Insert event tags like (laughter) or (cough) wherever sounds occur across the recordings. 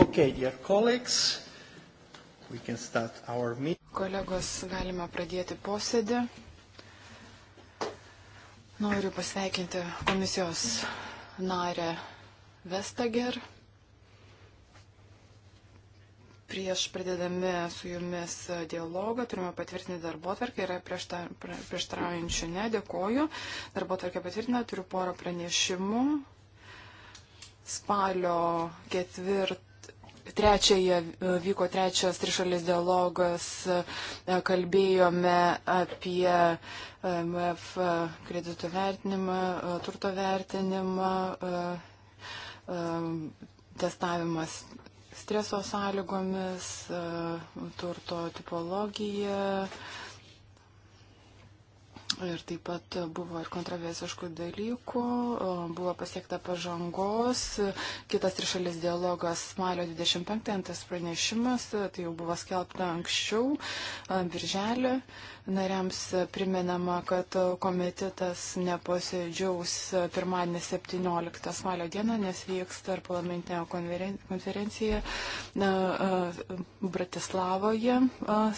Okay, dear colleagues, we can start our meeting. Kolegos, galime pradėti posėdį. Noriu pasveikinti komisijos narę Vestager. Prieš pradedami su jumis dialogą turime patvirtinti darbo tvarkę, yra prieštraujančių ne, dėkoju. Darbo tvarkę patvirtina, turiu porą pranešimų. Spalio ketvirtą trečiąją, vyko trečias trišalis dialogas, e, kalbėjome apie e, MF kreditų vertinimą, e, turto vertinimą, testavimas streso sąlygomis, turto tipologiją Ir taip pat buvo ir kontroversiškų dalykų, buvo pasiekta pažangos, kitas trišalis dialogas smalio 25-as pranešimas, tai jau buvo skelbta anksčiau, birželio nariams priminama, kad komitetas neposėdžiaus pirmadienį 17 spalio dieną, nes vyks tarp parlamentinė konferencija na, Bratislavoje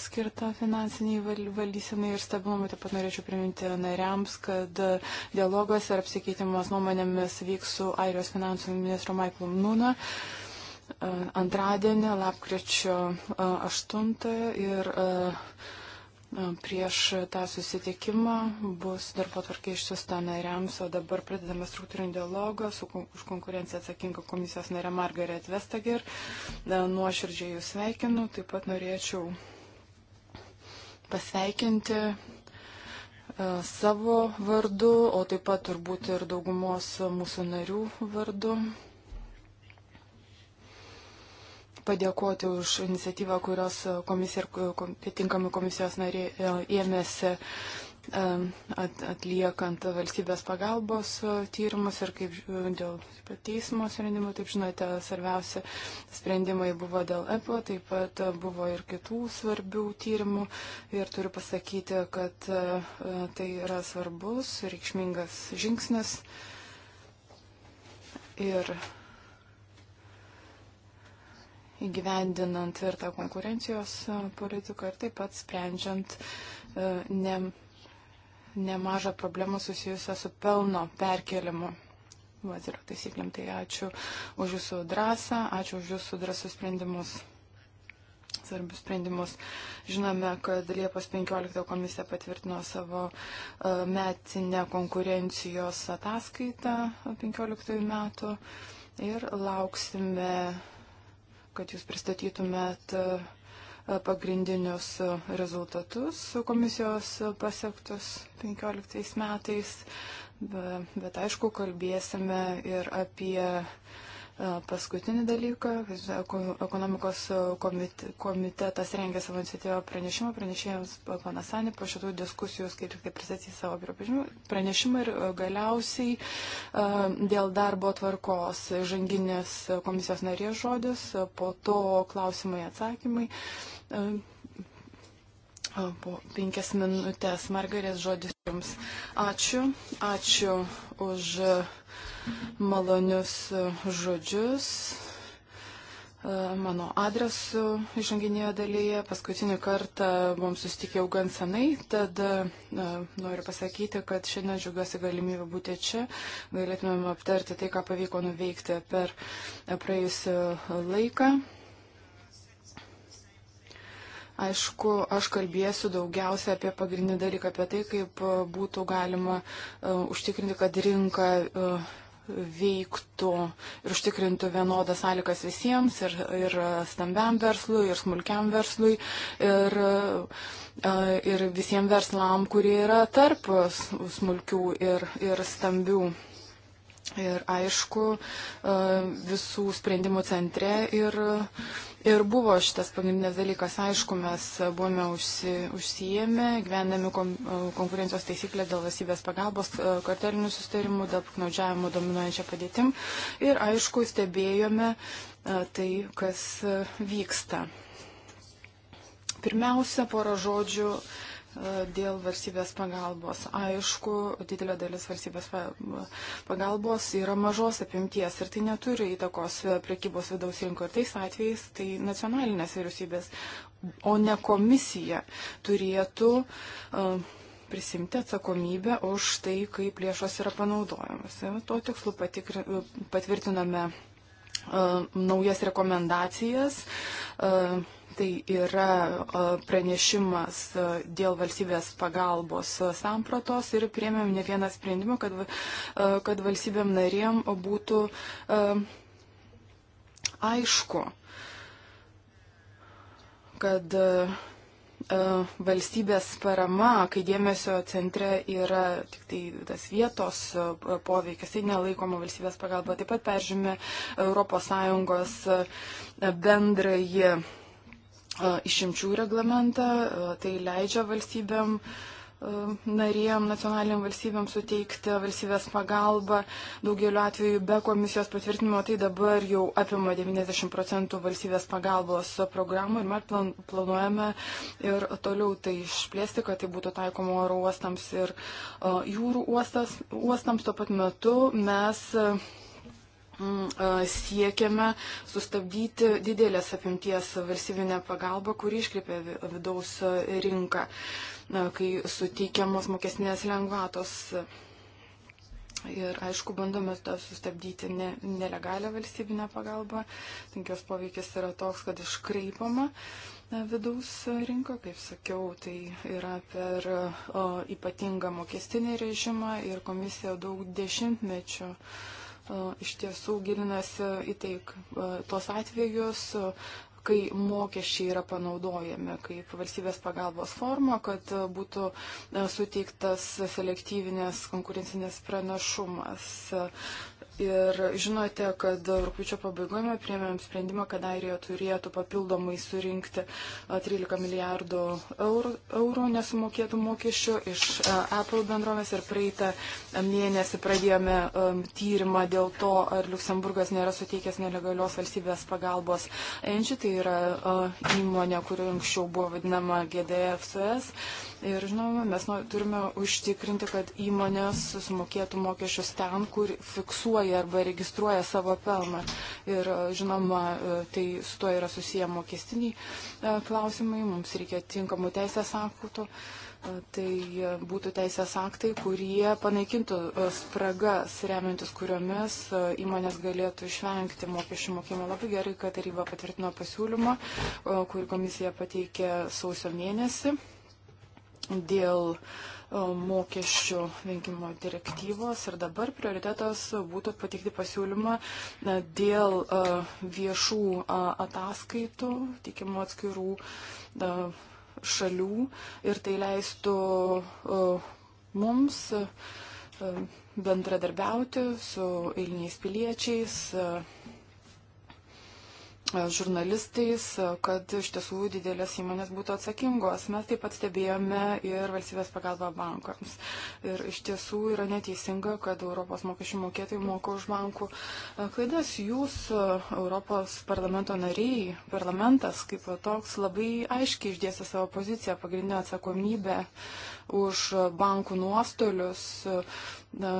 skirta finansiniai valdysenai ir stabilumui. Taip pat norėčiau priminti nariams, kad dialogas ir apsikeitimas nuomonėmis vyks su Airijos finansų ministru Michaelu Nuna antradienį, lapkričio 8 ir Prieš tą susitikimą bus darbo tvarkė išsiusta nariams, o dabar pradedame struktūrinį dialogą su už konkurenciją atsakinga komisijos narė Margaret Vestager. Nuoširdžiai jūs sveikinu, taip pat norėčiau pasveikinti savo vardu, o taip pat turbūt ir daugumos mūsų narių vardu padėkoti už iniciatyvą, kurios komisija ir e, atitinkami komisijos nariai e, ėmėsi atliekant valstybės pagalbos e, tyrimus ir kaip dėl teismo sprendimų, taip žinote, svarbiausia sprendimai buvo dėl EPO, taip pat buvo ir kitų svarbių tyrimų ir turiu pasakyti, kad tai yra svarbus, reikšmingas žingsnis. Ir įgyvendinant ir tą konkurencijos e, politiką ir taip pat sprendžiant e, ne, nemažą problemą susijusią su pelno perkelimu. Vazirio taisyklėm, tai ačiū už jūsų drąsą, ačiū už jūsų drąsus sprendimus svarbius sprendimus. Žinome, kad Liepos 15 komisija patvirtino savo e, metinę konkurencijos ataskaitą 15 metų ir lauksime kad jūs pristatytumėt e, pagrindinius e, rezultatus komisijos pasiektus 15 metais, bet, bet aišku, kalbėsime ir apie paskutinį dalyką, ekonomikos komitetas rengia savo iniciatyvą pranešimą, pranešėjams panasani po šitų diskusijų kaip tik tai pristatys savo pranešimą ir galiausiai dėl darbo tvarkos žanginės komisijos narės žodis, po to klausimai atsakymai. Po penkias minutės, Margarės žodis jums. Ačiū, ačiū už uh, malonius e, žodžius e, mano adresu išanginėje dalyje. Paskutinį kartą mums susitikėjau gan senai, tad na, e, noriu pasakyti, kad šiandien džiugiuosi galimybę būti čia. Galėtumėm aptarti tai, ką pavyko nuveikti per praėjusią laiką. Aišku, aš kalbėsiu daugiausia apie pagrindinį dalyką, apie tai, kaip būtų galima uh, užtikrinti, kad rinka uh, veiktų ir užtikrintų vienodas sąlygas visiems, ir, ir stambiam verslui, ir smulkiam verslui, ir, ir visiems verslam, kurie yra tarp smulkių ir, ir stambių. Ir aišku, visų sprendimų centre ir. Ir Ir buvo šitas pagrindinės dalykas, aišku, mes buvome užsi, užsijėmę, gyvendami kom, e, konkurencijos taisyklę dėl valstybės pagalbos, e, kartelinių sustarimų, dėl piknaudžiavimo dominuojančią padėtim. Ir, aišku, stebėjome e, tai, kas vyksta. Pirmiausia, pora žodžių E, dėl valstybės pagalbos. Aišku, didelė dalis valstybės pagalbos yra mažos apimties ir tai neturi įtakos priekybos vidaus rinko. Ir tais atvejais tai nacionalinės vyriausybės, o ne komisija turėtų e, prisimti atsakomybę už tai, kaip lėšos yra panaudojamas. Tuo tikslu patikri, patvirtiname uh, naujas rekomendacijas. Uh, Tai yra pranešimas dėl valstybės pagalbos sampratos ir priemėm ne vieną sprendimą, kad, kad valstybėm narėm būtų aišku, kad valstybės parama, kai dėmesio centre yra tik tai tas vietos poveikis, tai nelaikoma valstybės pagalba. Taip pat peržymė ES bendrąjį išimčių reglamentą, tai leidžia valstybėm narėm, nacionaliniam valstybėm suteikti valstybės pagalbą. Daugeliu atveju be komisijos patvirtinimo tai dabar jau apima 90 procentų valstybės pagalbos programų ir mes plan, planuojame ir toliau tai išplėsti, kad tai būtų taikoma oro uostams ir uh, jūrų uostas, uostams. Tuo pat metu mes uh, siekiame sustabdyti didelės apimties valstybinę pagalbą, kuri iškreipia vidaus rinką, kai suteikiamos mokesnės lengvatos. Ir aišku, bandome tą sustabdyti ne, nelegalią valstybinę pagalbą. Tankios poveikis yra toks, kad iškreipama vidaus rinka, kaip sakiau, tai yra per o, ypatingą mokestinį režimą ir komisija daug dešimtmečių. O, iš tiesų gilinasi į tai, tuos atvejus, kai mokesčiai yra panaudojami kaip valstybės pagalbos forma, kad būtų suteiktas selektyvinės konkurencinės pranašumas. Ir žinote, kad rūpiučio pabaigoje priėmėm sprendimą, kad Airija turėtų papildomai surinkti 13 milijardų eurų, eurų nesumokėtų mokesčių iš Apple bendrovės ir praeitą mėnesį pradėjome um, tyrimą dėl to, ar Luksemburgas nėra suteikęs nelegalios valstybės pagalbos. Enči tai yra įmonė, kuri anksčiau buvo vadinama GDFCS Ir žinoma, mes nu, turime užtikrinti, kad įmonės sumokėtų mokesčius ten, kur fiksuoja arba registruoja savo pelną. Ir žinoma, tai su tuo yra susiję mokestiniai e, klausimai, mums reikia tinkamų teisės aktų. E, tai būtų teisės aktai, kurie panaikintų e, spragas, remiantis kuriomis įmonės galėtų išvengti mokesčių mokėjimo. Labai gerai, kad taryba patvirtino pasiūlymą, kurį komisija pateikė sausio mėnesį dėl e, mokesčių vengimo direktyvos ir dabar prioritetas būtų pateikti pasiūlymą e, dėl e, viešų ataskaitų, tikimo atskirų šalių ir tai leistų mums bendradarbiauti su eiliniais piliečiais žurnalistais, kad iš tiesų didelės įmonės būtų atsakingos. Mes taip pat stebėjome ir valstybės pagalbą bankams. Ir iš tiesų yra neteisinga, kad Europos mokesčių mokėtojai moka už bankų e, klaidas. Jūs, e, Europos parlamento nariai, parlamentas kaip toks labai aiškiai išdėsė savo poziciją, pagrindinę atsakomybę už bankų nuostolius na,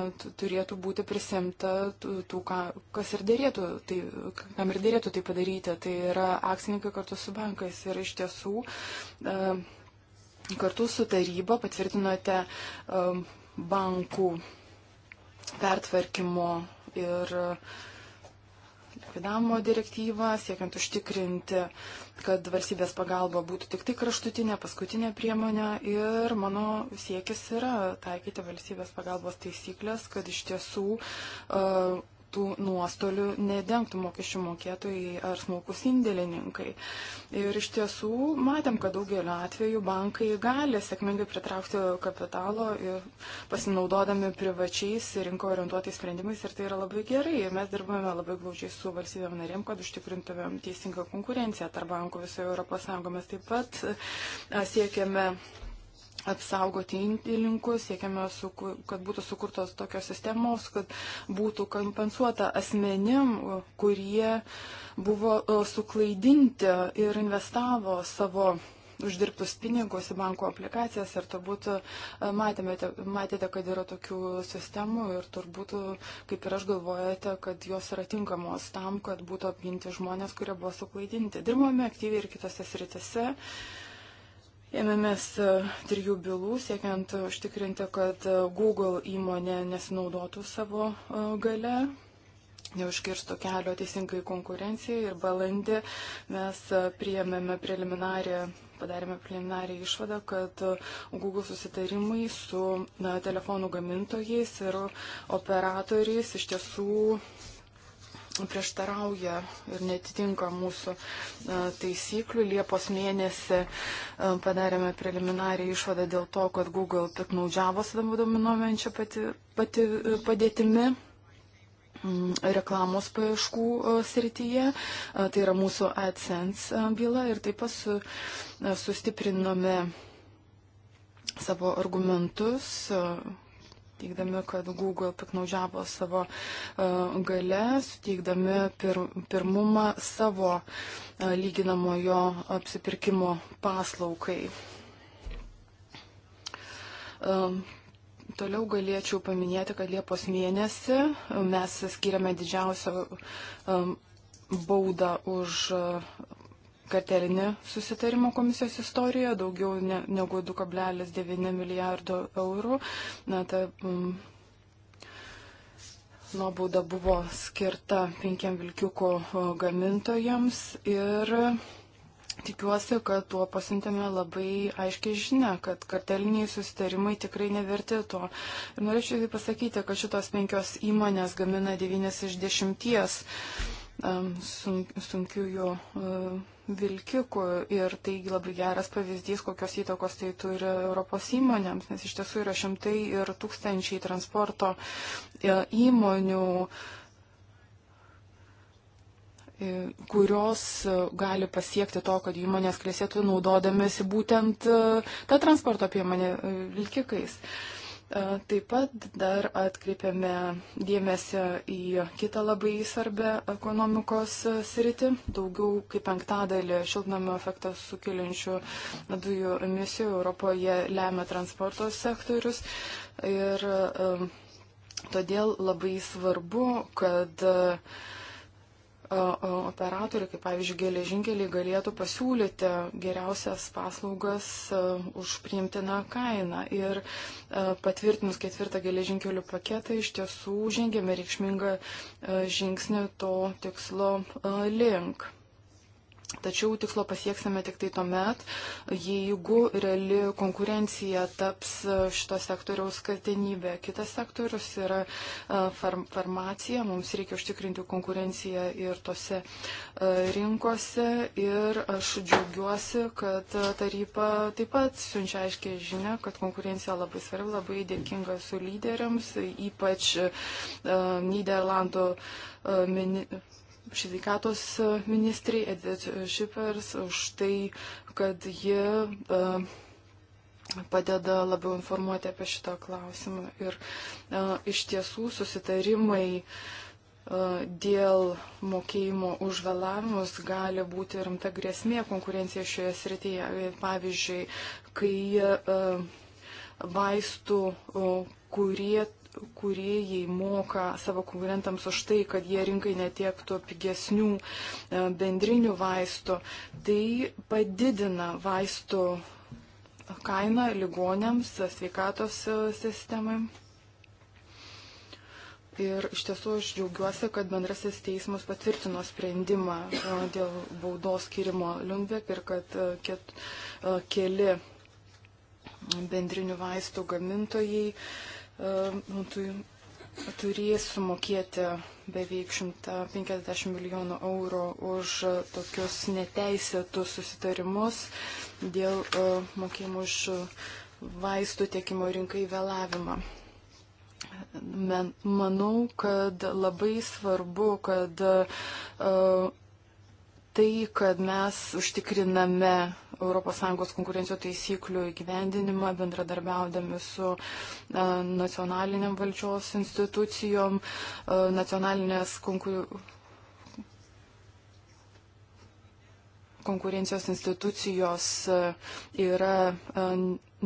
turėtų būti prisimta tų, ką, kas ir dėrėtų, tai, kam ir dėrėtų tai padaryti. Tai yra akcininkai kartu su bankais ir iš tiesų. E, kartu su taryba patvirtinote um, bankų pertvarkymo ir uh, likvidavimo direktyvą, siekiant užtikrinti, kad valstybės pagalba būtų tik tai kraštutinė, paskutinė priemonė. Ir mano siekis yra taikyti valstybės pagalbos taisyklės, kad iš tiesų uh, tų nuostolių nedengtų mokesčių mokėtojai ar smulkus indėlininkai. Ir iš tiesų matėm, kad daugeliu atveju bankai gali sėkmingai pritraukti kapitalo pasinaudodami privačiais rinko orientuotais sprendimais ir tai yra labai gerai. Ir mes dirbame labai glaučiai su valstybėm narėm, kad užtikrintumėm teisingą konkurenciją tarp bankų visoje Europos Sąjungoje. Mes taip pat siekiame apsaugoti indėlininkus, siekiame, su, kad būtų sukurtos tokios sistemos, kad būtų kompensuota asmenim, kurie buvo e, suklaidinti ir investavo savo uždirbtus pinigus į banko aplikacijas ir turbūt e, matėte, matėte, kad yra tokių sistemų ir turbūt, e, kaip ir aš galvojate, kad jos yra tinkamos tam, kad būtų apginti žmonės, kurie buvo suklaidinti. Dirbame aktyviai ir kitose sritise. Uh, Ėmėmės e, trijų bylų, siekiant užtikrinti, kad e, Google įmonė nesinaudotų savo e, gale, neužkirstų kelio teisingai konkurencijai ir balandį mes priėmėme preliminarį padarėme preliminarią išvadą, kad Google susitarimai su na, telefonų gamintojais ir operatoriais iš tiesų prieštarauja ir netitinka mūsų e, taisyklių. Liepos mėnesį e, padarėme preliminarią išvadą dėl to, kad Google piknaudžiavo savo dominuojančią pati, pati e, padėtimi mm, reklamos paieškų srityje, tai yra mūsų AdSense byla ir taip pat su, sustiprinome savo argumentus teikdami, kad Google piknaudžiavo savo e, gale, suteikdami pir, pirmumą savo e, lyginamojo apsipirkimo paslaukai. Toliau galėčiau paminėti, kad Liepos mėnesį e, mes skiriame didžiausią baudą už kartelinį susitarimą komisijos istorijoje, daugiau ne, negu 2,9 milijardo eurų. Na, ta, mm, Nuobauda buvo skirta penkiem vilkiukų gamintojams ir Tikiuosi, kad tuo pasintėme labai aiškiai žinia, kad karteliniai susitarimai tikrai neverti to. Ir norėčiau pasakyti, kad šitos penkios įmonės gamina 9 iš 10 sunkiųjų e, vilkikų ir taigi labai geras pavyzdys, kokios įtakos tai turi Europos įmonėms, nes iš tiesų yra šimtai ir tūkstančiai transporto e, įmonių e, kurios gali pasiekti to, kad įmonės klėsėtų naudodamėsi būtent tą transporto priemonę vilkikais. Uh, Taip pat dar atkreipiame dėmesį į kitą labai svarbę ekonomikos sritį. Daugiau kaip penktadalį šiltnamio efektą sukeliančių dujų emisijų Europoje lemia transporto sektorius. Ir todėl labai svarbu, kad uh, operatoriai, kaip pavyzdžiui geležinkeliai, galėtų pasiūlyti geriausias paslaugas e, už priimtiną kainą. Ir e, patvirtinus ketvirtą geležinkelių paketą iš tiesų žengėme reikšmingą e, žingsnį to tikslo link. Tačiau tikslo pasieksime tik tai tuomet, jeigu reali konkurencija taps e, šito sektoriaus kasdienybė. Kitas sektorius yra e, farmacija, mums reikia užtikrinti konkurenciją ir tose e, rinkose. Ir aš džiaugiuosi, kad taryba taip pat siunčia aiškiai žinę, kad konkurencija labai svarbi, labai dėkinga su lyderiams, ypač Niderlandų ministras šveikatos ministrai Edith Šipers už tai, kad ji e, padeda labiau informuoti apie šitą klausimą. Ir e, iš tiesų susitarimai e, dėl mokėjimo už vėlavimus gali būti rimta grėsmė konkurencija šioje srityje. Pavyzdžiui, kai vaistų, kurie kuriejai moka savo konkurentams už tai, kad jie rinkai netiektų pigesnių e, bendrinių vaistų, tai padidina vaistų kainą ligonėms, sveikatos sistemai. Ir iš tiesų aš džiaugiuosi, kad bendrasis teismas patvirtino sprendimą e, dėl baudos skirimo Lundbek ir kad e, ket, keli bendrinių vaistų gamintojai E, nu, turės sumokėti beveik 150 milijonų eurų už tokius neteisėtus susitarimus dėl e, mokėjimų už vaistų tiekimo rinkai vėlavimą. Manau, kad labai svarbu, kad e, tai, kad mes užtikriname ES konkurencijų taisyklių įgyvendinimą, bendradarbiaudami su nacionaliniam valdžios institucijom, nacionalinės konkur... konkurencijos institucijos yra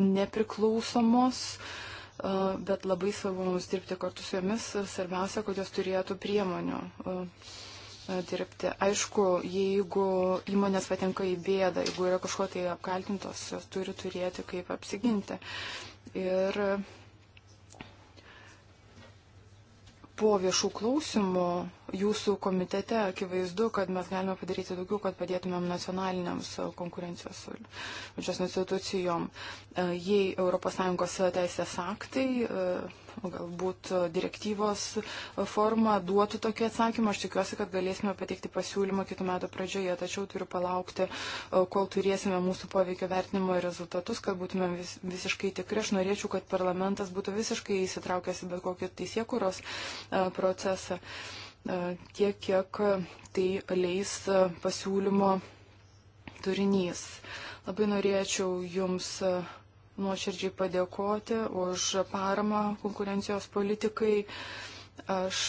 nepriklausomos bet labai svarbu mums dirbti kartu su jomis, svarbiausia, kad jos turėtų priemonių dirbti. Aišku, jeigu įmonės patenka į bėdą, jeigu yra kažko tai apkaltintos, jos turi turėti kaip apsiginti. Ir po viešų klausimų jūsų komitete akivaizdu, kad mes galime padaryti daugiau, kad padėtumėm nacionaliniams konkurencijos valdžios institucijom. E, jei ES teisės aktai, e, galbūt direktyvos forma duotų tokį atsakymą, aš tikiuosi, kad galėsime pateikti pasiūlymą kitų metų pradžioje, tačiau turiu palaukti, e, kol turėsime mūsų poveikio vertinimo rezultatus, kad būtumėm vis, visiškai tikri. Aš norėčiau, kad parlamentas būtų visiškai įsitraukęs į bet kokį teisėkuros procesą. Uh, E, tiek, kiek tai leis pasiūlymo turinys. Labai norėčiau Jums e, nuoširdžiai padėkoti už paramą konkurencijos politikai. Aš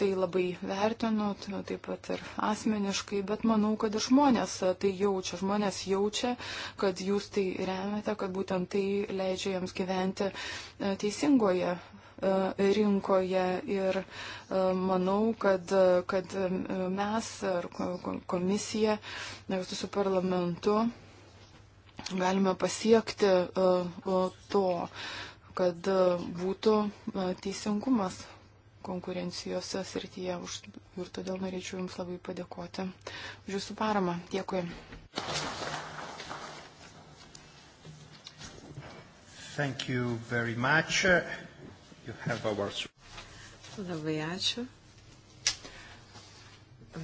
tai labai vertinu, taip pat ir asmeniškai, bet manau, kad ir žmonės tai jaučia. Žmonės jaučia, kad jūs tai remiate, kad būtent tai leidžia jiems gyventi e, teisingoje E, rinkoje ir e, manau, kad, kad mes ar komisija kartu su parlamentu galime pasiekti e, to, kad būtų teisingumas konkurencijos srityje. Ir todėl norėčiau Jums labai padėkoti už Jūsų paramą. Dėkui. Thank you very much. Our... Labai ačiū.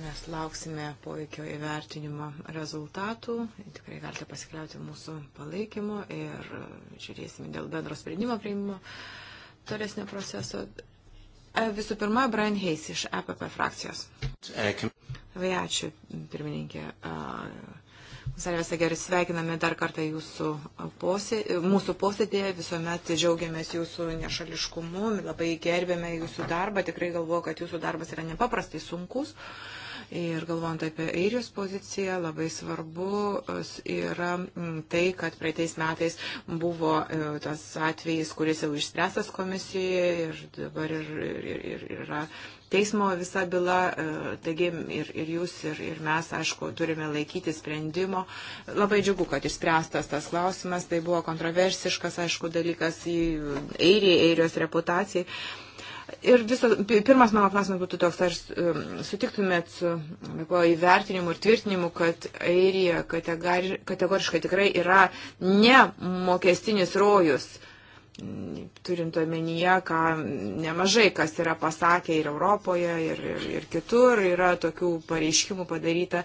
Mes lauksime poveikio įvertinimo rezultatų. Tikrai galite pasikliauti mūsų palaikymu ir žiūrėsime dėl bendro sprendimo prieimimo tolesnio proceso. E, visų pirma, Brian Hayes iš EPP frakcijos. E, Labai ačiū, pirmininkė. Uh, Visai visai gerai sveikiname dar kartą jūsų posė, mūsų posėdėje, visuomet džiaugiamės jūsų nešališkumu, labai gerbėme jūsų darbą, tikrai galvoju, kad jūsų darbas yra nepaprastai sunkus. Ir galvojant apie Airijos poziciją, labai svarbu e, yra tai, kad praeitais metais buvo e, tas atvejis, kuris jau išspręstas komisijoje ir dabar ir, ir, ir, ir yra teismo visa byla, e, taigi ir, ir jūs, ir, ir mes, aišku, turime laikyti sprendimo. Labai džiugu, kad išspręstas tas klausimas, tai buvo kontroversiškas, aišku, dalykas į Airijai, Airijos reputacijai. Ir viso, pirmas mano klausimas būtų toks, ar e, sutiktumėt su įvertinimu ir tvirtinimu, kad Airija kategori, kategoriškai tikrai yra ne mokestinis rojus. Uh, turint omenyje, ką nemažai kas yra pasakę ir Europoje, ir, ir, ir kitur yra tokių pareiškimų padaryta.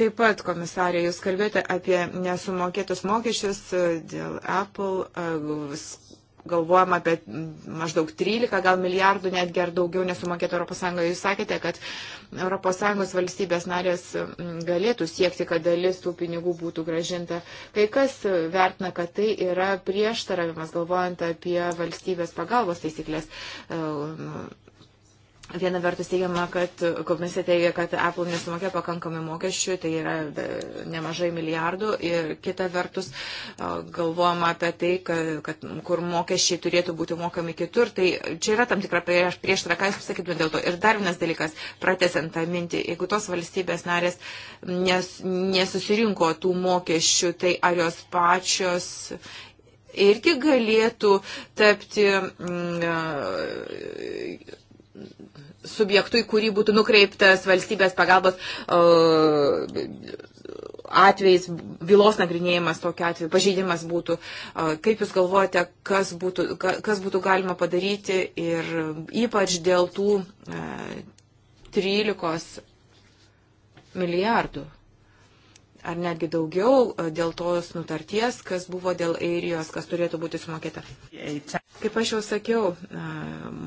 Taip pat, komisarė, jūs kalbėjote apie nesumokėtus mokesčius e, dėl Apple e, galvojam apie maždaug 13 gal milijardų, netgi ar daugiau nesumokėtų ES. Jūs sakėte, kad ES valstybės narės galėtų siekti, kad dalis tų pinigų būtų gražinta. Kai kas vertina, kad tai yra prieštaravimas, galvojant apie valstybės pagalbos taisyklės. E, Viena vertus teigiama, kad komisija teigia, kad Apple nesumokė pakankamai mokesčių, tai yra e, nemažai milijardų. Ir kita vertus e, galvojama apie tai, kad, kad kur mokesčiai turėtų būti mokami kitur. Tai čia yra tam tikra prieš, prieštara, ką jūs pasakytumėte dėl to. Ir dar vienas dalykas, pratesiant tą mintį, jeigu tos valstybės narės nes, nesusirinko tų mokesčių, tai ar jos pačios irgi galėtų tapti. Mm, e, subjektui, kurį būtų nukreiptas valstybės pagalbos uh, atvejais, bylos nagrinėjimas tokiu atveju, pažeidimas būtų. Uh, kaip Jūs galvojate, kas būtų, kas būtų galima padaryti ir ypač dėl tų 13 uh, milijardų? ar netgi daugiau e, dėl tos nutarties, kas buvo dėl airijos, kas turėtų būti sumokėta. Kaip aš jau sakiau, e,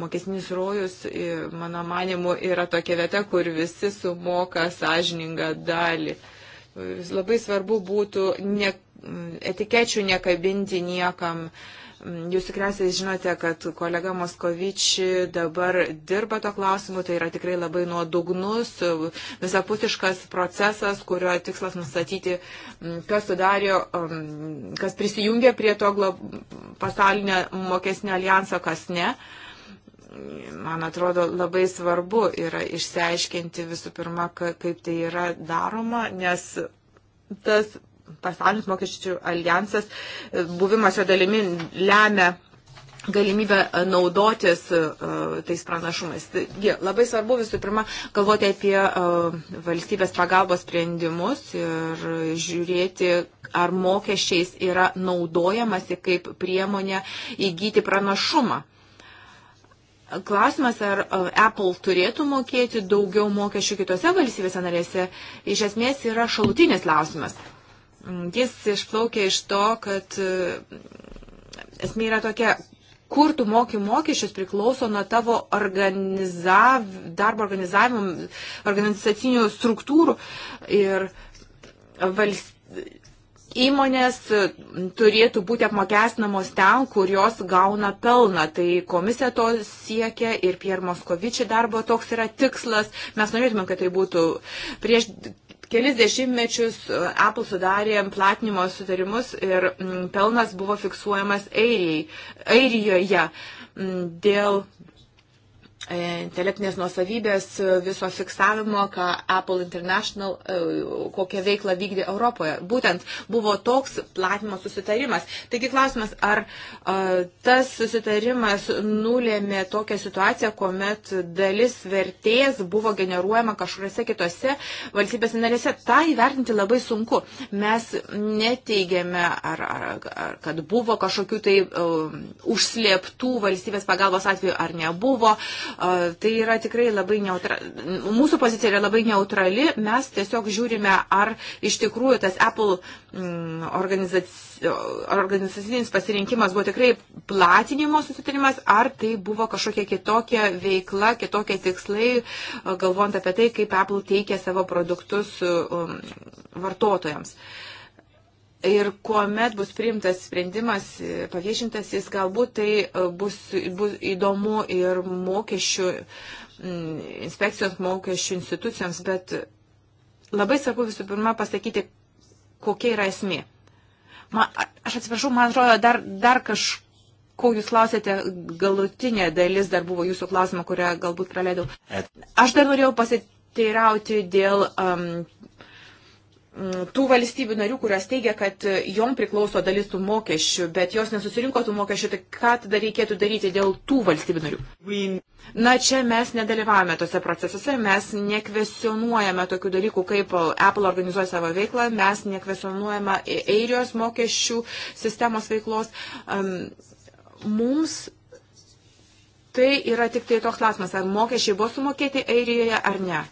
mokesnis rojus, e, mano manimu, yra tokia vieta, kur visi sumoka sąžiningą dalį. Labai svarbu būtų ne, etikečių nekabinti niekam. Uh, Jūs tikriausiai žinote, kad kolega Moskovičiai dabar dirba to klausimu, tai yra tikrai labai nuodugnus, visapusiškas procesas, kurio tikslas nustatyti, kas sudarė, kas prisijungė prie to pasaulinio mokesnio alijanso, kas ne man atrodo, labai svarbu yra išsiaiškinti visų pirma, kaip tai yra daroma, nes tas pasaulinis mokesčių alijansas, buvimas jo dalimi lemia galimybę e, naudotis e, tais pranašumais. Taigi, labai svarbu visų pirma galvoti apie e, valstybės pagalbos sprendimus ir žiūrėti, ar mokesčiais yra naudojamasi kaip priemonė įgyti pranašumą. Klausimas, ar Apple turėtų mokėti daugiau mokesčių kitose valstybėse narėse, iš esmės yra šalutinis klausimas. Jis išplaukia iš to, kad e, esmė yra tokia, kur tu moki mokesčius priklauso nuo tavo organizav, darbo organizavimo, organizacinių struktūrų ir valstybės. Įmonės e, turėtų būti apmokestinamos ten, kur jos gauna pelną. Tai komisija to siekia ir Pierre Moskovičiai darbo toks yra tikslas. Mes norėtume, kad tai būtų prieš kelis dešimtmečius e, Apple sudarė platinimo sutarimus ir mm, pelnas buvo fiksuojamas Airijai, Airijoje mm, dėl E, intelektinės nuosavybės e, viso fiksavimo, ką Apple International, e, kokią veiklą vykdė Europoje. Būtent buvo toks platinimo susitarimas. Taigi klausimas, ar tas susitarimas nulėmė tokią situaciją, kuomet dalis vertės buvo generuojama kažkuriuose kitose valstybės narėse. Ta įvertinti labai sunku. Mes neteigiame, ar, ar, ar, kad buvo kažkokių tai um, užslėptų valstybės pagalbos atveju, ar nebuvo. Uh, Tai yra tikrai labai neutrali, mūsų pozicija yra labai neutrali, mes tiesiog žiūrime, ar iš tikrųjų tas Apple mm, organizacinis pasirinkimas buvo tikrai platinimo susitarimas, ar tai buvo kažkokia kitokia veikla, kitokie tikslai, galvojant apie tai, kaip Apple teikia savo produktus um, vartotojams. Uh, Ir kuomet bus priimtas sprendimas, paviešintas jis, galbūt tai e, bus, bus įdomu ir mokesčių, inspekcijos mokesčių institucijoms, bet labai svarbu visų pirma pasakyti, kokia yra esmė. Man, aš atsiprašau, man atrodo, dar, dar kažkas ko jūs klausėte, galutinė dalis dar buvo jūsų klausimo, kurią galbūt praleidau. Aš dar norėjau pasiteirauti dėl um, Mm, tų valstybių narių, kurios teigia, kad e, jom priklauso dalis tų mokesčių, bet jos nesusirinko tų mokesčių, tai ką tada reikėtų daryti dėl tų valstybių narių? Na, čia mes nedalyvavome tose procesuose, mes nekvesionuojame tokių dalykų, kaip Apple organizuoja savo veiklą, mes nekvesionuojame eirijos mokesčių sistemos veiklos. Mums tai yra tik tai toks klausimas, ar mokesčiai buvo sumokėti Airijoje ar ne.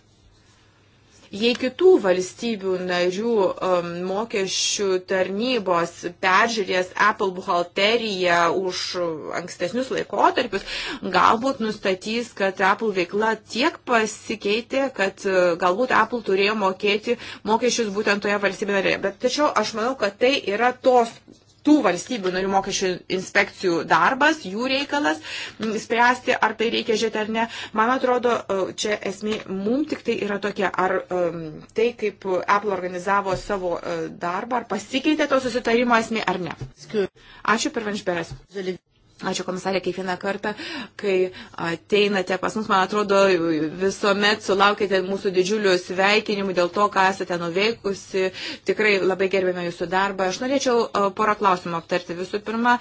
Jei kitų valstybių narių um, mokesčių tarnybos peržiūrės Apple buhalteriją už ankstesnius laikotarpius, galbūt nustatys, kad Apple veikla tiek pasikeitė, kad uh, galbūt Apple turėjo mokėti mokesčius būtent toje valstybėje narėje. Bet tačiau aš manau, kad tai yra tos tų valstybių narių mokesčių inspekcijų darbas, jų reikalas, spręsti, ar tai reikia žiūrėti ar ne. Man atrodo, e, čia esmė mums tik tai yra tokia, ar um, tai, kaip Apple organizavo savo uh, darbą, ar pasikeitė to susitarimo esmė ar ne. Ačiū per Vanšperes. Ačiū komisarė, kiekvieną kartą, kai ateinate pas mus, man atrodo, visuomet sulaukite mūsų didžiulių sveikinimų dėl to, ką esate nuveikusi. Tikrai labai gerbėme jūsų darbą. Aš norėčiau e, porą klausimų aptarti. Visų pirma,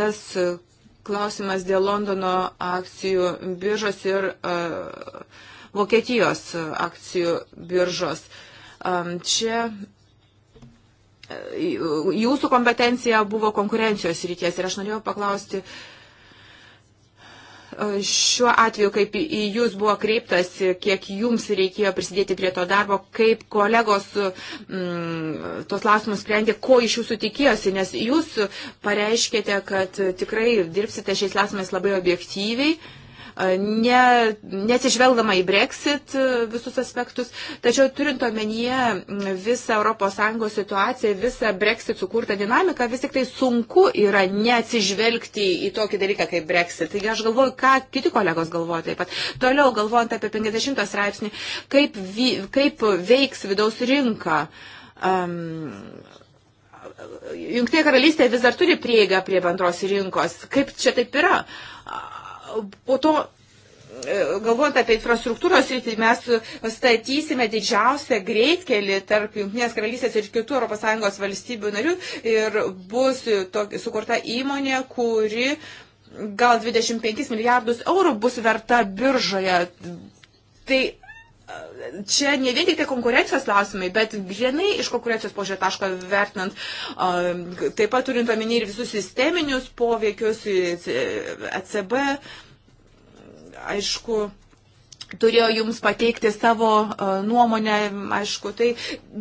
tas klausimas dėl Londono akcijų biržos ir uh, Vokietijos akcijų biržos. Um, čia jūsų kompetencija buvo konkurencijos ryties ir aš norėjau paklausti, šiuo atveju, kaip į jūs buvo kreiptas, kiek jums reikėjo prisidėti prie to darbo, kaip kolegos mm, tos klausimus sprendė, ko iš jūsų tikėjosi, nes jūs pareiškėte, kad tikrai dirbsite šiais klausimais labai objektyviai. Uh, ne, nesižvelgdama į Brexit visus aspektus, tačiau turint omenyje visą ES situaciją, visą Brexit sukurtą dinamiką, vis tik tai sunku yra neatsižvelgti į tokį dalyką kaip Brexit. Taigi aš galvoju, ką kiti kolegos galvoja taip pat. Toliau galvojant apie 50 straipsnį, kaip, vi, kaip veiks vidaus rinka. Um, Junktinė karalystė vis dar turi prieigą prie bendros rinkos. Kaip čia taip yra? po to e, galvojant apie infrastruktūros rytį, mes statysime didžiausią greitkelį tarp Junktinės karalystės ir kitų ES valstybių narių ir bus tokia, sukurta įmonė, kuri gal 25 milijardus eurų bus verta biržoje. Tai čia ne vien tik tai konkurencijos klausimai, bet vienai iš konkurencijos požiūrė taško vertinant, taip pat turint omeny ir visus sisteminius poveikius, ECB, aišku, turėjo jums pateikti savo e, nuomonę, aišku, tai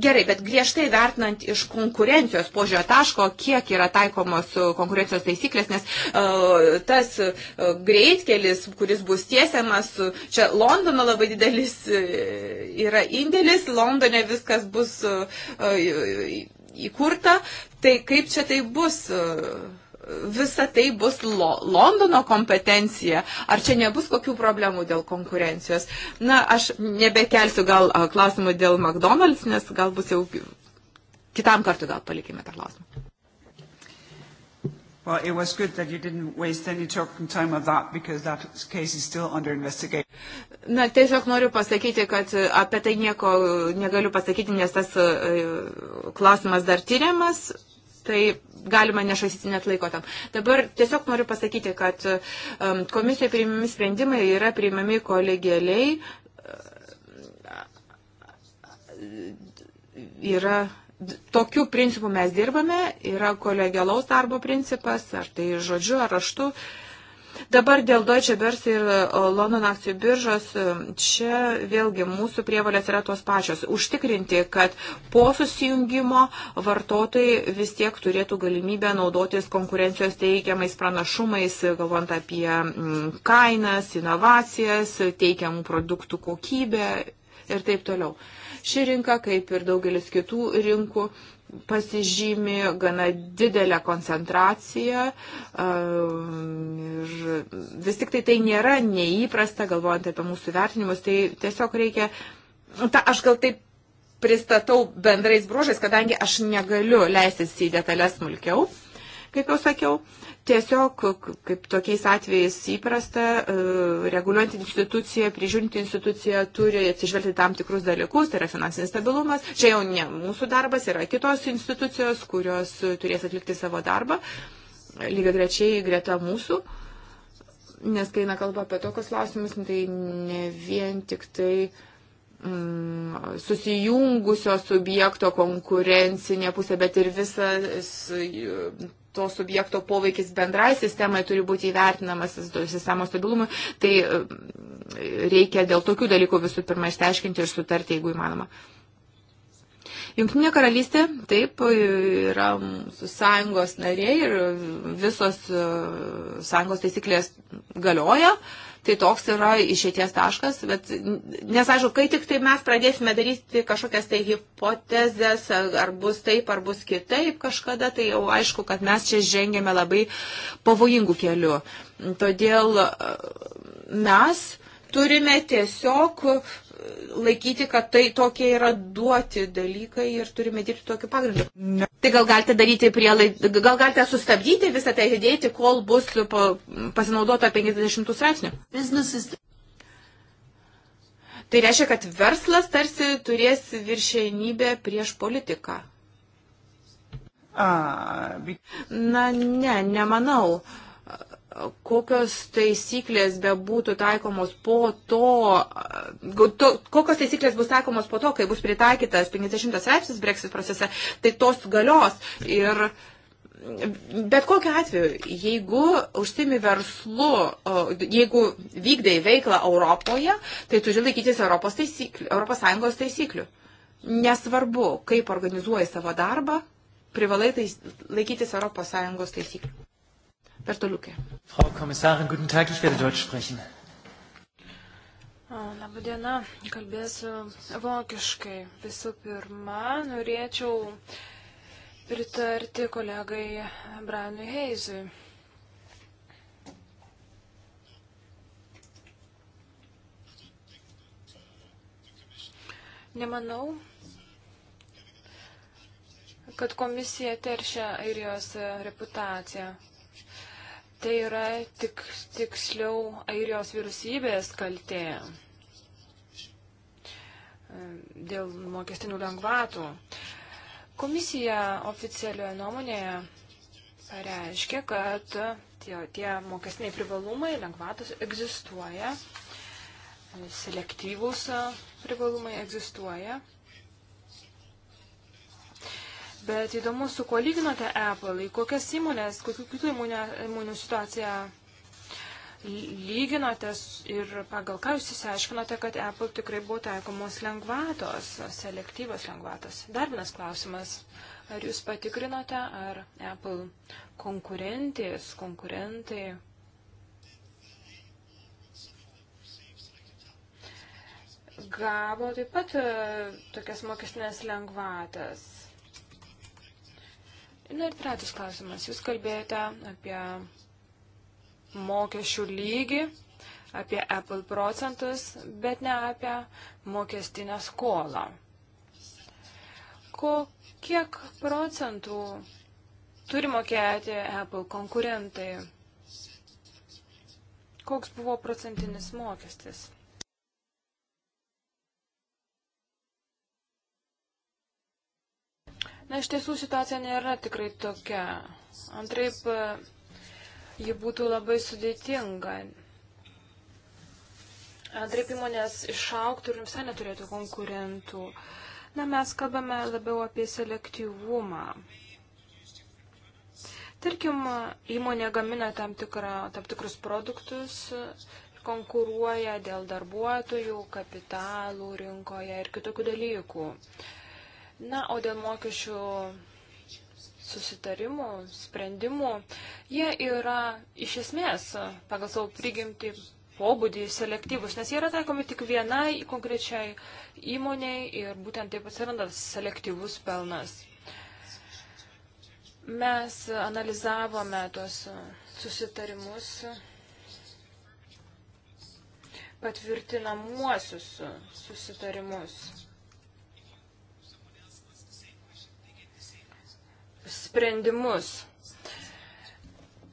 gerai, bet griežtai vertinant iš konkurencijos požiūrio taško, kiek yra taikomos e, konkurencijos taisyklės, nes uh, tas greitkelis, kuris bus tiesiamas, čia Londono labai didelis yra indėlis, Londone viskas bus uh, įkurta, tai kaip čia tai bus? Uh, visa tai bus lo, Londono kompetencija, ar čia nebus kokių problemų dėl konkurencijos. Na, aš nebekelsiu gal klausimų dėl McDonald's, nes gal bus jau kitam kartu gal palikime tą klausimą. Well, it was good that you didn't waste any talking time on that because that case is still under investigation. Na, tiesiog noriu pasakyti, kad e, apie tai nieko negaliu pasakyti, nes tas e, e, klausimas dar tyriamas tai galima nešvaistyti net laiko tam. Dabar tiesiog noriu pasakyti, kad um, komisijoje priimami sprendimai yra priimami kolegialiai. Yra tokiu principu mes dirbame, yra kolegialaus darbo principas, ar tai žodžiu, ar raštu. Uh, Dabar dėl Deutsche Börse ir e, London akcijų biržos, e, čia vėlgi mūsų prievalės yra tos pačios. Užtikrinti, kad po susijungimo vartotojai vis tiek turėtų galimybę naudotis konkurencijos teikiamais pranašumais, galvant apie kainas, inovacijas, teikiamų produktų kokybę ir taip toliau. Ši rinka, kaip ir daugelis kitų rinkų, pasižymi gana didelę koncentraciją um, ir vis tik tai tai nėra neįprasta, galvojant apie mūsų vertinimus, tai tiesiog reikia, ta, aš gal taip pristatau bendrais bruožais, kadangi aš negaliu leistis į detalės smulkiau, kaip jau sakiau. Tiesiog, kaip tokiais atvejais įprasta, e, reguliuojant instituciją, prižiūrinti instituciją turi atsižvelgti tam tikrus dalykus, tai yra finansinis stabilumas. Čia jau ne mūsų darbas, yra kitos institucijos, kurios turės atlikti savo darbą, lygiai grečiai greta mūsų. Nes kai eina kalba apie tokius klausimus, tai ne vien tik tai uh, susijungusio subjekto konkurencinė pusė, bet ir visas to subjekto poveikis bendrai sistemai turi būti įvertinamas sistemos stabilumui, tai e, reikia dėl tokių dalykų visų pirma išteiškinti ir sutarti, jeigu įmanoma. Junktinė karalystė, taip, yra sąjungos narė ir visos e, sąjungos taisyklės galioja. Uh, Tai toks yra išėties taškas, bet, nes aišku, kai tik tai mes pradėsime daryti kažkokias tai hipotezės, ar bus taip, ar bus kitaip kažkada, tai jau aišku, kad mes čia žengėme labai pavojingų kelių. Todėl e, mes turime tiesiog laikyti, kad tai tokie yra duoti dalykai ir turime dirbti tokiu pagrindu. Ne. Tai gal galite daryti prielaidą, gal galite sustabdyti visą tai atidėti, kol bus pasinaudota 50 straipsnių. Businesses... Tai reiškia, kad verslas tarsi turės viršenybę prieš politiką. A, ah, bet... Na, ne, nemanau. Uh, kokios taisyklės bebūtų taikomos po to, to, kokios taisyklės bus taikomos po to, kai bus pritaikytas 50 straipsnis Brexit procese, tai tos galios. Ir bet kokiu atveju, jeigu užsimi verslu, jeigu vykdai veiklą Europoje, tai turi laikytis Europos, taisyklių, Europos Sąjungos taisyklių. Nesvarbu, kaip organizuoji savo darbą, privalai tais, laikytis Europos Sąjungos taisyklių. Bertoliukė. Frau Kommissarin, guten Tag, ich werde Deutsch sprechen. Labą dieną, kalbėsiu vokiškai. Visų pirma, norėčiau pritarti kolegai Branui Heizui. Nemanau, kad komisija teršia airijos reputaciją tai yra tik, tiksliau airijos vyriausybės kaltė dėl mokestinių lengvatų. Komisija oficialioje nuomonėje pareiškė, kad tie, tie mokestiniai privalumai, lengvatos egzistuoja, selektyvūs privalumai egzistuoja. Bet įdomu, su kuo lyginote Apple, kokias įmonės, kokių kitų įmonė, įmonių situaciją lyginote ir pagal ką jūs įsiaiškinote, kad Apple tikrai buvo taikomos lengvatos, selektyvos lengvatos. Dar vienas klausimas. Ar jūs patikrinote, ar Apple konkurentės, konkurentai gavo taip pat e, tokias mokestinės lengvatas? Na ir trečias klausimas. Jūs kalbėjote apie mokesčių lygį, apie Apple procentus, bet ne apie mokestinę skolą. Ko, kiek procentų turi mokėti Apple konkurentai? Koks buvo procentinis mokestis? Na, iš tiesų situacija nėra tikrai tokia. Antraip, e, ji būtų labai sudėtinga. Antraip įmonės išauktų ir visai neturėtų konkurentų. Na, mes kalbame labiau apie selektyvumą. Tarkim, įmonė gamina tam, tikrą, tam tikrus produktus, konkuruoja dėl darbuotojų, kapitalų rinkoje ir kitokių dalykų. Uh, Na, o dėl mokesčių susitarimų, sprendimų, jie yra iš esmės pagal savo prigimtį pobūdį selektyvus, nes jie yra taikomi tik vienai konkrečiai įmoniai ir būtent taip atsiranda selektyvus pelnas. Mes analizavome tuos susitarimus patvirtinamuosius susitarimus. sprendimus.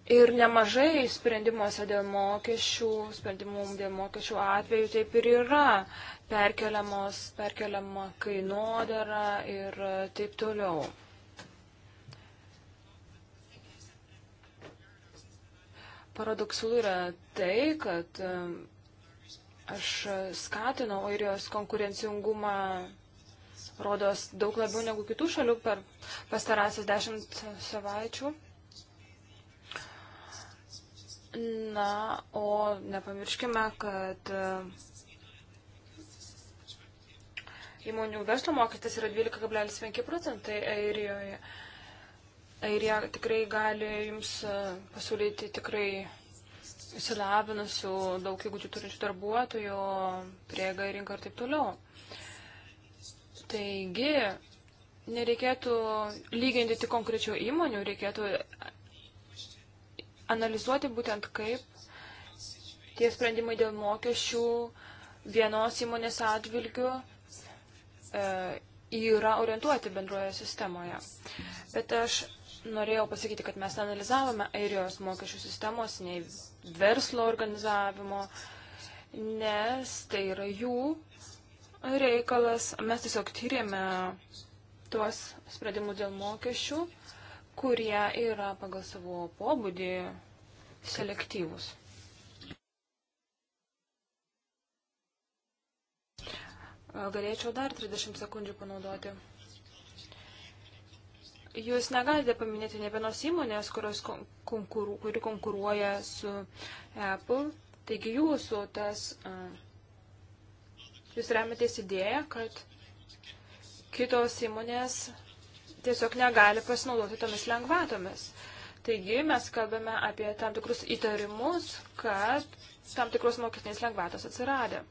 Ir nemažai sprendimuose dėl mokesčių, sprendimų dėl mokesčių atveju taip ir yra perkeliamos, perkeliama kainodara ir taip toliau. Paradoksalu yra tai, kad um, aš skatinau airijos konkurencingumą rodos daug labiau negu kitų šalių per pastarąsias dešimt savaičių. Na, o nepamirškime, kad e, įmonių verslo mokestis yra 12,5 procentai Airijoje. Airija tikrai gali jums e, pasiūlyti tikrai įsilavinusių, daug įgūdžių turinčių darbuotojų, prieiga į rinką ir taip toliau. Taigi, nereikėtų lyginti tik konkrečių įmonių, reikėtų analizuoti būtent kaip tie sprendimai dėl mokesčių vienos įmonės atvilgių e, yra orientuoti bendroje sistemoje. Bet aš norėjau pasakyti, kad mes analizavome airijos mokesčių sistemos, nei verslo organizavimo, nes tai yra jų reikalas. Mes tiesiog tyrėme tuos sprendimus dėl mokesčių, kurie yra pagal savo pobūdį selektyvus. Galėčiau dar 30 sekundžių panaudoti. Jūs negalite paminėti ne vienos įmonės, kurios konkuru, kuri konkuruoja su Apple. Taigi jūsų tas uh, jūs remitės idėją, kad kitos įmonės tiesiog negali pasinaudoti tomis lengvatomis. Taigi mes kalbame apie tam tikrus įtarimus, kad tam tikros mokestinės lengvatos atsiradė.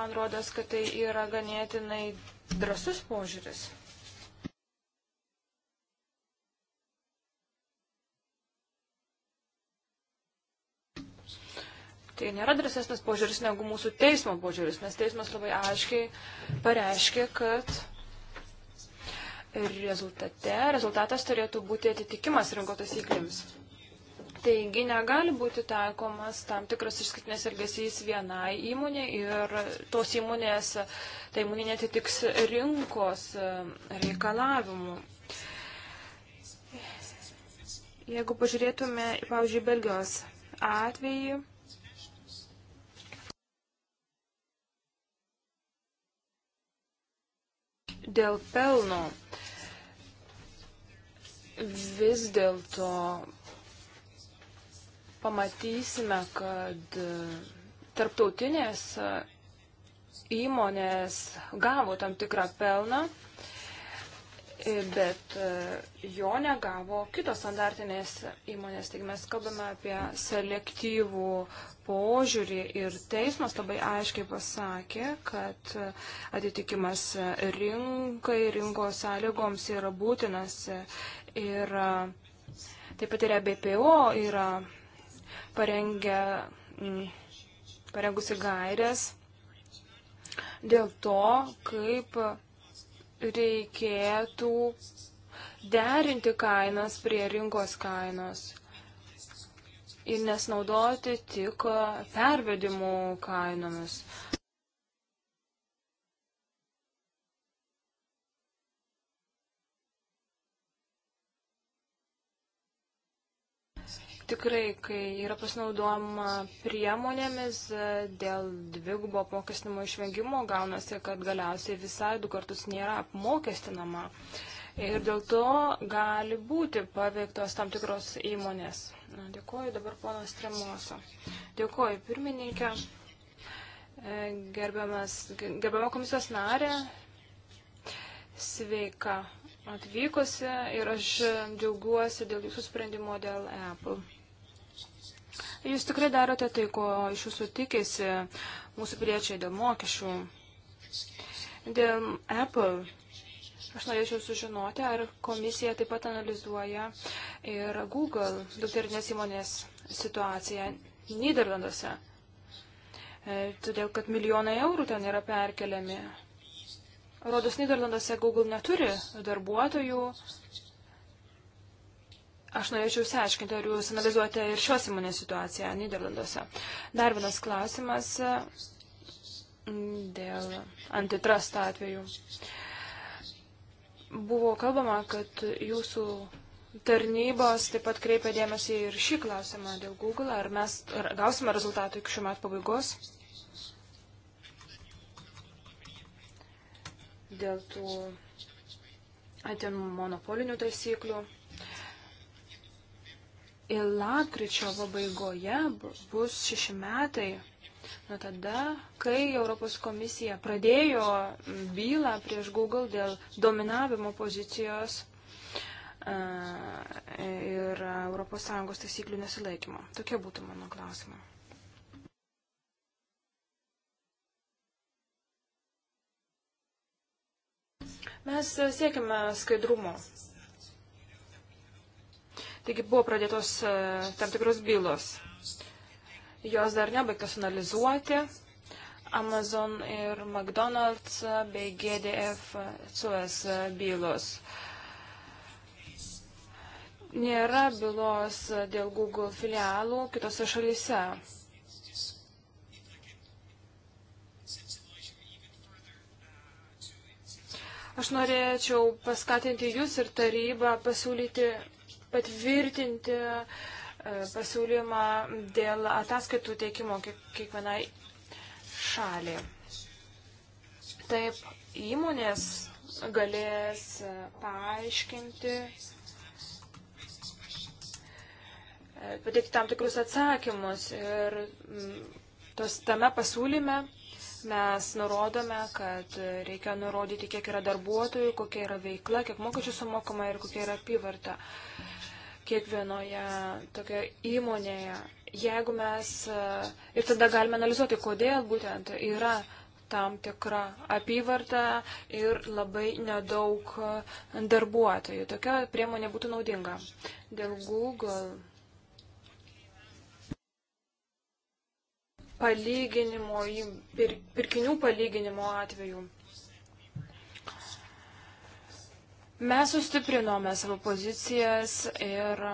Man rodos, kad tai yra ganėtinai drasus požiūris. Tai nėra drąsesnis požiūris negu mūsų teismo požiūris, nes teismas labai aiškiai pareiškė, kad rezultate, rezultatas turėtų būti atitikimas rinko taisyklėms. Taigi negali būti taikomas tam tikras išskirtinės elgesys vienai įmonė ir tos įmonės, ta įmonė netitiks rinkos reikalavimų. Jeigu pažiūrėtume, pavyzdžiui, Belgijos atvejį, Dėl pelno vis dėlto pamatysime, kad tarptautinės įmonės gavo tam tikrą pelną bet e, jo negavo kitos standartinės įmonės. Taigi mes kalbame apie selektyvų požiūrį ir teismas labai aiškiai pasakė, kad atitikimas rinkai, rinkos sąlygoms yra būtinas. Ir e, taip pat ir e BPO yra parengę, parengusi gairias dėl to, kaip reikėtų derinti kainas prie rinkos kainos ir nesnaudoti tik pervedimų kainomis. tikrai, kai yra pasinaudojama priemonėmis e, dėl dvigubo apmokestinimo išvengimo, gaunasi, kad galiausiai visai du kartus nėra apmokestinama. Ir dėl to gali būti paveiktos tam tikros įmonės. Na, dėkuoju dabar ponas Tremoso. Dėkuoju pirmininkė, e, gerbiama komisijos narė, sveika atvykusi ir aš džiaugiuosi dėl jūsų sprendimo dėl Apple. Jūs tikrai darote tai, ko iš jūsų tikėsi mūsų piliečiai dėl mokesčių. Dėl Apple. Aš norėčiau sužinoti, ar komisija taip pat analizuoja ir Google dukterinės įmonės situaciją Niderlanduose. E, todėl, kad milijonai eurų ten yra perkeliami. Rodos Niderlanduose Google neturi darbuotojų, Aš norėčiau išsiaiškinti, ar jūs analizuojate ir šios įmonės situaciją Niderlanduose. Dar vienas klausimas mm, dėl antitrust atvejų. Buvo kalbama, kad jūsų tarnybos taip pat kreipia dėmesį ir šį klausimą dėl Google. Ar mes ar gausime rezultatų iki šių metų pabaigos? Dėl tų atin monopolinių taisyklių. Ir lakryčio pabaigoje bus šeši metai nuo tada, kai Europos komisija pradėjo bylą prieš Google dėl dominavimo pozicijos ir ES taisyklių nesilaikymo. Tokie būtų mano klausimai. Mes siekime skaidrumo Taigi buvo pradėtos e, tam tikros bylos. Jos dar nebaigtos analizuoti. Amazon ir McDonald's bei GDF Suez bylos. Nėra bylos dėl Google filialų kitose šalise. Aš norėčiau paskatinti Jūs ir tarybą pasiūlyti patvirtinti e, pasiūlymą dėl ataskaitų teikimo kiekvienai šaliai. Taip, įmonės galės e, paaiškinti, e, pateikti tam tikrus atsakymus. Ir tos, tame pasiūlyme mes nurodome, kad reikia nurodyti, kiek yra darbuotojų, kokia yra veikla, kiek mokesčių sumokama ir kokia yra apyvarta. Uh, kiekvienoje tokioje įmonėje. Jeigu mes e, ir tada galime analizuoti, kodėl būtent yra tam tikra apyvarta ir labai nedaug e, darbuotojų. Tokia priemonė būtų naudinga. Dėl Google palyginimo, pir, pirkinių palyginimo atveju. Mes sustiprinome savo pozicijas ir e,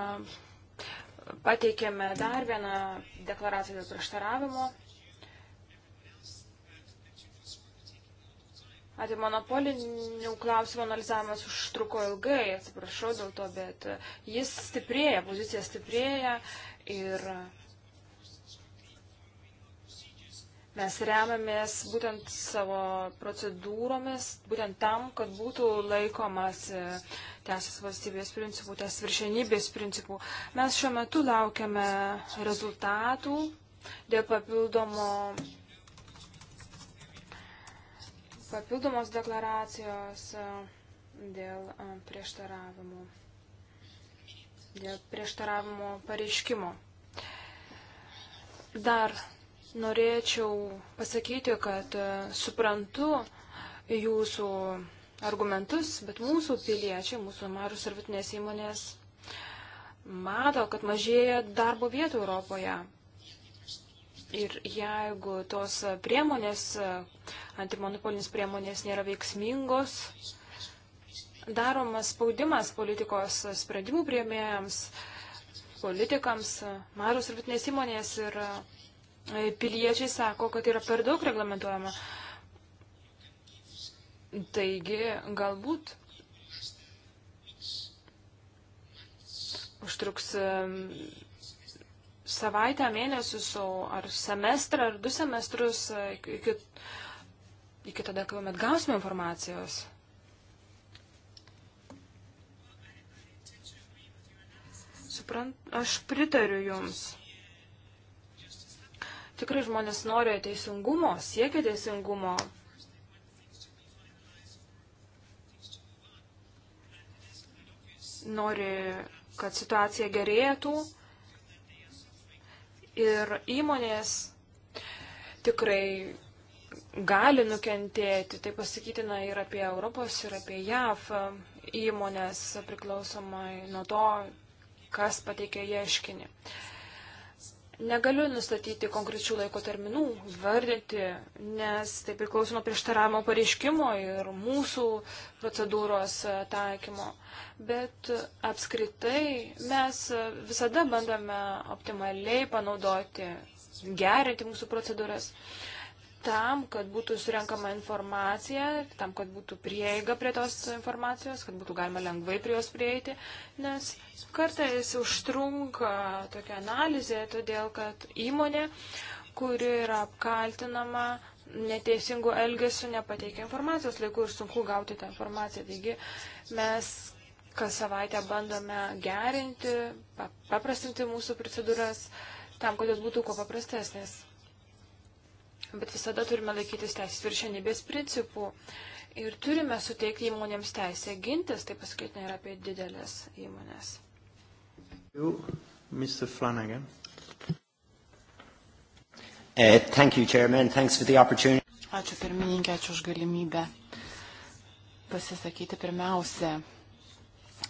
pateikėme dar vieną deklaraciją dėl prieštaravimo. Antimonopolinių klausimų analizavimas užtruko ilgai, atsiprašau dėl to, bet jis stiprėja, pozicija stiprėja ir Mes remiamės būtent savo procedūromis, būtent tam, kad būtų laikomas e, teisės valstybės principų, teisės viršenybės principų. Mes šiuo metu laukiame rezultatų dėl papildomo, papildomos deklaracijos e, dėl e, prieštaravimų, dėl prieštaravimo pareiškimo. Dar norėčiau pasakyti, kad e, suprantu jūsų argumentus, bet mūsų piliečiai, mūsų marus ir vidutinės įmonės mato, kad mažėja darbo vietų Europoje. Ir jeigu tos priemonės, antimonopolinis priemonės nėra veiksmingos, daromas spaudimas politikos sprendimų priemėjams, politikams, mažos ir vidutinės įmonės ir piliečiai sako, kad yra per daug reglamentuojama. Taigi, galbūt užtruks savaitę, mėnesius, ar semestrą, ar du semestrus, e, iki, iki tada, kai met gausime informacijos. Suprant, aš pritariu Jums. Tikrai žmonės nori teisingumo, siekia teisingumo. Nori, kad situacija gerėtų ir įmonės tikrai gali nukentėti. Tai pasakytina ir apie Europos, ir apie JAV įmonės priklausomai nuo to, kas pateikė ieškinį. Uh, Negaliu nustatyti konkrečių laiko terminų, vardinti, nes tai priklauso nuo prieštaravimo pareiškimo ir mūsų procedūros e, taikymo. Bet apskritai mes visada bandome optimaliai panaudoti, gerinti mūsų procedūras. Uh, tam, kad būtų surenkama informacija, tam, kad būtų prieiga prie tos informacijos, kad būtų galima lengvai prie jos prieiti, nes kartais užtrunka tokia analizė, todėl kad įmonė, kuri yra apkaltinama neteisingų elgesių, nepateikia informacijos laiku ir sunku gauti tą informaciją. Taigi mes kas savaitę bandome gerinti, paprastinti mūsų procedūras tam, kad jos būtų kuo paprastesnės bet visada turime laikytis teisės viršenybės principų. Ir turime suteikti įmonėms teisę gintis, tai pasakytina ir apie didelės įmonės. You, Mr. Flanagan. Uh, thank you, Chairman. Thanks for the opportunity. Ačiū pirmininkė, ačiū už galimybę pasisakyti pirmiausia.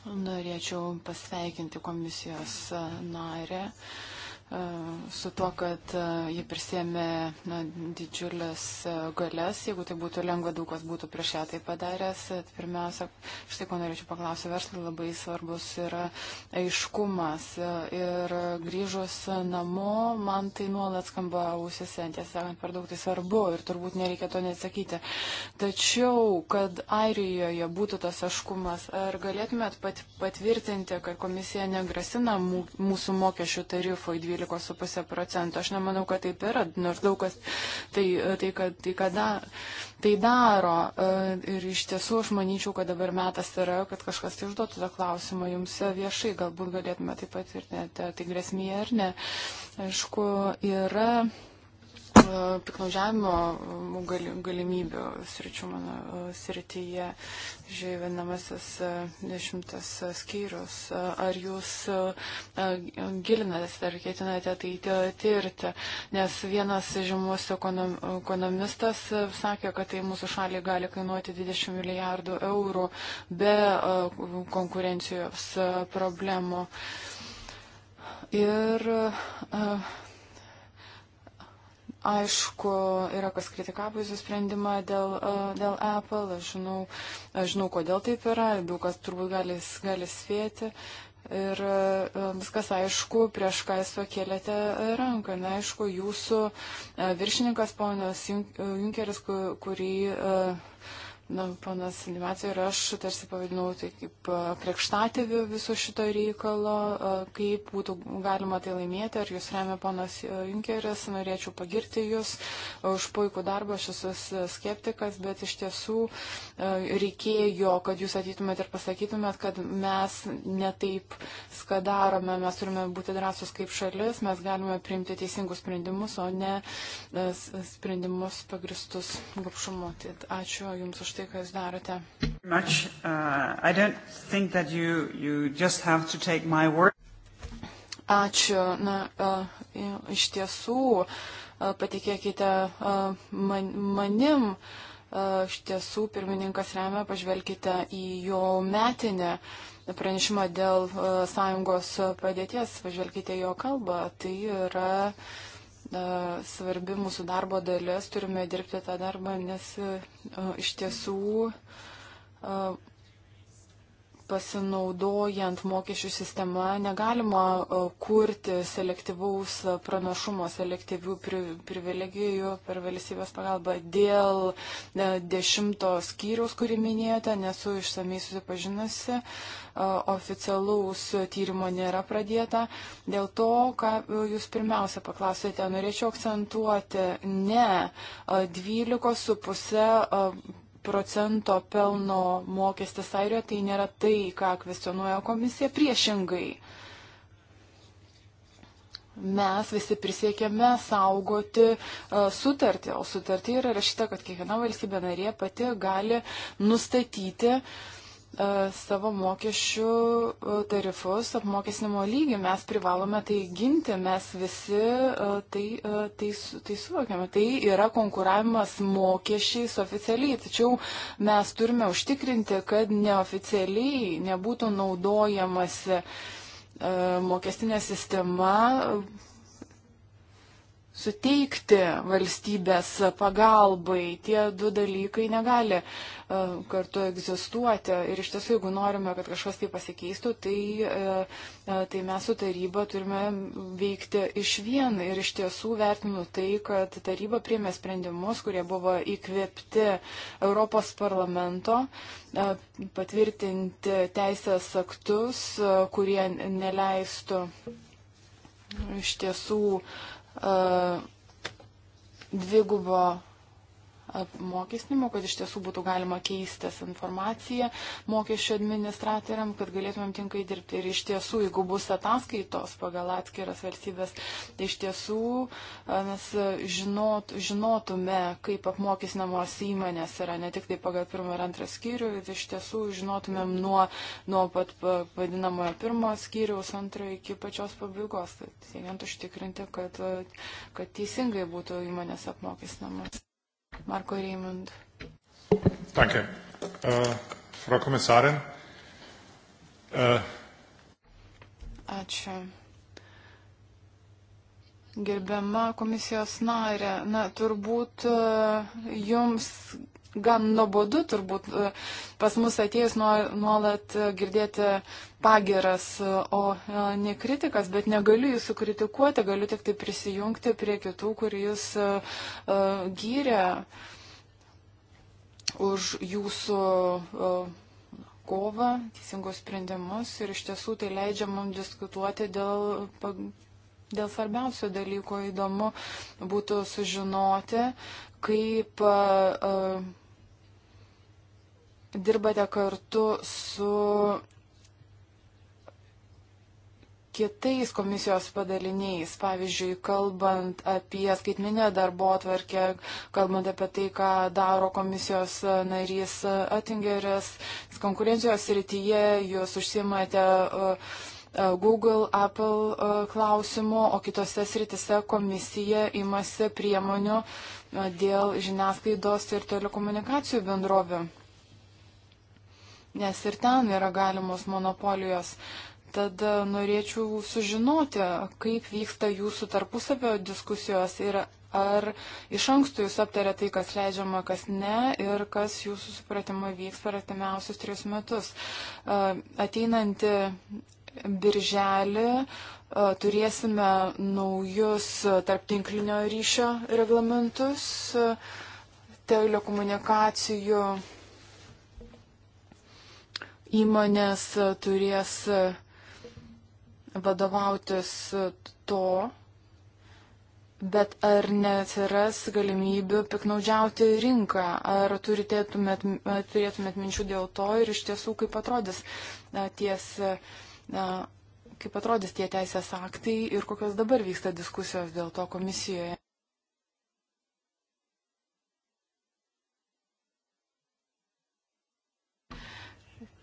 Norėčiau pasveikinti komisijos uh, narę. Uh, su tuo, kad e, ji prisėmė na, didžiulės e, galės, jeigu tai būtų lengva, daug kas būtų prieš ją tai padaręs. E, pirmiausia, štai ko norėčiau paklausyti, verslui labai svarbus yra aiškumas. Ir grįžus namo, man tai nuolat skamba ausise, tiesą sakant, per daug tai svarbu ir turbūt nereikia to nesakyti. Tačiau, kad Airijoje būtų tas aiškumas, ar galėtumėt pat, patvirtinti, kad komisija negrasina mūsų mokesčių tarifui 12? 12,5 procento. Aš nemanau, kad taip yra, nors daug kas tai, tai, kad, tai, kad da, tai daro. E, ir iš tiesų aš manyčiau, kad dabar metas yra, kad kažkas tai užduotų tą klausimą jums viešai, galbūt galėtume taip pat ir net, tai grėsmė ar ne. Aišku, yra piknaudžiavimo galimybių sričių mano e, srityje, žiūrėjau, vienamasis e, dešimtas skyrius. E, ar jūs gilinatės, ar ketinate tai tirti? Nes vienas žymus ekonomistas sakė, kad tai mūsų šaliai gali kainuoti 20 milijardų eurų be konkurencijos problemų. Ir uh, Aišku, yra kas kritikavo jūsų sprendimą dėl, e, dėl Apple, aš žinau, aš žinau, kodėl taip yra, daug kas turbūt gali, gali svėti. Ir e, viskas aišku, prieš ką jūs pakėlėte ranką. Na, aišku, jūsų e, viršininkas, ponas Junkeris, kurį Na, panas Animacija ir aš tarsi pavadinau tai kaip krikštatėvių viso šito reikalo, kaip būtų galima tai laimėti, ar jūs remia panas Junkeris, norėčiau pagirti jūs už puikų darbą, aš esu skeptikas, bet iš tiesų reikėjo, kad jūs ateitumėt ir pasakytumėt, kad mes netaip skadarome, mes turime būti drąsus kaip šalis, mes galime priimti teisingus sprendimus, o ne sprendimus pagristus gapšumuoti. Ačiū Jums už tai tai, kas darote. Much, uh, you, you Ačiū. Na, uh, iš tiesų, uh, patikėkite uh, man, manim. Uh, iš tiesų, pirmininkas remia, pažvelkite į jo metinę pranešimą dėl uh, sąjungos padėties, pažvelkite jo kalbą. Tai yra. Uh, svarbi mūsų darbo dalis, turime dirbti tą darbą, nes e, iš tiesų e, pasinaudojant mokesčių sistema negalima e, kurti selektyvaus pranašumo, selektyvių privilegijų per valstybės pagalbą. Dėl dešimto skyriaus, kurį minėjote, nesu išsamei susipažinusi, oficialaus tyrimo nėra pradėta. Dėl to, ką jūs pirmiausia paklausėte, norėčiau akcentuoti ne 12,5 procento pelno mokestis Airijoje, tai nėra tai, ką kvestionuoja komisija, priešingai mes visi prisiekėme saugoti sutartį, o sutartį yra rašyta, kad kiekviena valstybė narė pati gali nustatyti uh, E, savo mokesčių e, tarifus, apmokestinimo lygį, mes privalome tai ginti, mes visi e, tai, tai, tai suvokiame. Tai yra konkuravimas mokesčiais oficialiai, tačiau mes turime užtikrinti, kad neoficialiai nebūtų naudojamasi mokestinė sistema suteikti valstybės pagalbai. Tie du dalykai negali e, kartu egzistuoti. Ir iš tiesų, jeigu norime, kad kažkas tai pasikeistų, tai, e, e, tai mes su taryba turime veikti iš vien. Ir iš tiesų vertinu tai, kad taryba priemė sprendimus, kurie buvo įkvėpti Europos parlamento patvirtinti teisės aktus, kurie neleistų iš tiesų uh, dvigubo apmokestinimo, kad iš tiesų būtų galima keistis informaciją mokesčių administratoriam, kad galėtumėm tinkai dirbti. Ir iš tiesų, jeigu bus ataskaitos pagal atskiras valstybės, tai iš tiesų mes žinot, žinotume, kaip apmokestinamos įmonės yra, ne tik tai pagal pirmą ir antrą skyrių, bet iš tiesų žinotumėm nuo, nuo pat vadinamojo pirmo skyriaus antro iki pačios pabaigos, tai siekiant užtikrinti, kad, kad teisingai būtų įmonės apmokestinamas. Marko Reimund. Danke. Uh, Frau Kommissarin. Uh. Ačiū. Gerbiama komisijos narė, na, turbūt uh, jums gan nuobodu turbūt e, pas mus atėjus nuolat e, girdėti pagiras, o e, ne kritikas, bet negaliu jūsų kritikuoti, galiu tik tai prisijungti prie kitų, kur jūs e, e, gyrė už jūsų kovą, teisingus sprendimus ir iš tiesų tai leidžia mums diskutuoti dėl, dėl svarbiausio dalyko. Įdomu būtų sužinoti, kaip a, a, dirbate kartu su kitais komisijos padaliniais, pavyzdžiui, kalbant apie skaitminę darbo atvarkę, kalbant apie tai, ką daro komisijos narys Atingeris, konkurencijos rytyje jūs užsimate e, e, Google, Apple e, klausimų, o kitose sritise komisija imasi priemonių dėl žiniasklaidos ir telekomunikacijų bendrovių. Nes ir ten yra galimos monopolijos. Uh, Tad norėčiau sužinoti, kaip vyksta jūsų tarpusavio diskusijos ir ar iš anksto jūs aptarė tai, kas leidžiama, kas ne ir kas jūsų supratimo vyks per atimiausius tris metus. Ateinantį birželį turėsime naujus tarptinklinio ryšio reglamentus, telekomunikacijų įmonės turės vadovautis to, bet ar neatsiras galimybių piknaudžiauti rinką, ar turėtumėt, turėtumėt minčių dėl to ir iš tiesų kaip atrodys ties. Kaip atrodys tie teisės aktai ir kokios dabar vyksta diskusijos dėl to komisijoje?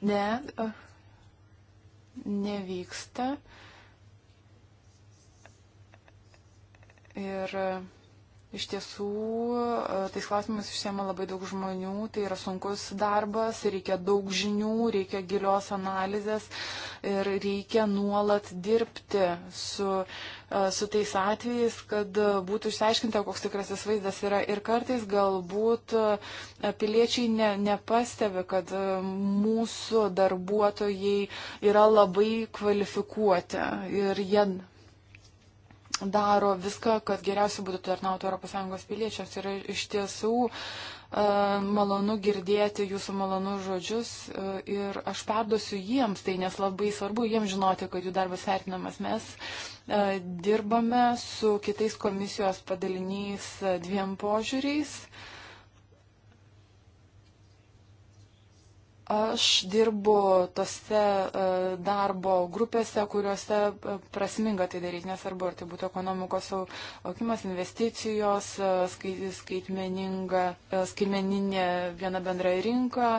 Ne, nevyksta. Ir uh, Iš tiesų, e, tais klausimais užsiema labai daug žmonių, tai yra sunkus darbas, reikia daug žinių, reikia gilios analizės ir reikia nuolat dirbti su, e, su tais atvejais, kad būtų išsiaiškinta, koks tikrasis vaizdas yra. Ir kartais galbūt e, piliečiai ne, nepastebi, kad mūsų darbuotojai yra labai kvalifikuoti ir jie daro viską, kad geriausiai būtų tarnauti ES piliečiams. Ir iš tiesų e, malonu girdėti jūsų malonus žodžius e, ir aš perduosiu jiems tai, nes labai svarbu jiems žinoti, kad jų darbas vertinamas. Mes e, dirbame su kitais komisijos padaliniais dviem požiūriais. Aš dirbu tose e, darbo grupėse, kuriuose e, prasminga tai daryti, nesvarbu, ar tai būtų ekonomikos aukimas, investicijos, e, skaitmeninė viena bendra rinka,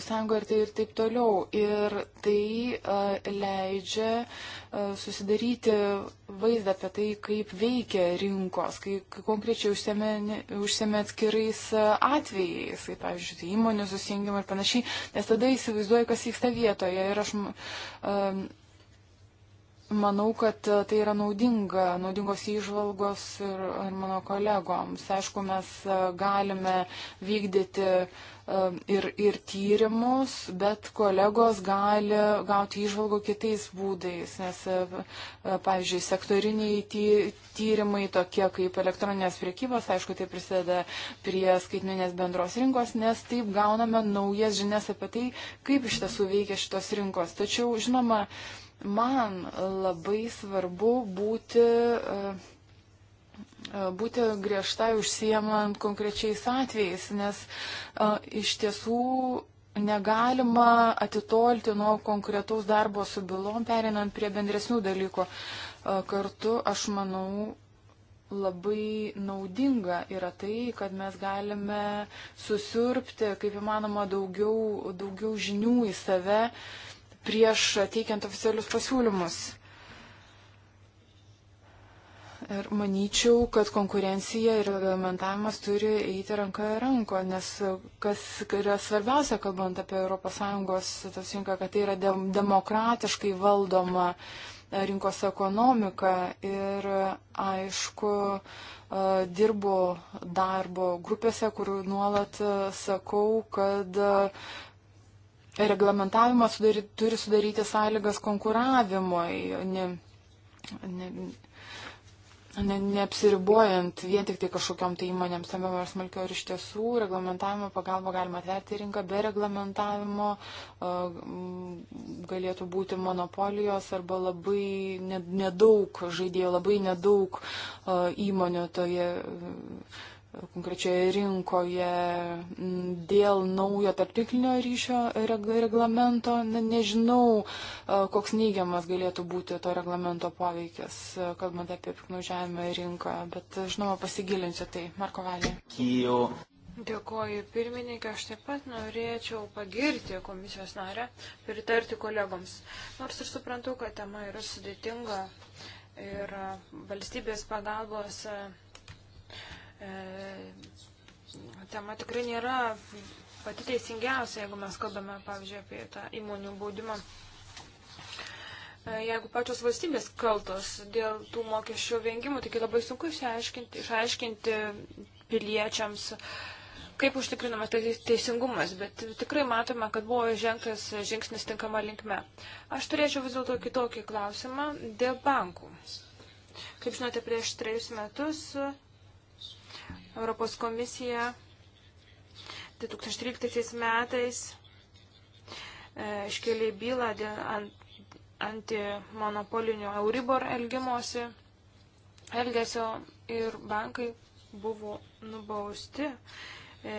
sąjunga ir, tai, ir taip toliau. Ir tai uh, leidžia uh, susidaryti vaizdą apie tai, kaip veikia rinkos, kai, kai konkrečiai užsiemė atskirais atvejais, kaip, pavyzdžiui, tai įmonių susijungimą ir panašiai, nes tada įsivaizduoju, kas vyksta vietoje. Ir aš um, Manau, kad tai yra naudinga, naudingos įžvalgos ir, ir mano kolegoms. Aišku, mes e, galime vykdyti e, ir, ir tyrimus, bet kolegos gali gauti įžvalgų kitais būdais, nes, e, pavyzdžiui, sektoriniai ty, tyrimai, tokie kaip elektroninės priekybos, aišku, tai prisideda prie skaitminės bendros rinkos, nes taip gauname naujas žinias apie tai, kaip iš tiesų veikia šitos rinkos. Tačiau, žinoma, man labai svarbu būti, e, e, būti griežtai užsiemant konkrečiais atvejais, nes e, iš tiesų negalima atitolti nuo konkretaus darbo su bylom, perinant prie bendresnių dalykų. Kartu, aš manau, labai naudinga yra tai, kad mes galime susirpti kaip įmanoma daugiau, daugiau žinių į save. Uh, prieš teikiant oficialius pasiūlymus. Ir manyčiau, kad konkurencija ir reglamentavimas turi eiti ranką į ranką, nes kas yra svarbiausia, kalbant apie ES tas rinką, kad tai yra de demokratiškai valdoma rinkos ekonomika. Ir aišku, dirbu darbo grupėse, kur nuolat sakau, kad reglamentavimas sudary, turi sudaryti sąlygas konkuravimui, ne, ne, ne, neapsiribojant vien tik tai kažkokiam tai įmonėm, stambiam ar smulkiau. Ir iš tiesų reglamentavimo pagalba galima atverti rinką, be reglamentavimo galėtų būti monopolijos arba labai nedaug žaidėjų, labai nedaug įmonių toje. A, konkrečioje rinkoje dėl naujo tarptiklinio ryšio reglamento. Ne, nežinau, koks neigiamas galėtų būti to reglamento poveikis, kalbant apie piknaudžiavimą rinką, bet žinoma, pasigilinsiu tai. Marko Valė. Kijo. Dėkoju pirmininkai, aš taip pat norėčiau pagirti komisijos narę, pritarti kolegoms. Nors ir suprantu, kad tema yra sudėtinga ir valstybės pagalbos E, tema tikrai nėra pati teisingiausia, jeigu mes kalbame, pavyzdžiui, apie tą įmonių baudimą. E, jeigu pačios valstybės kaltos dėl tų mokesčių vengimų, taigi labai sunku išaiškinti, išaiškinti piliečiams, kaip užtikrinamas tai teisingumas, bet tikrai matome, kad buvo žengtas žingsnis tinkama linkme. Aš turėčiau vis dėlto kitokį klausimą dėl bankų. Kaip žinote, prieš trejus metus Europos komisija 2013 metais e, iškėlė bylą dėl antimonopolinio Euribor elgimosi, elgesio ir bankai buvo nubausti e,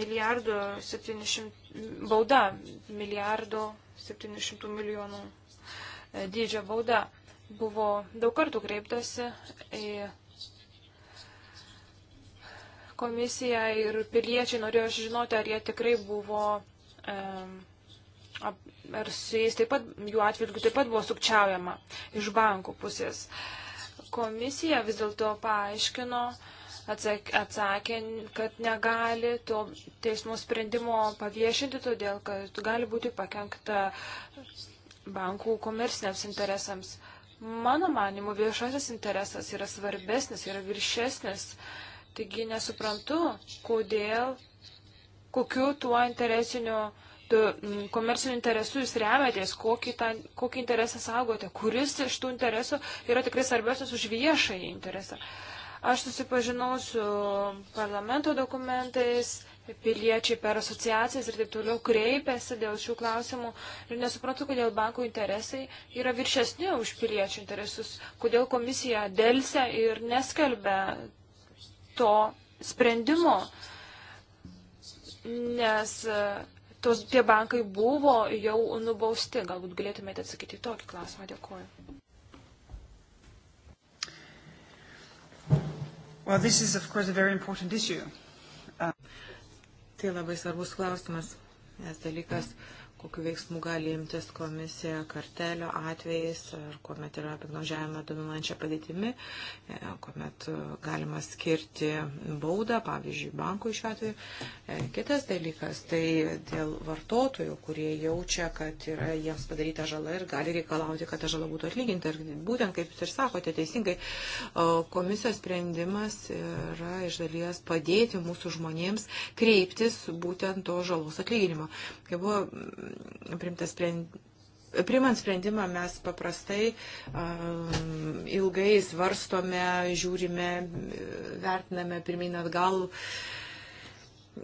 milijardo 700, bauda milijardo 700 milijonų e, dydžio bauda. Buvo daug kartų kreiptasi į Komisija ir piliečiai norėjo žinoti, ar jie tikrai buvo. E, ar su jais taip pat, jų atvilgių taip pat buvo sukčiaujama iš bankų pusės. Komisija vis dėlto paaiškino, atsakė, kad negali to teismo sprendimo paviešinti, todėl kad gali būti pakengta bankų komerciniams interesams. Mano manimu, viešasis interesas yra svarbesnis, yra viršesnis Taigi nesuprantu, kodėl, kokiu tuo interesiniu, tu, mm, komerciniu interesu jūs remiatės, kokį, tą, kokį interesą saugote, kuris iš tų interesų yra tikrai svarbesnis už viešąjį interesą. Aš susipažinau su parlamento dokumentais, piliečiai per asociacijas ir taip toliau kreipiasi dėl šių klausimų ir nesuprantu, kodėl bankų interesai yra viršesni už piliečių interesus, kodėl komisija dėlse ir neskelbia to sprendimo, nes e, tos, tie bankai buvo jau nubausti. Galbūt galėtumėte atsakyti į tokį klausimą. Dėkuoju. Well, this is, of course, a very important issue. Uh... Tai labai svarbus klausimas, nes dalykas. Uh kokiu veiksmu gali imtis komisija kartelio atvejais, ar kuomet yra piknožiavimo dominuojančia padėtimi, e, kuomet e, galima skirti baudą, pavyzdžiui, bankų iš atveju. E, kitas dalykas, tai dėl vartotojų, kurie jaučia, kad yra jiems padaryta žala ir gali reikalauti, kad ta žala būtų atlyginta. Ir būtent, kaip jūs ir sakote, teisingai, komisijos sprendimas yra iš dalies padėti mūsų žmonėms kreiptis būtent to žalos atlyginimo. Kai buvo primtas sprendimas. Primant sprendimą mes paprastai um, ilgai svarstome, žiūrime, vertiname pirmin atgal,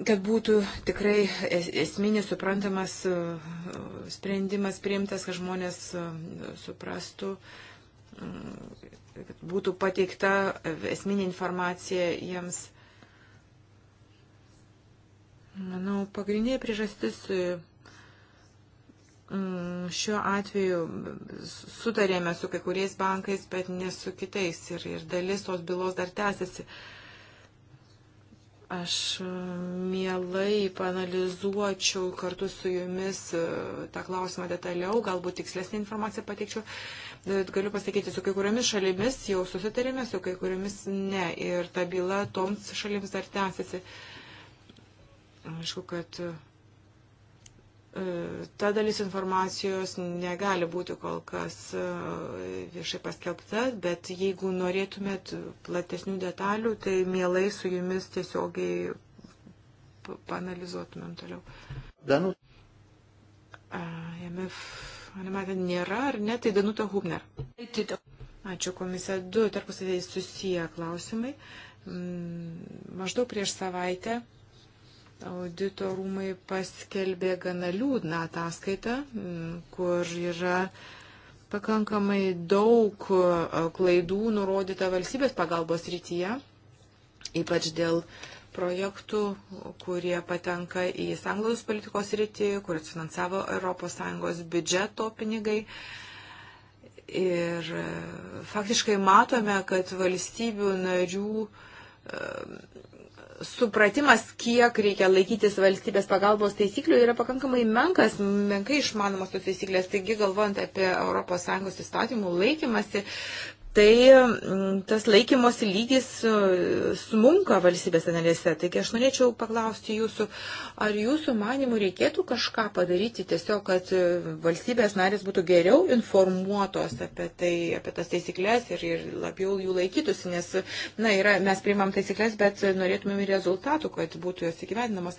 kad būtų tikrai esminis suprantamas uh, sprendimas priimtas, kad žmonės uh, suprastų. Um, kad būtų pateikta esminė informacija jiems. Manau, pagrindinė priežastis, Mm, šiuo atveju sutarėme su kai kuriais bankais, bet ne su kitais ir, ir dalis tos bylos dar tęsiasi. Aš mm, mielai panalizuočiau kartu su jumis mm, tą klausimą detaliau, galbūt tikslesnį informaciją pateikčiau. Galiu pasakyti, su kai kuriomis šalimis jau susitarėme, su kai kuriomis ne. Ir ta byla toms šalims dar tęsiasi. Aišku, kad E, ta dalis informacijos negali būti kol kas e, viešai paskelbta, bet jeigu norėtumėt platesnių detalių, tai mielai su jumis tiesiogiai panalizuotumėm toliau. Danu. MF, animatė, nėra ar ne, tai Danuta Hubner. Ačiū komisija. Du tarpusavėjai susiję klausimai. Mm, maždaug prieš savaitę Audito rūmai paskelbė gana liūdną ataskaitą, kur yra pakankamai daug klaidų nurodyta valstybės pagalbos rytyje, ypač dėl projektų, kurie patenka į sanglaudos politikos rytį, kurias finansavo ES biudžeto pinigai. Ir faktiškai matome, kad valstybių narių supratimas, kiek reikia laikytis valstybės pagalbos taisyklių, yra pakankamai menkas, menkai išmanomas tos taisyklės. Taigi, galvojant apie ES įstatymų laikymasi, tai mm, tas laikymosi lygis e, smunka valstybės analėse. Taigi aš norėčiau paklausti jūsų, ar jūsų manimų reikėtų kažką padaryti tiesiog, kad e, valstybės narės būtų geriau informuotos apie, tai, apie tas taisyklės ir, ir labiau jų laikytųsi, nes na, yra, mes priimam taisyklės, bet norėtumėm ir rezultatų, kad būtų jos įgyvendinamos.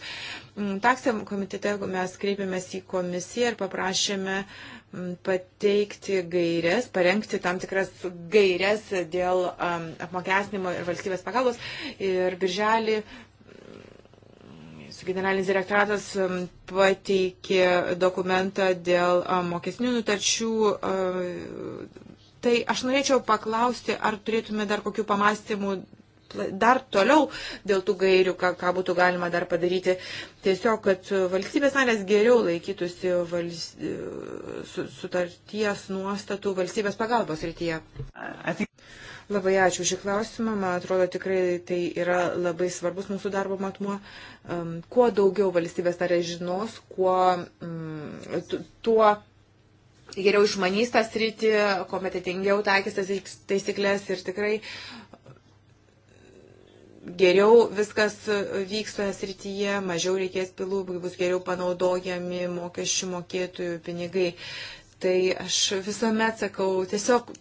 Mm, Taksėm komitete mes kreipėmės į komisiją ir paprašėme uh, pateikti gairias, parengti tam tikras gairias dėl um, apmokesnimo ir valstybės pagalbos. Ir birželį mm, su generalinis direktoratas um, pateikė dokumentą dėl um, mokesnių nutarčių. Um, tai aš norėčiau paklausti, ar turėtume dar kokių pamastymų dar toliau dėl tų gairių, ką, ką būtų galima dar padaryti. Tiesiog, kad valstybės narės geriau laikytųsi vals, sutarties nuostatų valstybės pagalbos rytyje. Labai ačiū šį klausimą. Man atrodo, tikrai tai yra labai svarbus mūsų darbo matmuo. Um, kuo daugiau valstybės narės žinos, kuo, um, tuo geriau išmanys tą sritį, kompetentingiau taikys tas taisyklės ir tikrai geriau viskas vyks toje srityje, mažiau reikės pilų, bus geriau panaudojami mokesčių mokėtojų pinigai. Tai aš visuomet sakau, tiesiog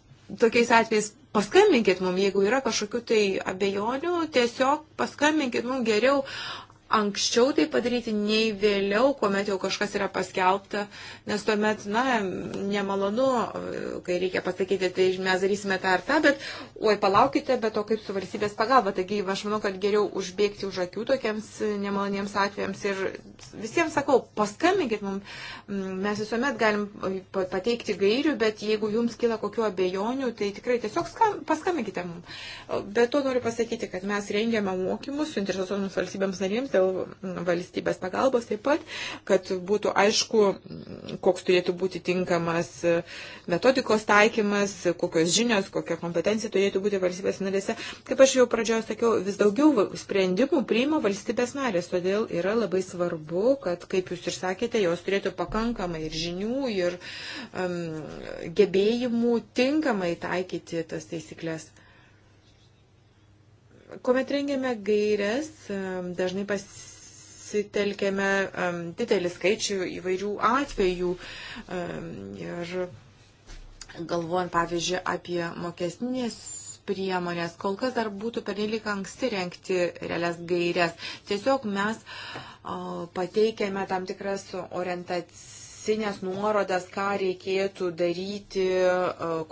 tokiais atvejais paskambinkit mums, jeigu yra kažkokių tai abejonių, tiesiog paskambinkit mums geriau anksčiau tai padaryti, nei vėliau, kuomet jau kažkas yra paskelbta, nes tuomet, na, nemalonu, kai reikia pasakyti, tai mes darysime tą ar tą, bet, oi, palaukite, bet o kaip su valstybės pagalba. Taigi, aš manau, kad geriau užbėgti už akių tokiems nemaloniems atvejams ir visiems sakau, paskambinkit mums, mes visuomet galim pateikti gairių, bet jeigu jums kyla kokiu abejonių, tai tikrai tiesiog skam, paskambinkite mums. Bet to noriu pasakyti, kad mes rengiame mokymus suinteresuotoms valstybėms narėms dėl dėl valstybės pagalbos taip pat, kad būtų aišku, koks turėtų būti tinkamas metodikos taikymas, kokios žinios, kokia kompetencija turėtų būti valstybės narėse. Kaip aš jau pradžioje sakiau, vis daugiau sprendimų priima valstybės narės, todėl yra labai svarbu, kad, kaip jūs ir sakėte, jos turėtų pakankamai ir žinių, ir um, gebėjimų tinkamai taikyti tas taisyklės. Kuomet rengėme gairias, dažnai pasitelkėme didelį skaičių įvairių atvejų ir galvojant, pavyzdžiui, apie mokestinės priemonės, kol kas dar būtų pernelyg anksti renkti realias gairias. Tiesiog mes pateikėme tam tikras orientacijas teisinės nuorodas, ką reikėtų daryti e,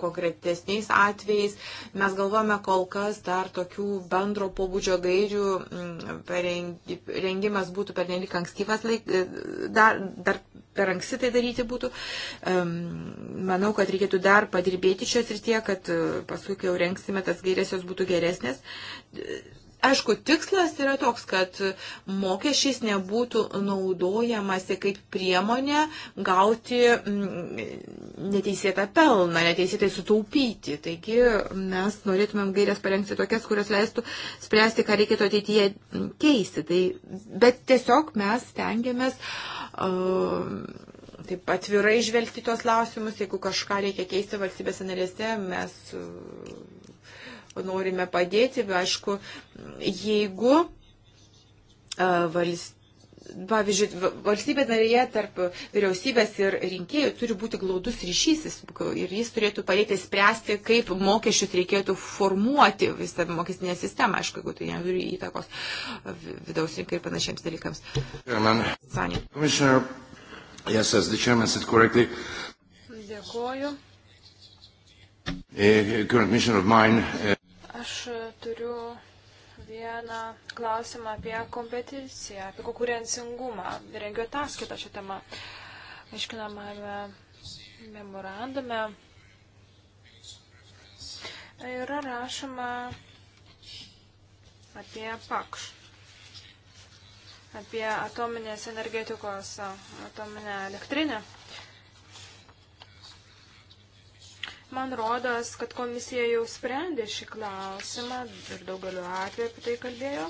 konkretesniais atvejais. Mes galvojame kol kas dar tokių bendro pobūdžio gairių rengimas būtų per nelik ankstyvas, laik, e, dar, dar per anksti tai daryti būtų. Manau, kad reikėtų dar padirbėti šios ir tie, kad e, paskui, kai jau rengsime tas gairias, jos būtų geresnės. Aišku, tikslas yra toks, kad mokesčiais nebūtų naudojamasi kaip priemonė gauti mm, neteisėtą pelną, neteisėtai sutaupyti. Taigi mes norėtumėm gairias parengti tokias, kurios leistų spręsti, ką reikėtų ateityje keisti. Tai, bet tiesiog mes tengiamės. Uh, taip atvirai žvelgti tos lausimus, jeigu kažką reikia keisti valstybės narėse, mes uh, norime padėti, bet aišku, jeigu valstybė pavyzdžiui, valstybė narėje tarp vyriausybės ir rinkėjų turi būti glaudus ryšys ir jis turėtų padėti spręsti, kaip mokesčius reikėtų formuoti visą mokestinę sistemą, aišku, jeigu tai neturi įtakos vidaus rinkai ir panašiems dalykams. Dėkoju. Aš turiu vieną klausimą apie kompeticiją, apie konkurencingumą. Rengiu ataskaitą šią temą. Aiškinamame memorandume yra rašoma apie pakš, apie atominės energetikos, atominę elektrinę. Man rodas, kad komisija jau sprendė šį klausimą ir daugeliu atveju apie tai kalbėjo.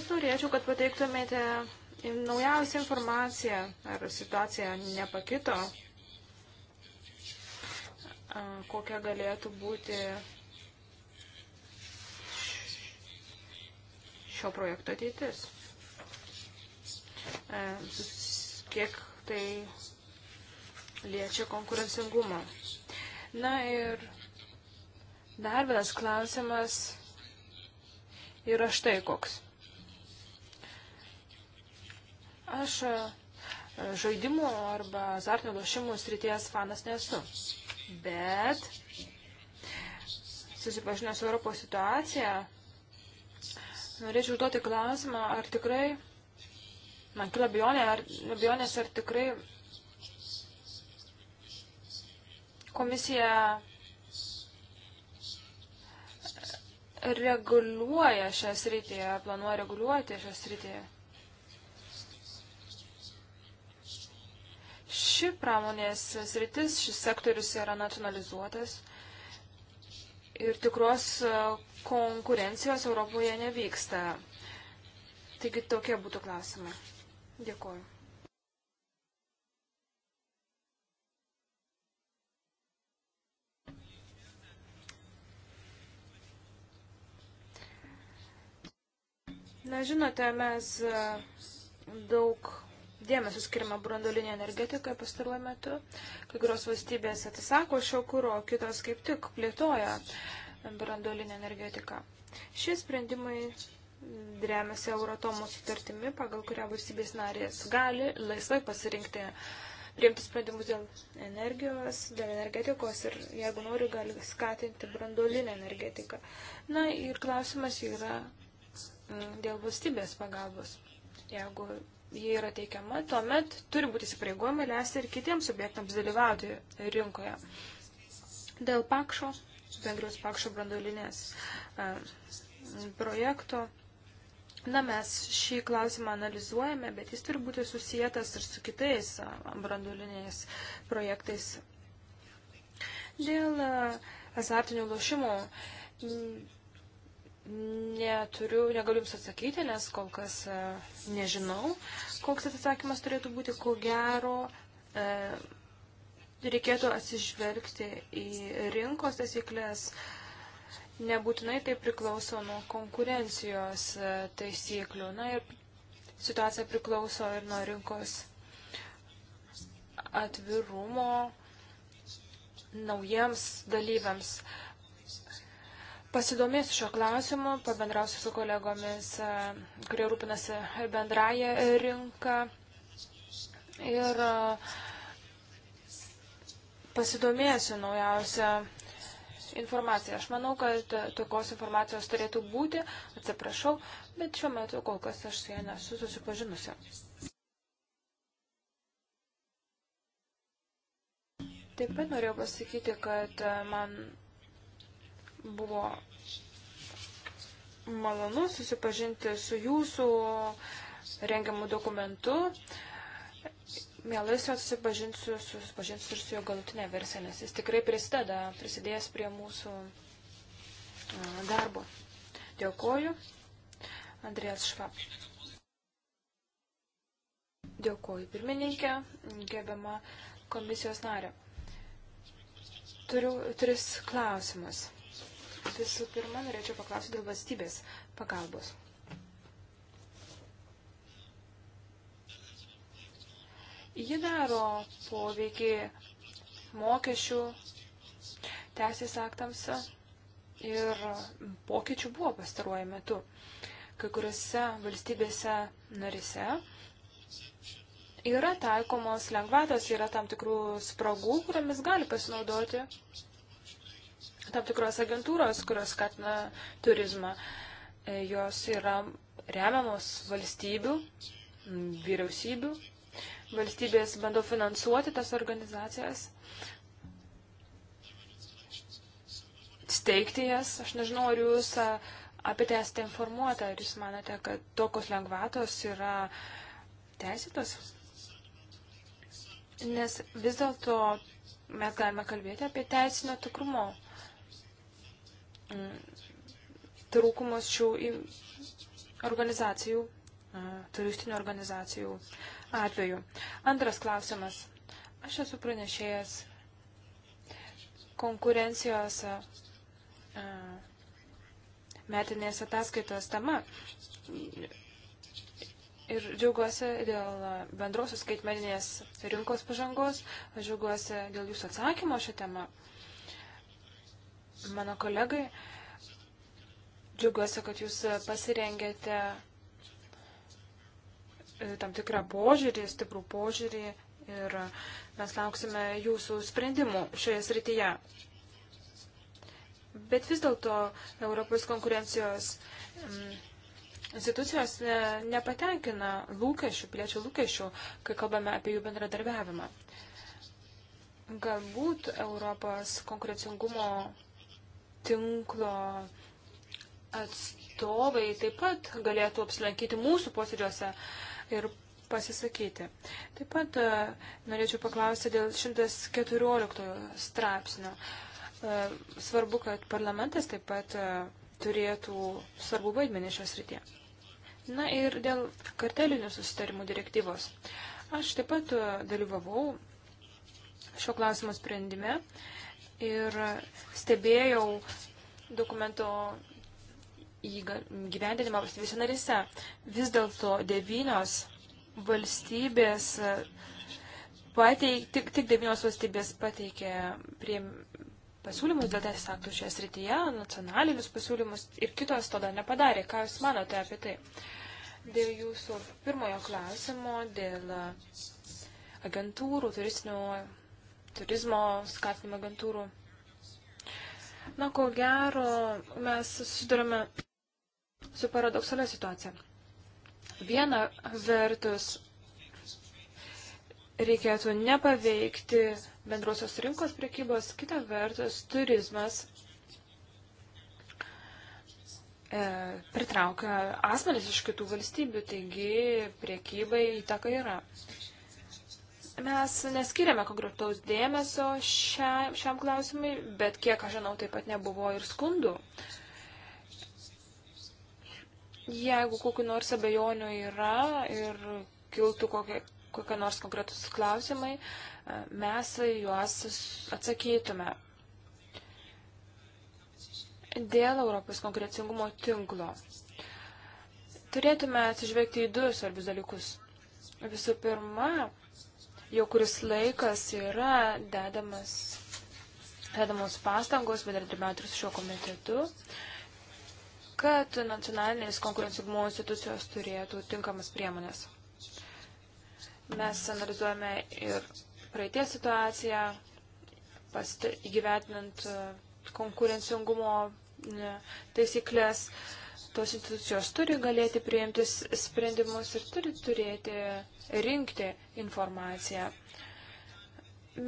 Ir norėčiau, kad pateiktumėte naujausią informaciją, ar situacija nepakito, kokia galėtų būti šio projekto ateitis. Kiek tai liečia konkurencingumą. Na ir dar vienas klausimas yra štai koks. Aš e, žaidimų arba azartinių lošimų srities fanas nesu. Bet susipažinęs su Europos situacija, norėčiau užduoti klausimą, ar tikrai, man kila abejonė, ar, abejonės, ar tikrai Komisija reguliuoja šią sritį, planuoja reguliuoti šią sritį. Ši pramonės sritis, šis sektorius yra nacionalizuotas ir tikros konkurencijos Europoje nevyksta. Taigi tokie būtų klausimai. Dėkuoju. Na, žinote, mes e, daug dėmesio skirima brandolinė energetika pastaruoju metu. Kai kurios valstybės atsisako šio kūro, kitos kaip tik plėtoja brandolinę energetiką. Šie sprendimai remiasi Euratomo sutartimi, pagal kurią valstybės narės gali laisvai pasirinkti priimti sprendimus dėl energijos, dėl energetikos ir, jeigu nori, gali skatinti brandolinę energetiką. Na ir klausimas yra, Mm, dėl valstybės pagalbos. Jeigu jie yra teikiama, tuomet turi būti įsipareigojama leisti ir kitiems subjektams dalyvauti rinkoje. Dėl pakšo, Vengrijos pakšo branduolinės projekto, na mes šį klausimą analizuojame, bet jis turi būti susijęs ir su kitais branduoliniais projektais. Dėl azartinių lošimų Neturiu, negaliu Jums atsakyti, nes kol kas e, nežinau, koks tas atsakymas turėtų būti, ko gero. E, reikėtų atsižvelgti į rinkos taisyklės. Nebūtinai tai priklauso nuo konkurencijos e, taisyklių. Na ir situacija priklauso ir nuo rinkos atvirumo naujiems dalyviams. Uh, Pasidomėsiu šio klausimu, pabendrausiu su kolegomis, e, kurie rūpinasi bendrąją rinką. Ir e, pasidomėsiu naujausią informaciją. Aš manau, kad tokios informacijos turėtų būti, atsiprašau, bet šiuo metu kol kas aš su ja nesu susipažinusi. Taip pat norėjau pasakyti, kad e, man Buvo malonu susipažinti su jūsų rengiamu dokumentu. Mielai susipažinsiu, susipažinsiu ir su jo galutinė versija, nes jis tikrai prisideda, prisidės prie mūsų darbo. Dėkoju. Andrijas Švab. Dėkoju pirmininkė, gerbiama komisijos narė. Turiu tris klausimus. Visų pirma, norėčiau paklausyti dėl valstybės pagalbos. Ji daro poveikį mokesčių teisės aktams ir pokyčių buvo pastaruoju metu. Kai kuriuose valstybėse narise yra taikomos lengvatos, yra tam tikrų spragų, kuriamis gali pasinaudoti tam tikros agentūros, kurios skatina turizmą. E, jos yra remiamos valstybių, vyriausybių. Valstybės bando finansuoti tas organizacijas, steigti jas. Aš nežinau, ar jūs apie tai esate informuota, ar jūs manote, kad tokios lengvatos yra teisėtos? Nes vis dėlto mes galime kalbėti apie teisinio tikrumo trūkumus šių organizacijų, turistinių organizacijų atveju. Antras klausimas. Aš esu pranešėjęs konkurencijos metinės ataskaitos tema. Ir džiaugiuosi dėl bendrosios skaitmeninės rinkos pažangos, aš džiaugiuosi dėl jūsų atsakymo šią temą mano kolegai. Džiaugiuosi, kad jūs pasirengėte e, tam tikrą požiūrį, stiprų požiūrį ir mes lauksime jūsų sprendimų šioje srityje. Bet vis dėlto Europos konkurencijos mm, institucijos e, nepatenkina lūkesčių, piliečių lūkesčių, kai kalbame apie jų bendradarbiavimą. Galbūt Europos konkurencingumo tinklo atstovai taip pat galėtų apsilankyti mūsų posėdžiuose ir pasisakyti. Taip pat e, norėčiau paklausti dėl 114 straipsnio. E, svarbu, kad parlamentas taip pat e, turėtų svarbu vaidmenį šios rytie. Na ir dėl kartelinių susitarimų direktyvos. Aš taip pat dalyvavau šio klausimo sprendime. Uh, ir stebėjau dokumento įgyvendinimą valstybėse narise. Vis dėlto devynios valstybės e, pateik, tik, tik devynios valstybės pateikė prie pasiūlymus dėl teisės aktų šioje srityje, nacionalinius pasiūlymus ir kitos to dar nepadarė. Ką Jūs manote apie tai? Dėl Jūsų pirmojo klausimo, dėl e, agentūrų, turistinių turizmo skatinimo agentūrų. Na, ko gero, mes susidurime su paradoksalia situacija. Viena vertus, reikėtų nepaveikti bendrosios rinkos prekybos, kita vertus, turizmas e, pritraukia asmenis iš kitų valstybių, taigi priekybai įtaka yra. E, Mes neskiriame konkretaus dėmesio šiam, šiam klausimui, bet kiek aš žinau, taip pat nebuvo ir skundų. Jeigu kokiu nors abejonių yra ir kiltų kokie, kokie nors konkretus klausimai, e, mes juos atsakytume. Dėl Europos konkurencingumo tinklo. Turėtume atsižvelgti į du svarbius dalykus. Visų pirma, jau kuris laikas yra dedamas, dedamos pastangos bendradarbiauti su šiuo komitetu, kad nacionalinės konkurencingumo institucijos turėtų tinkamas priemonės. Mes analizuojame ir praeitie situaciją, įgyvetinant konkurencingumo taisyklės tos institucijos turi galėti priimti sprendimus ir turi turėti rinkti informaciją.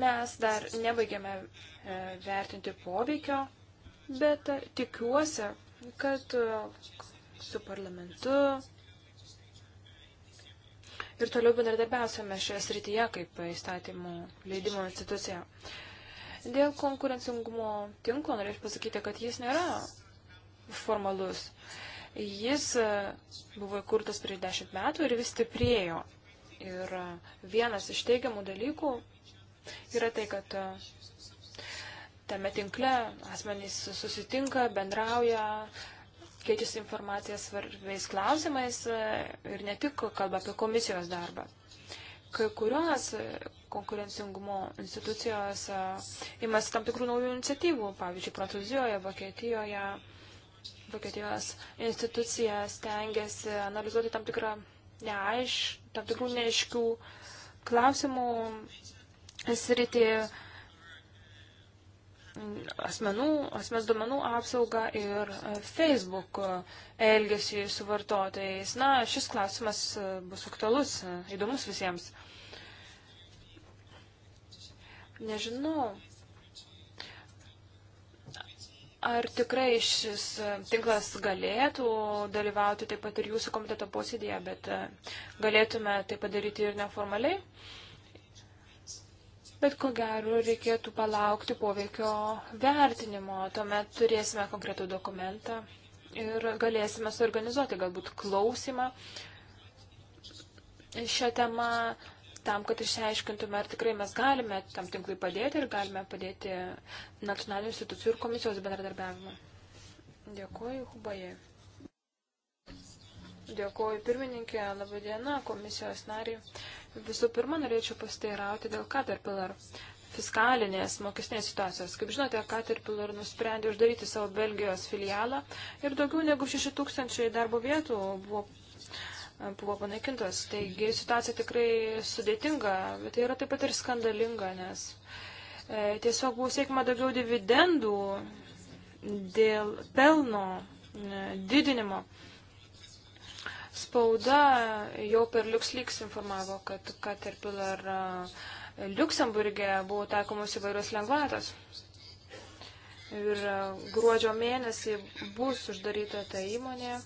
Mes dar nebaigėme e, vertinti poveikio, bet tikiuosi, kad e, su parlamentu ir toliau bendradarbiausime šioje srityje kaip įstatymų leidimo institucija. Dėl konkurencingumo tinklo norėčiau pasakyti, kad jis nėra formalus. Jis e, buvo įkurtas prieš dešimt metų ir vis stiprėjo. Ir e, vienas iš teigiamų dalykų yra tai, kad e, tame tinkle asmenys susitinka, bendrauja, keičiasi informacija svarbiais klausimais ir ne tik kalba apie komisijos darbą. Kai kurios konkurencingumo institucijos imasi tam tikrų naujų iniciatyvų, pavyzdžiui, Prancūzijoje, Vokietijoje Vokietijos institucija stengiasi analizuoti tam, tikrą neaiš, tam tikrų neaiškių klausimų sritį asmenų, asmens duomenų apsaugą ir Facebook elgesį su vartotojais. Na, šis klausimas bus aktualus, įdomus visiems. Nežinau, Ar tikrai šis tinklas galėtų dalyvauti taip pat ir jūsų komiteto posėdėje, bet e, galėtume tai padaryti ir neformaliai? Bet ko gero reikėtų palaukti poveikio vertinimo, tuomet turėsime konkretų dokumentą ir galėsime suorganizuoti galbūt klausimą šią temą tam, kad išsiaiškintume, ar tikrai mes galime tam tinklui padėti ir galime padėti nacionalinių institucijų ir komisijos bendradarbiavimą. Dėkuoju, Hubaje. Dėkuoju, pirmininkė, laba diena, komisijos nariai. Visų pirma, norėčiau pasteirauti dėl Caterpillar fiskalinės mokestinės situacijos. Kaip žinote, Caterpillar nusprendė uždaryti savo Belgijos filialą ir daugiau negu 6 tūkstančiai darbo vietų buvo buvo panaikintos. Taigi situacija tikrai sudėtinga, bet tai yra taip pat ir skandalinga, nes e, tiesiog buvo siekima daugiau dividendų dėl pelno e, didinimo. Spauda jau per LuxLeaks informavo, kad Caterpillar e, Luxemburgė buvo taikomos įvairios lengvatos. Ir e, gruodžio mėnesį bus uždaryta ta įmonė.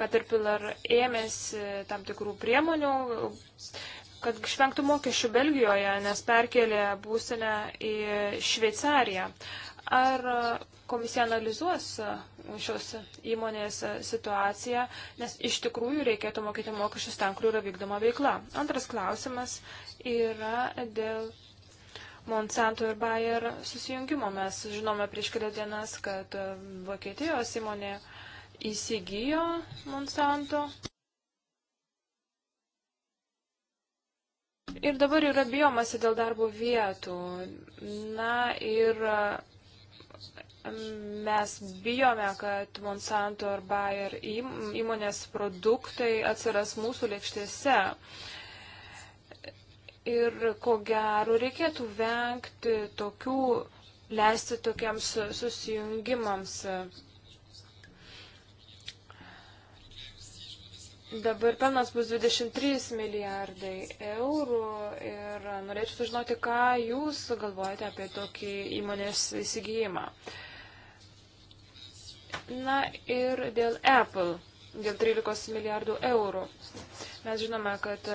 Caterpillar ėmėsi tam tikrų priemonių, kad išvengtų mokesčių Belgijoje, nes perkelė būsinę į Šveicariją. Ar komisija analizuos šios įmonės situaciją, nes iš tikrųjų reikėtų mokėti mokesčius ten, kur yra vykdoma veikla. Antras klausimas yra dėl Monsanto ir Bayer susijungimo. Mes žinome prieš kelias dienas, kad Vokietijos įmonė uh, įsigijo Monsanto. Ir dabar yra bijomasi dėl darbo vietų. Na ir mes bijome, kad Monsanto ar Bayer įmonės produktai atsiras mūsų lėkštėse. Ir ko gero reikėtų vengti tokių, leisti tokiems susijungimams Dabar pelnas bus 23 milijardai eurų ir norėčiau sužinoti, ką jūs galvojate apie tokį įmonės įsigijimą. Na ir dėl Apple, dėl 13 milijardų eurų. Mes žinome, kad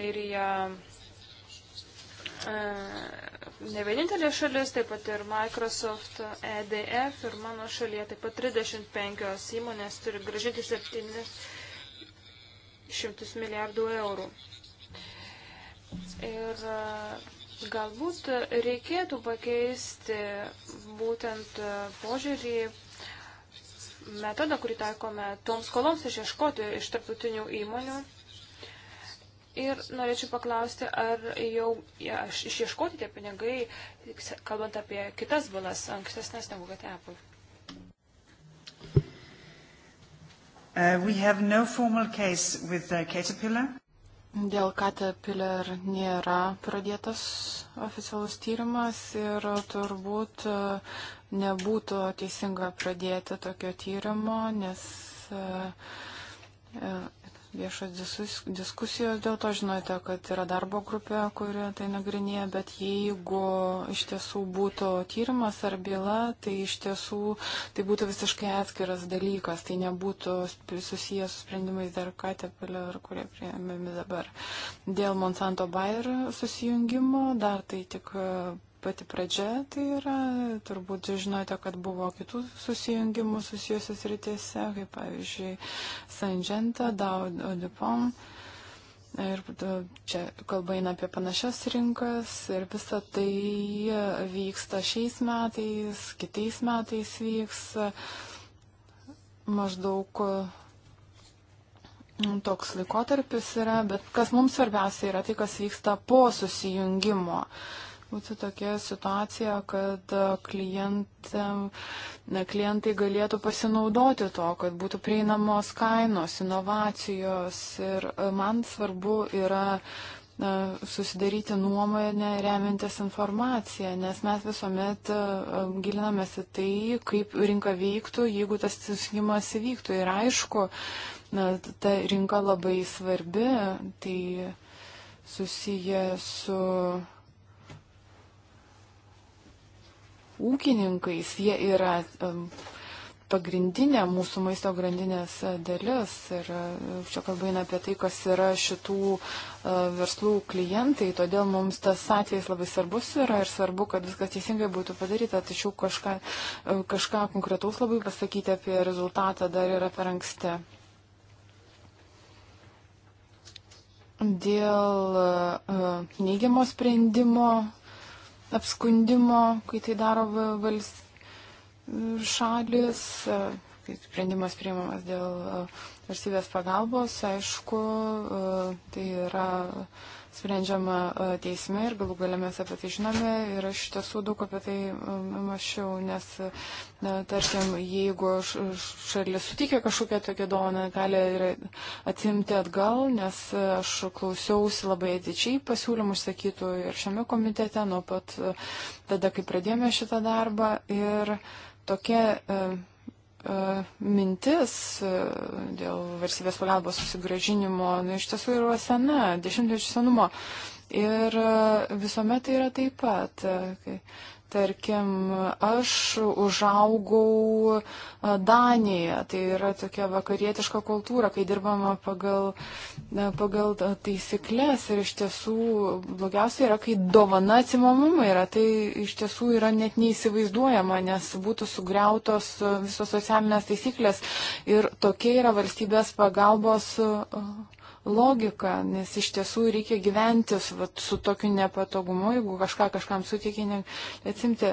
Airija e, ne vienintelė šalis, taip pat ir Microsoft, EDF ir mano šalyje taip pat 35 įmonės turi gražinti 7 šimtus milijardų eurų. Ir e, galbūt reikėtų pakeisti būtent e, požiūrį metodą, kurį taikome toms skoloms išieškoti iš tarptautinių įmonių. Ir norėčiau paklausti, ar jau ja, išieškoti tie pinigai, kalbant apie kitas bylas, ankstesnės negu kad Apple. Uh, we have no formal case with uh, Caterpillar. Dėl Caterpillar nėra pradėtas oficialus tyrimas ir turbūt uh, nebūtų teisinga pradėti tokio tyrimo, nes uh, uh, viešos diskusijos dėl to, žinote, kad yra darbo grupė, kuri tai nagrinėja, bet jeigu iš tiesų būtų tyrimas ar byla, tai iš tiesų tai būtų visiškai atskiras dalykas, tai nebūtų susijęs su sprendimais dar ką tepelė ar kurie prieimėmi dabar. Dėl Monsanto Bayer susijungimo dar tai tik pati pradžia tai yra, turbūt žinote, kad buvo kitų susijungimų susijusios rytėse, kaip pavyzdžiui Sanženta, Dao Dupont. Ir čia kalba eina apie panašias rinkas ir visa tai vyksta šiais metais, kitais metais vyks maždaug mm, toks laikotarpis yra, bet kas mums svarbiausia yra tai, kas vyksta po susijungimo. Uh, būti tokia situacija, kad klientai galėtų pasinaudoti to, kad būtų prieinamos kainos, inovacijos. Ir e, man svarbu yra susidaryti nuomonę remiantis informaciją, nes mes visuomet e, e, gilinamės į tai, kaip rinka veiktų, jeigu tas susijungimas įvyktų. Ir aišku, na, ta rinka labai svarbi, tai susiję su ūkininkais, jie yra pagrindinė mūsų maisto grandinės e, dalis. Ir e, čia kalba eina apie tai, kas yra šitų e, verslų klientai, todėl mums tas atvejs labai svarbus yra ir svarbu, kad viskas teisingai būtų padaryta, tačiau kažką, kažką konkretaus labai pasakyti apie rezultatą dar yra per anksti. Dėl neigiamo sprendimo apskundimo, kai tai daro vals šalis, e, kai sprendimas priimamas dėl e, valstybės pagalbos, aišku, e, tai yra sprendžiama e, teisme ir galų galę mes apie tai žinome ir aš iš tiesų daug apie tai e, mašiau, nes, na, tarkim, jeigu šalis sutikė kažkokią tokią doną, gali ir atsimti atgal, nes e, aš klausiausi labai atidžiai pasiūlymų išsakytų ir šiame komitete nuo pat tada, kai pradėjome šitą darbą ir tokia. Uh, E, mintis e, dėl valstybės pagalbos susigražinimo nu, iš tiesų yra sena, dešimtmečių senumo. Ir e, visuomet tai yra taip pat, kai Tarkim, aš užaugau Danijoje, tai yra tokia vakarietiška kultūra, kai dirbama pagal, pagal taisyklės ir iš tiesų blogiausia yra, kai dovana atsimamama yra, tai iš tiesų yra net neįsivaizduojama, nes būtų sugriautos visos socialinės taisyklės ir tokia yra valstybės pagalbos logiką, nes iš tiesų reikia gyventi su tokiu nepatogumu, jeigu kažką kažkam suteikia, atsimti.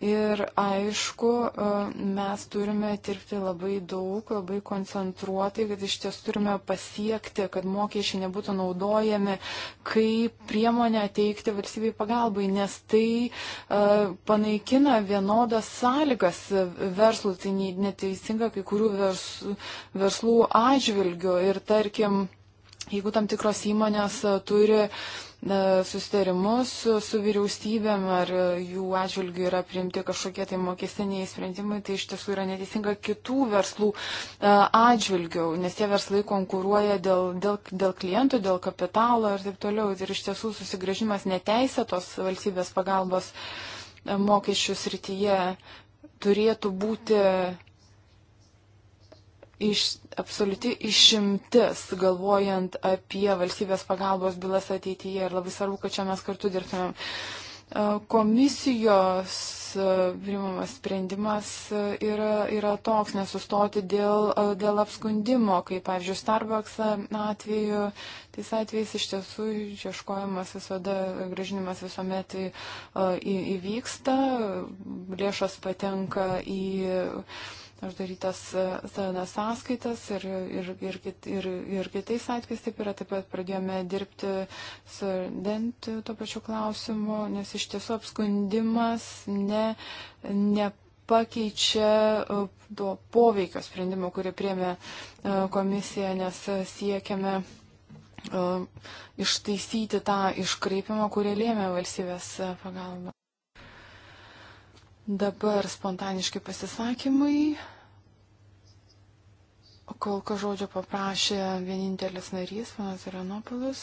Ir aišku, e, mes turime dirbti labai daug, labai koncentruotai, kad iš tiesų turime pasiekti, kad mokesčiai nebūtų naudojami kaip priemonė teikti valstybei pagalbai, nes tai uh, panaikina vienodas sąlygas verslų, tai neteisinga kai kurių vers, verslų atžvilgių. Ir tarkim, Jeigu tam tikros įmonės e, turi e, susitarimus su vyriausybėm ar e, jų atžvilgių yra priimti kažkokie tai mokestiniai sprendimai, tai iš tiesų yra neteisinga kitų verslų atžvilgių, nes tie verslai konkuruoja dėl, dėl, dėl klientų, dėl kapitalo ir taip toliau. Ir iš tiesų susigražimas neteisėtos valstybės pagalbos mokesčių srityje turėtų būti iš, absoliuti išimtis, galvojant apie valstybės pagalbos bylas ateityje ir labai svarbu, kad čia mes kartu dirbtumėm. E, komisijos e, primamas sprendimas e, yra, yra toks, nesustoti dėl, dėl apskundimo, kaip, pavyzdžiui, Starbucks atveju, tais atvejais iš tiesų ieškojimas visada, gražinimas visuomet į, į, įvyksta, lėšos patenka į uždarytas e, sąskaitas ir, ir, ir, kit, ir, ir kitais atvejais taip yra. Taip pat pradėjome dirbti su dent tuo pačiu klausimu, nes iš tiesų apskundimas ne. ne pakeičia e, to poveikio sprendimo, kurį priemė e, komisija, nes siekiame ištaisyti tą iškreipimą, kurį lėmė valstybės pagalba. Dabar spontaniški pasisakymai. Kol ko žodžio paprašė vienintelis narys, panas Iranopolis.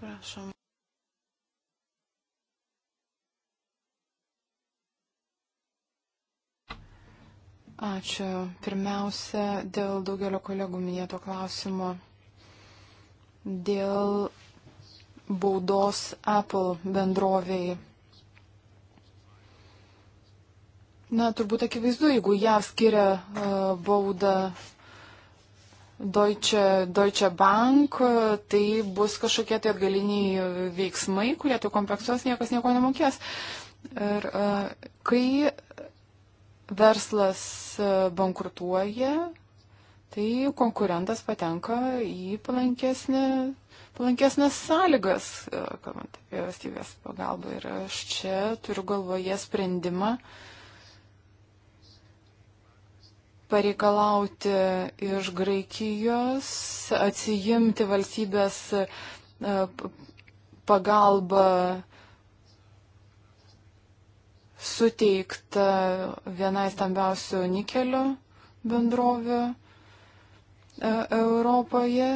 Prašom. Ačiū. Pirmiausia, dėl daugelio kolegų minėto klausimo. Dėl baudos Apple bendroviai Na, turbūt akivaizdu, jeigu JAV skiria uh, baudą Deutsche, Deutsche Bank, e, tai bus kažkokie tai atgaliniai veiksmai, kurie tai kompensuos, niekas nieko nemokės. Ir uh, kai verslas bankrutuoja, tai konkurentas patenka į palankesnį palankesnės sąlygas, kalbant apie valstybės pagalbą. Ir aš čia turiu galvoje sprendimą uh, pareikalauti iš Graikijos atsijimti valstybės e, pagalbą suteikta vienai stambiausių nikelio bendrovių e, Europoje.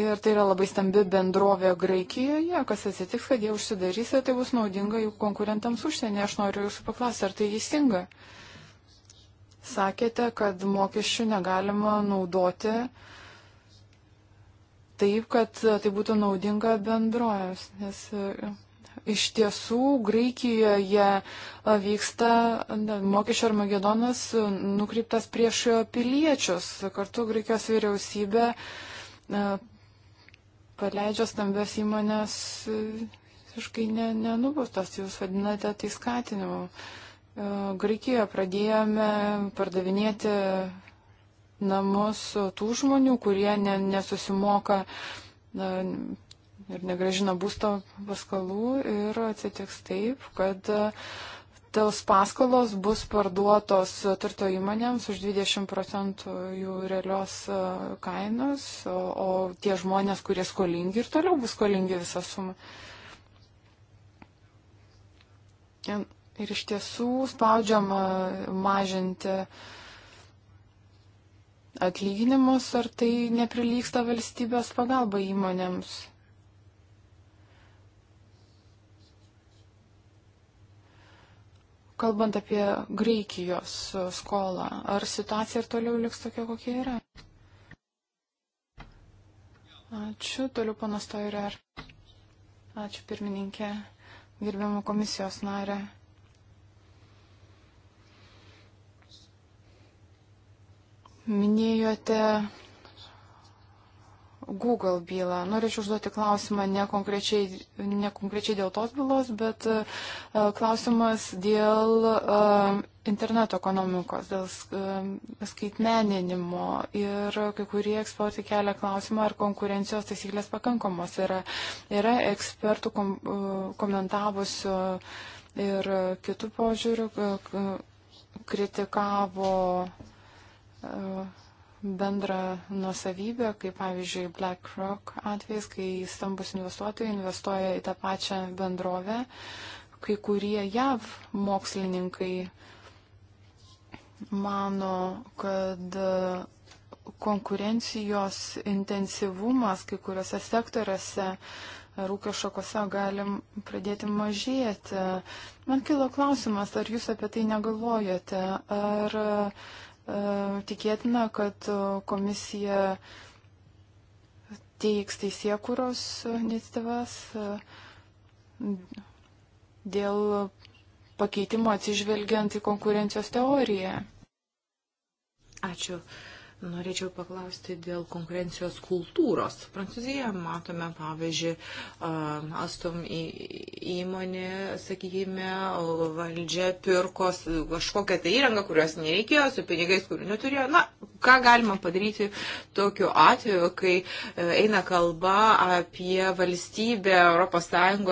Ir tai yra labai stambi bendrovė Graikijoje. Kas atsitiks, kad jie užsidarys ir tai bus naudinga jų konkurentams užsienyje. Aš noriu jūsų paklausti, ar tai teisinga? Uh, sakėte, kad mokesčių negalima naudoti taip, kad tai būtų naudinga bendrojas. Nes e, iš tiesų Graikijoje e, vyksta mokesčio armagedonas e, nukreiptas prieš piliečius. Kartu Graikijos vyriausybė paleidžia stambės įmonės visiškai ne, nenubustas, jūs vadinate tai skatinimu. Uh, Graikijoje pradėjome pardavinėti namus tų žmonių, kurie ne, nesusimoka na, ir negražina būsto paskalų ir atsitiks taip, kad tos paskolos bus parduotos turto įmonėms už 20 procentų jų realios kainos, o, o tie žmonės, kurie skolingi ir toliau bus skolingi visą sumą. Ir iš tiesų spaudžiama mažinti atlyginimus, ar tai neprilyksta valstybės pagalba įmonėms. Kalbant apie Graikijos skolą, ar situacija ir toliau liks tokia, kokia yra? Ačiū, toliau panas Toirer. Ačiū pirmininkė, gerbiamą komisijos narę. Minėjote Google bylą. Norėčiau užduoti klausimą ne konkrečiai, ne konkrečiai dėl tos bylos, bet e, klausimas dėl e, interneto ekonomikos, dėl e, skaitmeninimo. Ir kai kurie ekspertai kelia klausimą, ar konkurencijos taisyklės pakankamos yra. Yra ekspertų kom, komentavusių ir kitų požiūrių kritikavo E, bendrą nuosavybę, kaip pavyzdžiui BlackRock atvejs, kai stambus investuotojai investuoja į tą pačią bendrovę, kai kurie JAV mokslininkai mano, kad konkurencijos intensyvumas kai kuriuose sektoriuose rūkio šakose galim pradėti mažėti. Man kilo klausimas, ar jūs apie tai negalvojate, ar uh, E, tikėtina, kad e, komisija teiks teisėkuros iniciatyvas e, dėl pakeitimo atsižvelgiant į konkurencijos teoriją. Ačiū. Norėčiau paklausti dėl konkurencijos kultūros. Prancūzijoje matome, pavyzdžiui, Astom įmonė, sakykime, valdžia pirko kažkokią tai įrangą, kurios nereikėjo, su pinigais, kurių neturėjo. Na, ką galima padaryti tokiu atveju, kai e, eina kalba apie valstybę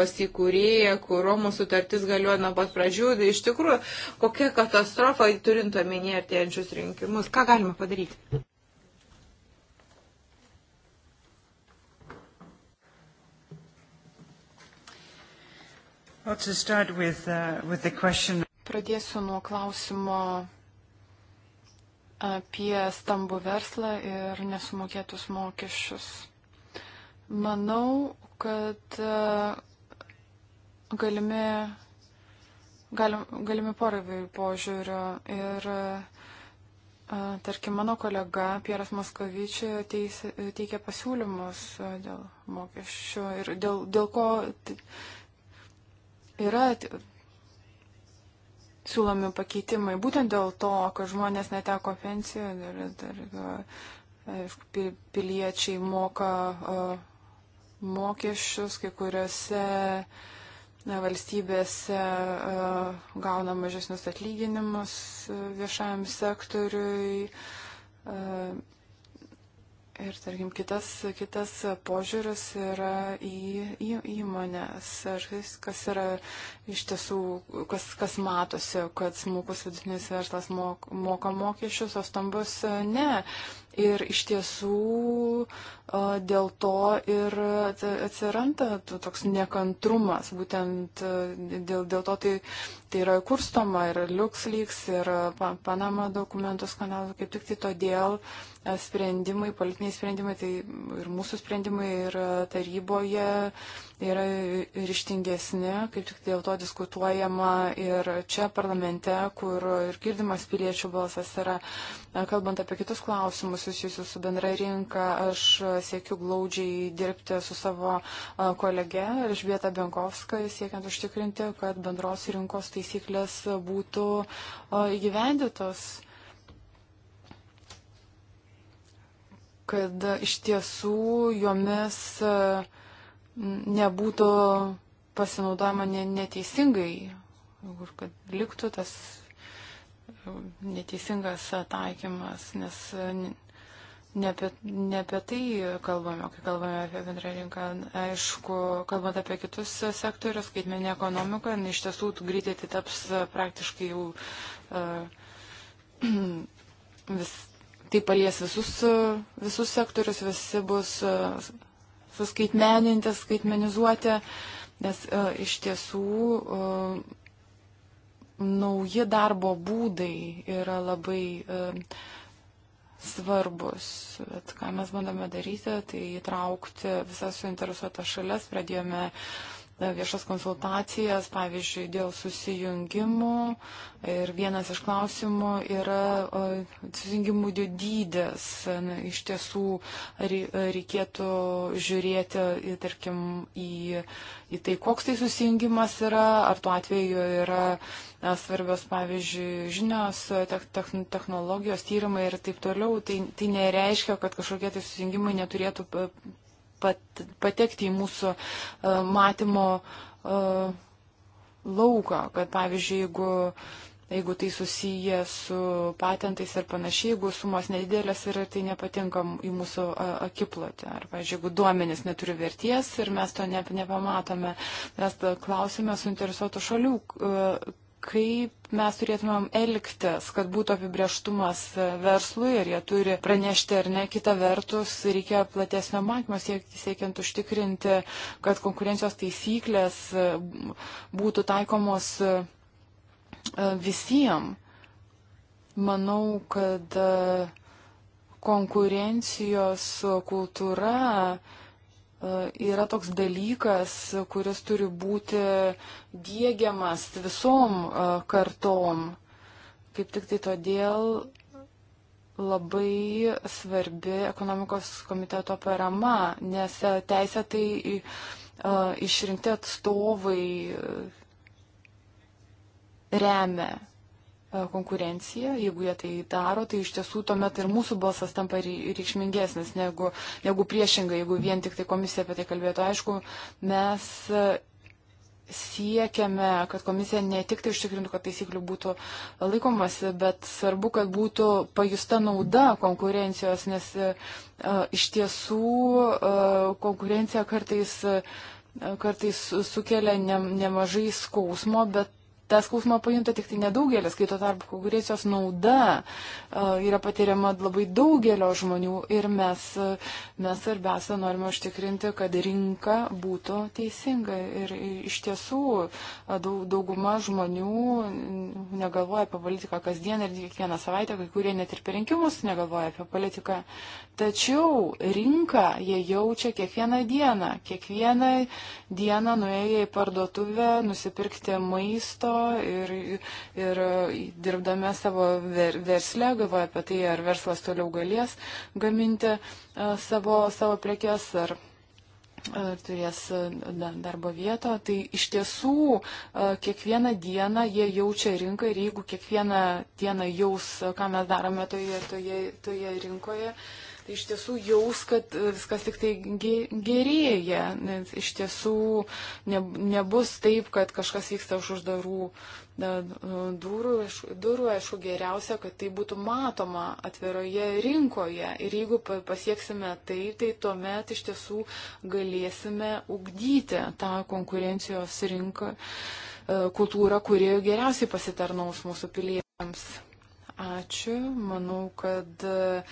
ES įkūrėją, kur Romos sutartis galioja nuo pat pradžių. Tai iš tikrųjų, kokia katastrofa turint omenyje artėjančius rinkimus. Ką galima padaryti? With, uh, with Pradėsiu nuo klausimo apie stambų verslą ir nesumokėtus mokesčius. Manau, kad uh, galimi, galim, galimi porai požiūrio ir uh, Tarkim, mano kolega Pieras Moskovičiai teikia pasiūlymus uh, dėl mokesčių ir dėl, dėl ko yra siūlomi pakeitimai būtent dėl to, kad žmonės neteko pensijų ir, ir, aišku, piliečiai moka mokesčius, kai kuriuose valstybėse gauna mažesnius atlyginimus e, viešajam sektoriui e, Ir, tarkim, kitas, kitas požiūris yra į, į įmonės, ar kas yra iš tiesų, kas, kas matosi, kad smulkus vidutinis verslas mok, moka mokesčius, o stambus ne. Ir iš tiesų dėl to ir atsiranda toks nekantrumas, būtent dėl, dėl to tai tai yra kurstoma ir LuxLeaks, ir e, Panama dokumentus kanalų, kaip tik tai todėl e, sprendimai, politiniai sprendimai, tai ir mūsų sprendimai ir e, taryboje yra ryštingesni, kaip tik dėl to diskutuojama ir čia parlamente, kur ir girdimas piliečių balsas yra. Kalbant apie kitus klausimus susijusius su bendra rinka, aš siekiu glaudžiai dirbti su savo kolege Elžbieta Benkovska, siekiant užtikrinti, kad bendros rinkos tai taisyklės būtų įgyvendytos. Kad iš tiesų jomis nebūtų pasinaudojama neteisingai ir kad liktų tas neteisingas taikymas, nes Ne apie, ne apie tai kalbame, kai kalbame apie bendrą rinką. Aišku, kalbant apie kitus sektorius, skaitmeninė ekonomika, iš tiesų greitai tai taps e, praktiškai jau uh, (clears throat) vis, tai palies visus, e, visus sektorius, visi bus uh, suskaitmeninti, skaitmenizuoti, nes uh, iš tiesų. Uh, Nauji darbo būdai yra labai uh, svarbus. Bet ką mes bandome daryti, tai įtraukti visas suinteresuotas šalias, pradėjome uh, E, viešas konsultacijas, pavyzdžiui, dėl susijungimų. Ir vienas iš klausimų yra e, susijungimų dydis. Iš tiesų reikėtų žiūrėti, e, tarkim, į, į tai, koks tai susijungimas yra, ar tuo atveju yra svarbios, pavyzdžiui, žinios, technologijos, tyrimai ir taip toliau. Tai, tai nereiškia, kad kažkokie tai susijungimai neturėtų pat, patekti į mūsų e, matymo e, lauką, kad pavyzdžiui, jeigu, jeigu tai susiję su patentais ir panašiai, jeigu sumos nedidelės ir tai nepatinka į mūsų akiplotę, ar, pavyzdžiui, jeigu duomenys neturi verties ir mes to ne, nepamatome, mes klausime suinteresuotų šalių, kaip mes turėtumėm elgtis, kad būtų apibrieštumas verslui ir jie turi pranešti ar ne. Kita vertus, reikia platesnio matymo siekiant užtikrinti, kad konkurencijos taisyklės būtų taikomos e, visiems. Manau, kad e, konkurencijos kultūra uh, yra toks dalykas, kuris turi būti dėgiamas visom kartom. Kaip tik tai todėl labai svarbi ekonomikos komiteto parama, nes teisė tai išrinkti atstovai remia E, konkurenciją, jeigu jie tai daro, tai iš tiesų tuomet ir mūsų balsas tampa reikšmingesnis negu, negu priešingai, jeigu vien tik tai komisija apie tai kalbėtų. Aišku, mes e, siekiame, kad komisija ne tik tai užtikrintų, kad taisyklių būtų laikomasi, bet svarbu, kad būtų pajusta nauda konkurencijos, nes uh, iš tiesų uh, konkurencija kartais, uh, kartais sukelia ne, nemažai skausmo, bet tą skausmą pajunta tik tai nedaugelis, kai tuo tarpu konkurencijos nauda e, yra patiriama labai daugelio žmonių ir mes, e, mes svarbiausia norime užtikrinti, kad rinka būtų teisinga. Ir iš tiesų e, daug, dauguma žmonių negalvoja apie politiką kasdien ir kiekvieną savaitę, kai kurie net ir per rinkimus negalvoja apie politiką. Tačiau rinką jie jaučia kiekvieną dieną. Kiekvieną dieną nuėję į parduotuvę, nusipirkti maisto, atrodo ir, ir dirbdame savo ver, versle galvoja apie tai, ar verslas toliau galės gaminti savo, savo prekes, ar turės darbo vietą. Tai iš tiesų kiekvieną dieną jie jaučia rinką ir jeigu kiekvieną dieną jaus, ką mes darome toje, toje, toje rinkoje, uh, tai iš tiesų jaus, kad viskas tik tai gerėja. Nes iš tiesų ne, nebus taip, kad kažkas vyksta už uždarų da, durų, durų. Aišku, geriausia, kad tai būtų matoma atviroje rinkoje. Ir jeigu pasieksime tai, tai tuomet iš tiesų galėsime ugdyti tą konkurencijos rinką, e, kultūrą, kuri geriausiai pasitarnaus mūsų piliečiams. Ačiū. Manau, kad e,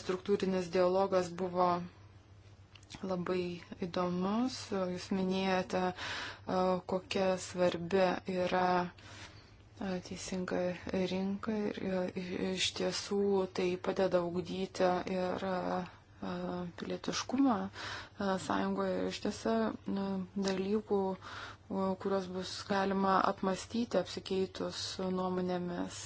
struktūrinis dialogas buvo labai įdomus. Jūs minėjote, e, kokia svarbi yra e, teisinga rinka ir iš tiesų tai padeda augdyti ir pilietiškumą sąjungoje. Iš tiesa nu, dalykų, kuriuos bus galima apmastyti apsikeitus nuomonėmis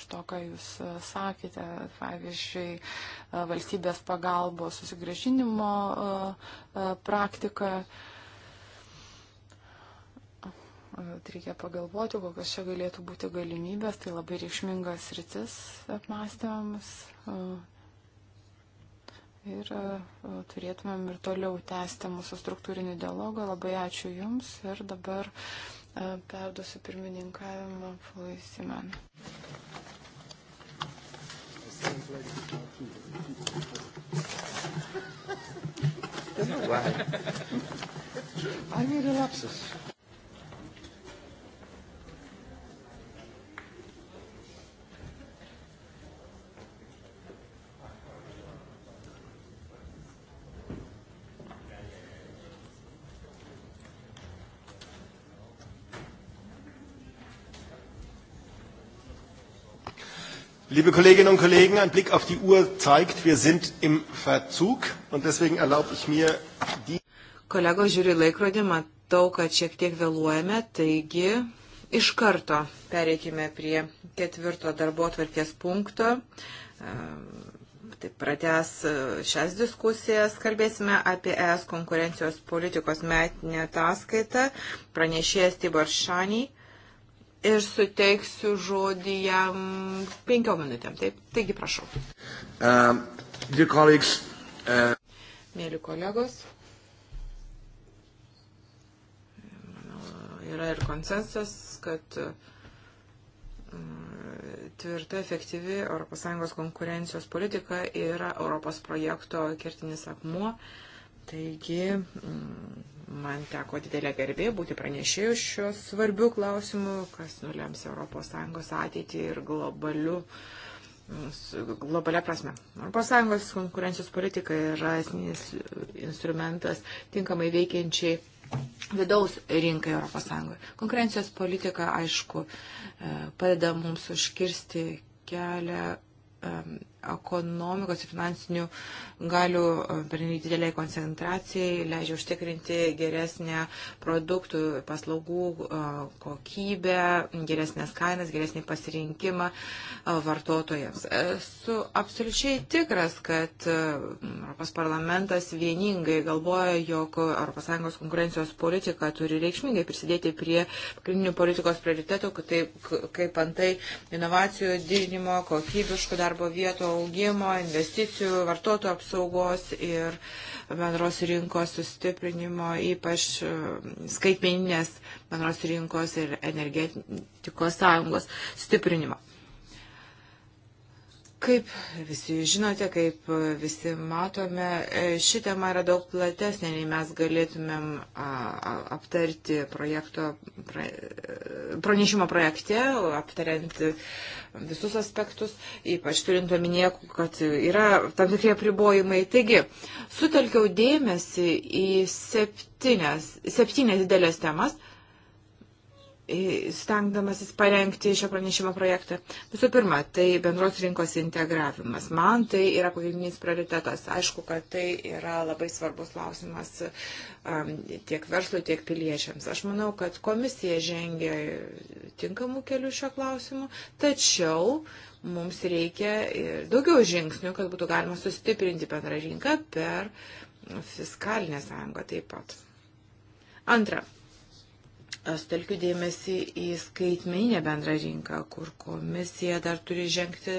iš to, ką Jūs e, sakėte, pavyzdžiui, e, valstybės pagalbos susigražinimo e, praktika. Reikia pagalvoti, kokios čia galėtų būti galimybės, tai labai reikšmingas rytis apmąstymams. Ir turėtumėm ir toliau tęsti mūsų struktūrinį dialogą. Labai ačiū Jums ir dabar perduosiu pirmininkavimą Fului Simenui. Guarda. Hai un lapsus. Liebe Kolleginnen und Kollegen, ein Blick auf die Uhr zeigt, wir sind im Verzug und deswegen erlaube ich mir die. Kolego, žiūri laikrodį, matau, kad šiek tiek vėluojame, taigi iš karto pereikime prie ketvirto darbo atvarkės punkto. Ehm, Taip pratęs e, šias diskusijas, kalbėsime apie ES konkurencijos politikos metinę ataskaitą, pranešėjas Tibor Šaniai ir suteiksiu žodį jam penkiom minutėm. Taip, taigi prašau. Um, uh... Mėly kolegos, manau, yra ir konsensas, kad uh, tvirta, efektyvi ES konkurencijos politika yra Europos projekto kertinis akmuo. Taigi, mm, Man teko didelė garbė būti pranešėjus šio svarbių klausimų, kas nulems ES ateitį ir globalių, mm, globalia prasme. ES konkurencijos politika yra esminis instrumentas tinkamai veikiančiai vidaus rinkai ES. Konkurencijos politika, aišku, e, padeda mums užkirsti kelią ekonomikos ir finansinių galių e, pernelyg dideliai koncentracijai leidžia užtikrinti geresnę produktų, paslaugų e, kokybę, geresnės kainas, geresnį pasirinkimą e, vartotojams. Esu absoliučiai tikras, kad Europos parlamentas vieningai galvoja, jog ES konkurencijos politika turi reikšmingai prisidėti prie pagrindinių politikos prioritetų, kaip antai inovacijų didinimo, kokybiškų darbo vietų, augimo, investicijų, vartotojų apsaugos ir bendros rinkos sustiprinimo, ypač e, skaitmeninės bendros rinkos ir energetikos sąjungos stiprinimo. Kaip visi žinote, kaip visi matome, e, ši tema yra daug platesnė, nei mes galėtumėm aptarti projekto, e, pranešimo projekte, aptariant visus aspektus, ypač turint omenyje, kad yra tam tikrie pribojimai. Taigi, sutelkiau dėmesį į septynes, septynes didelės temas stengdamasis parengti šio pranešimo projektą. Visų pirma, tai bendros rinkos integravimas. Man tai yra pagrindinis prioritetas. Aišku, kad tai yra labai svarbus klausimas um, tiek verslui, tiek piliečiams. Aš manau, kad komisija žengia tinkamų kelių šio klausimu, tačiau mums reikia daugiau žingsnių, kad būtų galima sustiprinti bendrą rinką per fiskalinę sąjungą taip pat. Antra, Aš telkiu dėmesį į skaitmeninę bendrą rinką, kur komisija dar turi žengti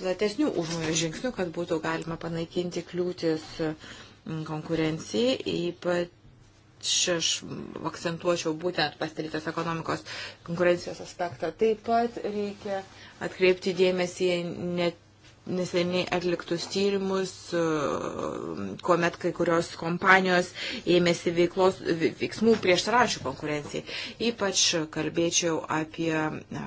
platesnių užmojų žingsnių, kad būtų galima panaikinti kliūtis konkurencijai, ypač aš akcentuočiau būtent pastarytos ekonomikos konkurencijos aspektą. Taip pat reikia atkreipti dėmesį net neseniai atliktus tyrimus, e, kuomet kai kurios kompanijos ėmėsi veiklos, veiksmų prieštaraujančių konkurencijai. Ypač kalbėčiau apie e,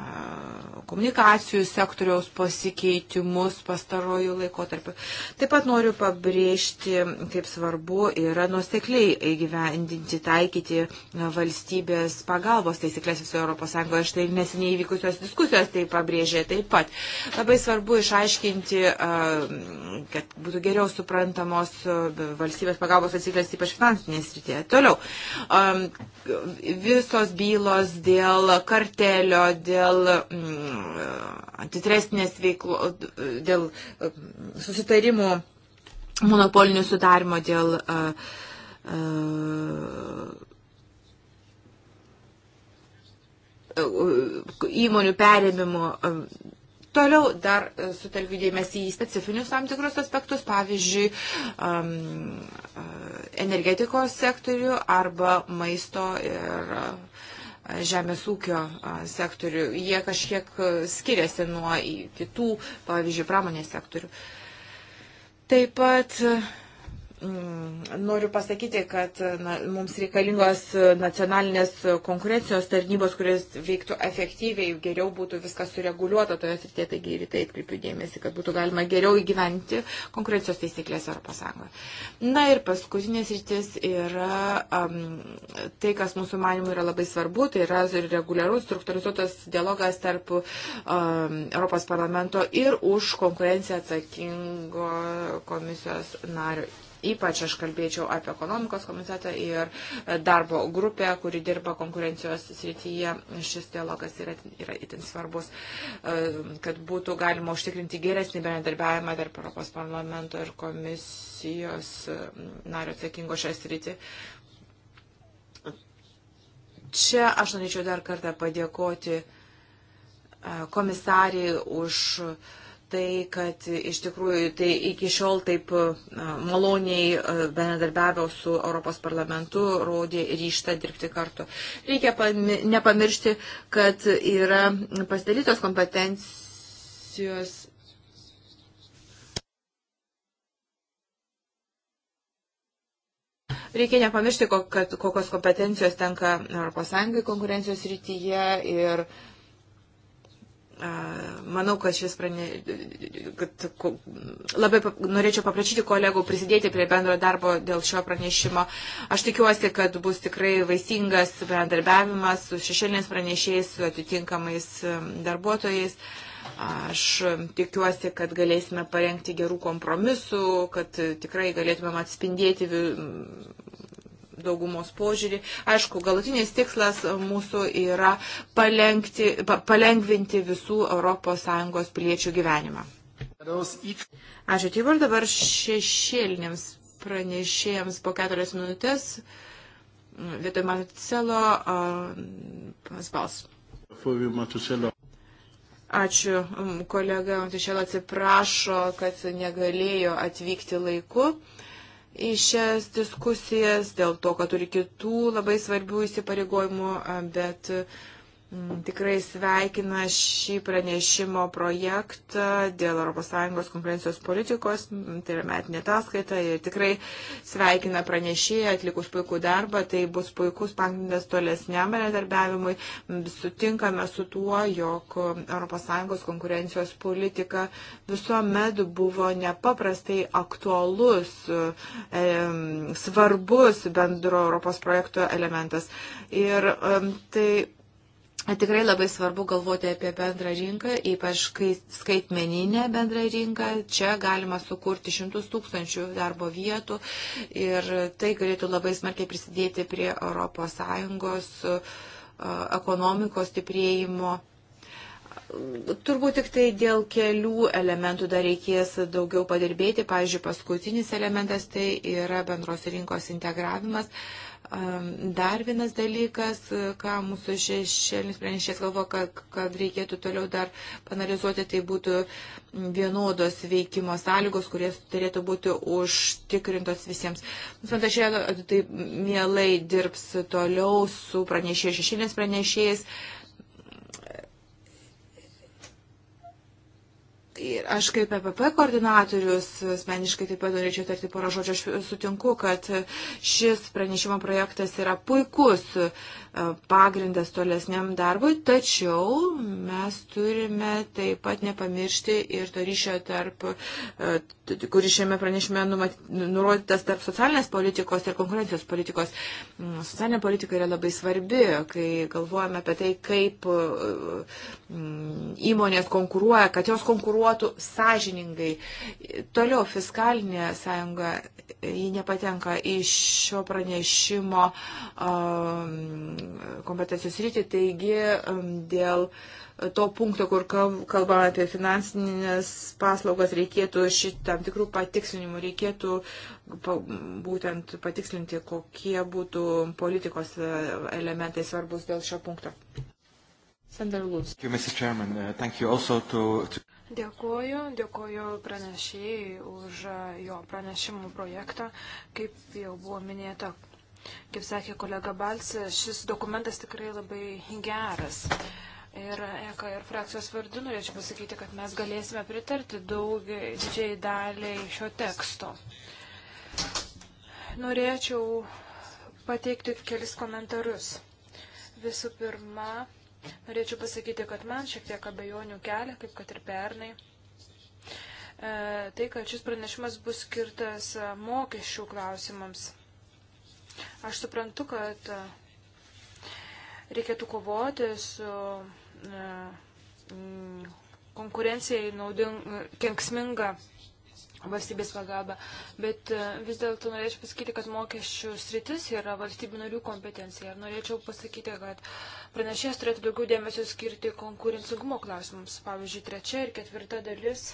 komunikacijų sektoriaus pasikeitimus pastarojų laikotarpiu. Taip pat noriu pabrėžti, kaip svarbu yra nusekliai įgyvendinti, taikyti e, valstybės pagalbos taisyklės visoje Europos Sąjungoje. Štai neseniai įvykusios diskusijos tai pabrėžė taip pat. Labai svarbu išaiškinti padėti, kad būtų geriau suprantamos valstybės pagalbos atsiklės, ypač finansinėje srityje. Toliau, visos bylos dėl kartelio, dėl mm, antitresnės veiklo, dėl susitarimų monopolinių sudarimo, dėl įmonių perėmimo Toliau dar e, sutelkiu dėmesį į specifinius tam tikrus aspektus, pavyzdžiui, um, energetikos sektorių arba maisto ir e, žemės ūkio sektorių. Jie kažkiek skiriasi nuo kitų, pavyzdžiui, pramonės sektorių. Taip pat uh, Mm, noriu pasakyti, kad na, mums reikalingos nacionalinės konkurencijos tarnybos, kurios veiktų efektyviai, geriau būtų viskas sureguliuota toje srityje, taigi ir tai atkreipiu dėmesį, kad būtų galima geriau įgyventi konkurencijos taisyklės Europos Sąjungoje. Na ir paskutinės rytis yra um, tai, kas mūsų manimų yra labai svarbu, tai yra reguliarus struktūrizuotas dialogas tarp um, Europos parlamento ir už konkurenciją atsakingo komisijos nario Ypač aš kalbėčiau apie ekonomikos komitetą ir e, darbo grupę, kuri dirba konkurencijos srityje. Šis dialogas yra, yra itin svarbus, e, kad būtų galima užtikrinti geresnį bendradarbiavimą tarp Europos parlamento ir komisijos e, nario atsakingo šią sritį. Čia aš norėčiau dar kartą padėkoti komisariai už uh, tai, kad iš tikrųjų tai iki šiol taip maloniai e, bendradarbiavau su Europos parlamentu, rodė ryštą dirbti kartu. Reikia nepamiršti, kad yra pasidalytos kompetencijos. Reikia nepamiršti, kad kokios kompetencijos tenka ES konkurencijos rytyje ir uh, Manau, kad šis prane... kad labai norėčiau paprašyti kolegų prisidėti prie bendro darbo dėl šio pranešimo. Aš tikiuosi, kad bus tikrai vaisingas bendarbiavimas su šešėlinės pranešėjais, su atitinkamais um, darbuotojais. Aš um, tikiuosi, kad galėsime parengti gerų kompromisų, kad tikrai galėtumėm atspindėti daugumos požiūrį. Aišku, galutinis tikslas mūsų yra palengti, palengvinti visų ES piliečių gyvenimą. Ačiū, Tibor, dabar šešėlinėms pranešėjams po keturias minutės. Vietoj Matuselo, panas Bals. Ačiū, kolega Matušėlė atsiprašo, kad negalėjo atvykti laiku į šias diskusijas dėl to, kad turi kitų labai svarbių įsipareigojimų, bet uh, Mm, tikrai sveikina šį pranešimo projektą dėl ES konkurencijos politikos, mm, tai yra metinė ataskaita ir tikrai sveikina pranešėją atlikus puikų darbą, tai bus puikus pagrindas tolesniam bendradarbiavimui. Mm, sutinkame su tuo, jog ES konkurencijos politika visuomet buvo nepaprastai aktualus, e, svarbus bendro Europos projekto elementas. Ir e, tai Tikrai labai svarbu galvoti apie bendrą rinką, ypač kai skaitmeninę bendrą rinką. Čia galima sukurti šimtus tūkstančių darbo vietų ir tai galėtų labai smarkiai prisidėti prie ES ekonomikos stiprėjimo. Turbūt tik tai dėl kelių elementų dar reikės daugiau padirbėti. Pavyzdžiui, paskutinis elementas tai yra bendros rinkos integravimas. Uh, Dar vienas dalykas, ką mūsų šešėlis pranešės galvo, kad, kad reikėtų toliau dar panalizuoti, tai būtų vienodos veikimo sąlygos, kurias turėtų būti užtikrintos visiems. Mūsų pranešė, tai mielai dirbs toliau su pranešėjais, šešėlis pranešėjais. pranešėjais Aš kaip EPP koordinatorius asmeniškai taip pat norėčiau tarti porą žodžių. Aš sutinku, kad šis pranešimo projektas yra puikus E, pagrindas tolesniam darbui, tačiau mes turime taip pat nepamiršti ir to ryšio tarp, e, kuris šiame pranešime nurodytas tarp socialinės politikos ir konkurencijos politikos. Mm, socialinė politika yra labai svarbi, kai galvojame apie tai, kaip e, mm, įmonės konkuruoja, kad jos konkuruotų sąžiningai. Toliau fiskalinė sąjunga, ji nepatenka iš šio pranešimo. Um, kompetencijos rytį, taigi dėl to punkto, kur kalbame apie finansinės paslaugas, reikėtų šitam tikrų patikslinimų, reikėtų būtent patikslinti, kokie būtų politikos e, elementai svarbus dėl šio punkto. Sandarlus. Uh, dėkuoju, dėkuoju pranešėjai už uh, jo pranešimų projektą. Kaip jau buvo minėta, Kaip sakė kolega Balsė, šis dokumentas tikrai labai geras. Ir EKA ir frakcijos vardu norėčiau pasakyti, kad mes galėsime pritarti daug didžiai daliai šio teksto. Norėčiau pateikti kelis komentarus. Visų pirma, norėčiau pasakyti, kad man šiek tiek abejonių kelia, kaip kad ir pernai. E, tai, kad šis pranešimas bus skirtas mokesčių klausimams. Aš suprantu, kad e, reikėtų kovoti su e, konkurencijai naudinga, e, kenksminga valstybės pagalba. Bet vis dėlto norėčiau pasakyti, kad mokesčių sritis yra valstybių narių kompetencija. Ir norėčiau pasakyti, kad pranešėjas turėtų daugiau dėmesio skirti konkurencingumo klausimams. Pavyzdžiui, trečia ir ketvirta dalis,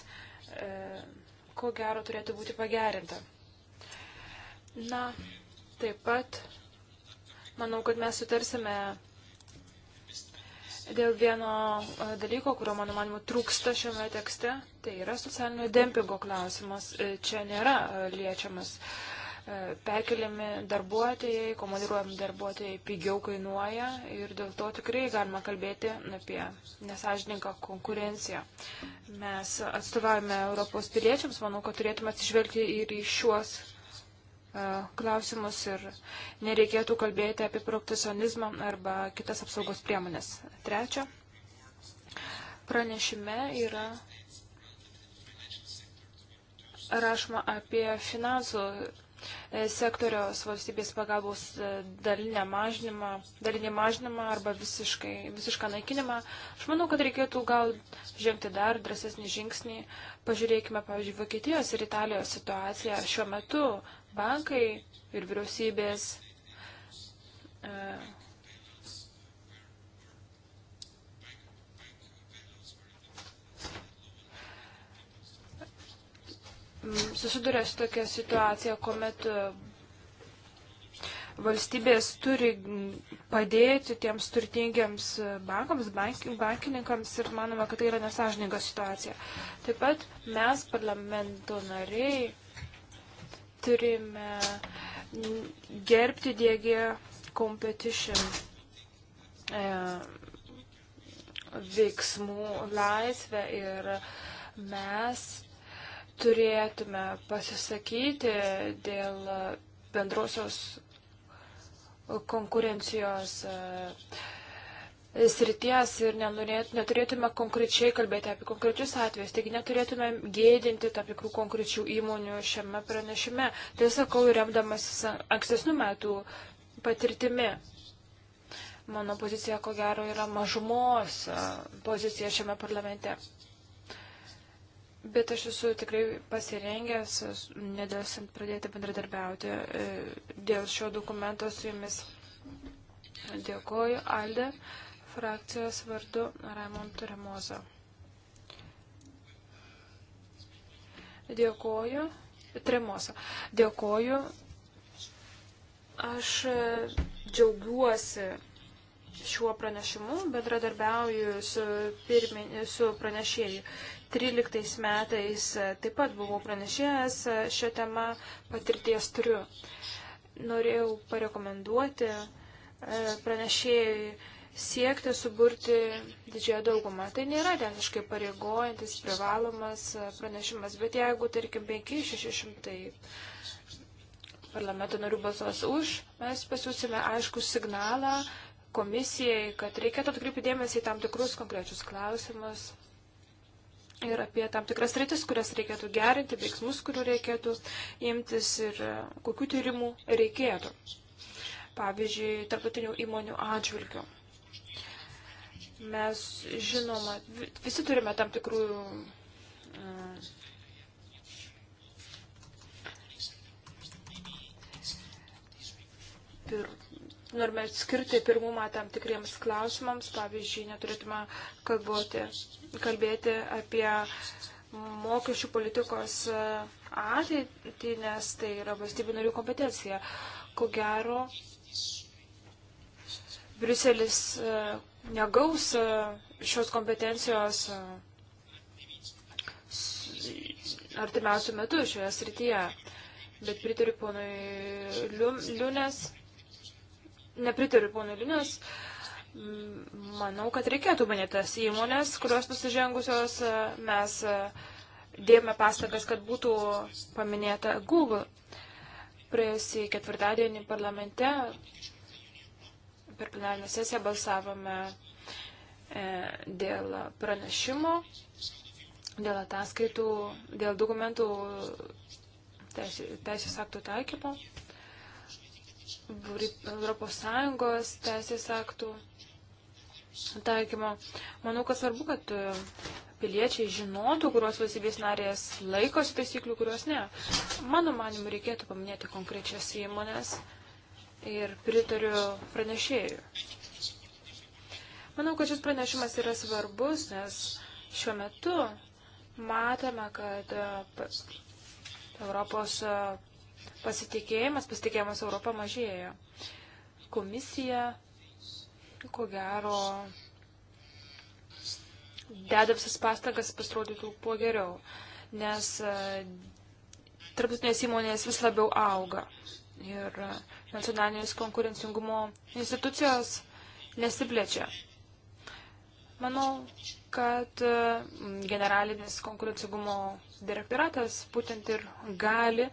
e, ko gero, turėtų būti pagerinta. Na, Taip pat manau, kad mes sutarsime dėl vieno e, dalyko, kurio, mano manimu, trūksta šiame tekste, tai yra socialinio dempingo klausimas. E, čia nėra e, liečiamas. Perkeliami darbuotojai, komandiruojami darbuotojai pigiau kainuoja ir dėl to tikrai galima kalbėti apie nesažininką konkurenciją. Mes atstovavome Europos piliečiams, manau, kad turėtume atsižvelgti ir į šiuos E, klausimus ir nereikėtų kalbėti apie protekcionizmą arba kitas apsaugos priemonės. Trečia, pranešime yra rašoma apie finansų e, sektoriaus valstybės pagalbos e, dalinę mažinimą, dalinį mažinimą arba visiškai, visišką naikinimą. Aš manau, kad reikėtų gal žengti dar drąsesnį žingsnį. Pažiūrėkime, pavyzdžiui, Vokietijos ir Italijos situaciją šiuo metu bankai ir vyriausybės e, susiduria su tokia situacija, kuomet e, valstybės turi padėti tiems turtingiams bankams, bank, bankininkams ir manome, kad tai yra nesažininga situacija. Taip pat mes parlamento nariai turime gerbti DG competition e, veiksmų laisvę ir mes turėtume pasisakyti dėl bendrosios konkurencijos e, srities ir nenorėt, neturėtume konkrečiai kalbėti apie konkrečius atvejus, taigi neturėtume gėdinti tam tikrų konkrečių įmonių šiame pranešime. Tai sakau, remdamasis ankstesnių metų patirtimi. Mano pozicija, ko gero, yra mažumos pozicija šiame parlamente. Bet aš esu tikrai pasirengęs, nedėlsant pradėti bendradarbiauti e, dėl šio dokumento su jumis. Dėkoju, Alde frakcijos vardu Raimond Remozo. Dėkoju. Tremoso. Dėkoju. Aš e, džiaugiuosi šiuo pranešimu, bendradarbiauju su, pirmin, su pranešėju. 13 metais e, taip pat buvau pranešėjęs e, šią temą, patirties turiu. Norėjau parekomenduoti pranešėjui siekti suburti didžiąją daugumą. Tai nėra teisiškai pareigojantis, privalomas pranešimas, bet jeigu, tarkim, 5-600 parlamento narių balsuos už, mes pasiūsime aišku signalą komisijai, kad reikėtų atkreipti dėmesį į tam tikrus konkrečius klausimus ir apie tam tikras rytis, kurias reikėtų gerinti, veiksmus, kurių reikėtų imtis ir kokių tyrimų reikėtų. Pavyzdžiui, tarptautinių įmonių atžvilgių. Mes žinoma, visi turime tam tikrų pir, norime skirti pirmumą tam tikriems klausimams, pavyzdžiui, neturėtume kalboti, kalbėti apie mokesčių politikos e, ateitį, nes tai yra valstybių narių kompetencija. Ko gero, Briuselis e, negaus e, šios kompetencijos e, artimiausių metų šioje srityje. Bet pritariu ponui Liūnės, nepritariu ponui Liūnės, manau, kad reikėtų manyti tas įmonės, kurios nusižengusios e, mes dėjome pastangas, kad būtų paminėta Google. Praėjusį ketvirtadienį parlamente per plenarinę sesiją balsavome e, dėl pranešimo, dėl ataskaitų, dėl dokumentų teisės aktų taikymo, Europos Sąjungos teisės aktų taikymo. Manau, kad svarbu, kad e, piliečiai žinotų, kurios valstybės narės laikosi taisyklių, kurios ne. Mano manimu, reikėtų paminėti konkrečias įmonės, ir pritariu pranešėjui. Manau, kad šis pranešimas yra svarbus, nes šiuo metu matome, kad e, Europos e, pasitikėjimas, pasitikėjimas Europą mažėja. Komisija, ko gero, deda visas pastangas pasirodytų kuo geriau, nes e, tarptautinės įmonės vis labiau auga ir nacionalinės konkurencingumo institucijos nesiplečia. Manau, kad e, generalinis konkurencingumo direktoratas būtent ir gali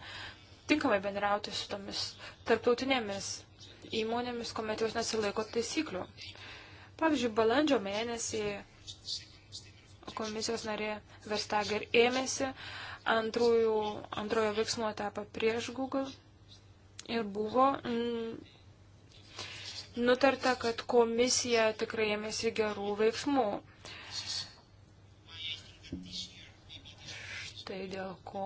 tinkamai bendrauti su tomis tarptautinėmis įmonėmis, kuomet jos nesilaiko taisyklių. Pavyzdžiui, balandžio mėnesį komisijos narė Verstager ėmėsi antrųjų, antrojo veiksmų etapą prieš Google ir buvo mm, nutarta, kad komisija tikrai ėmėsi gerų veiksmų. Štai dėl ko.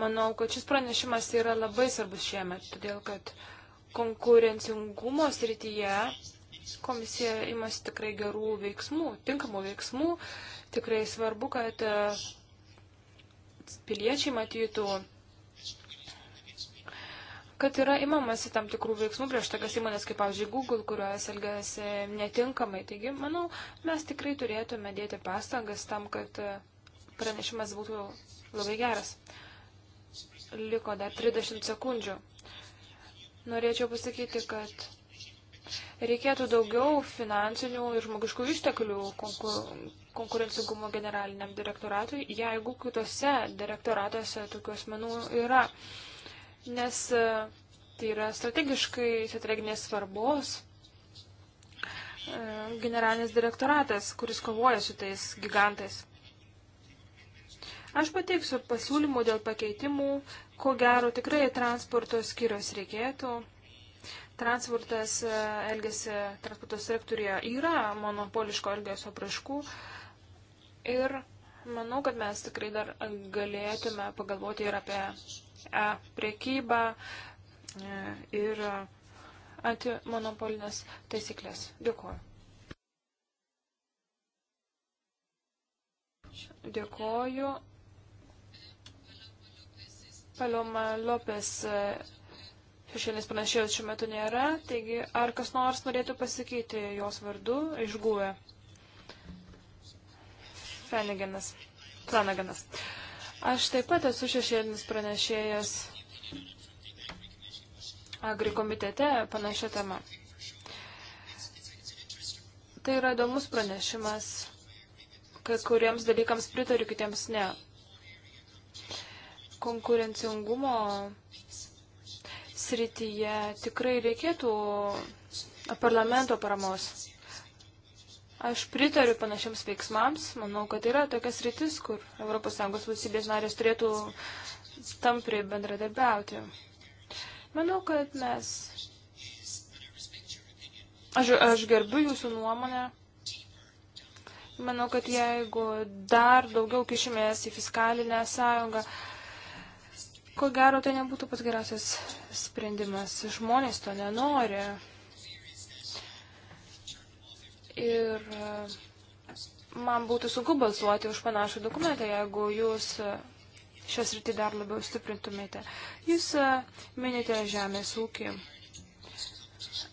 Manau, kad šis pranešimas yra labai svarbus šiemet, todėl kad konkurencingumo srityje komisija imasi tikrai gerų veiksmų, tinkamų veiksmų. Tikrai svarbu, kad piliečiai matytų kad yra imamasi tam tikrų veiksmų prieš tokias įmonės kaip, pavyzdžiui, Google, kurios elgiasi netinkamai. Taigi, manau, mes tikrai turėtume dėti pastangas tam, kad e, pranešimas būtų labai geras. Liko dar 30 sekundžių. Norėčiau pasakyti, kad reikėtų daugiau finansinių ir žmogiškų išteklių konkurencingumo generaliniam direktoratui, jeigu kitose direktoratuose tokių asmenų yra nes e, tai yra strategiškai strateginės svarbos e, generalinis direktoratas, kuris kovoja su tais gigantais. Aš pateiksiu pasiūlymų dėl pakeitimų, ko gero tikrai transporto skyrios reikėtų. Transportas e, elgesi, transporto sektorija yra monopoliško elgesio praškų ir manau, kad mes tikrai dar galėtume pagalvoti ir apie E, priekybą e, ir antimonopolinės taisyklės. Dėkuoju. Dėkuoju. Paloma Lopes e, šešėlės panašėjos šiuo metu nėra, taigi ar kas nors norėtų pasakyti jos vardu išgūvę? Flanaginas. Flanaginas. Uh, Aš taip pat esu šešėlinis pranešėjas Agri komitete panašia tema. Tai yra įdomus pranešimas, kai kuriems dalykams pritariu, kitiems ne. Konkurencingumo srityje tikrai reikėtų parlamento paramos. Aš pritariu panašiams veiksmams. Manau, kad yra tokias rytis, kur ES valstybės narės turėtų tampriai bendradarbiauti. Manau, kad mes. Aš, aš gerbiu jūsų nuomonę. Manau, kad jeigu dar daugiau kišimės į fiskalinę sąjungą, ko gero tai nebūtų pats geriausias sprendimas. Žmonės to nenori. Ir e, man būtų sunku balsuoti už panašų dokumentą, jeigu jūs e, šios rytį dar labiau stiprintumėte. Jūs e, minite žemės ūkį.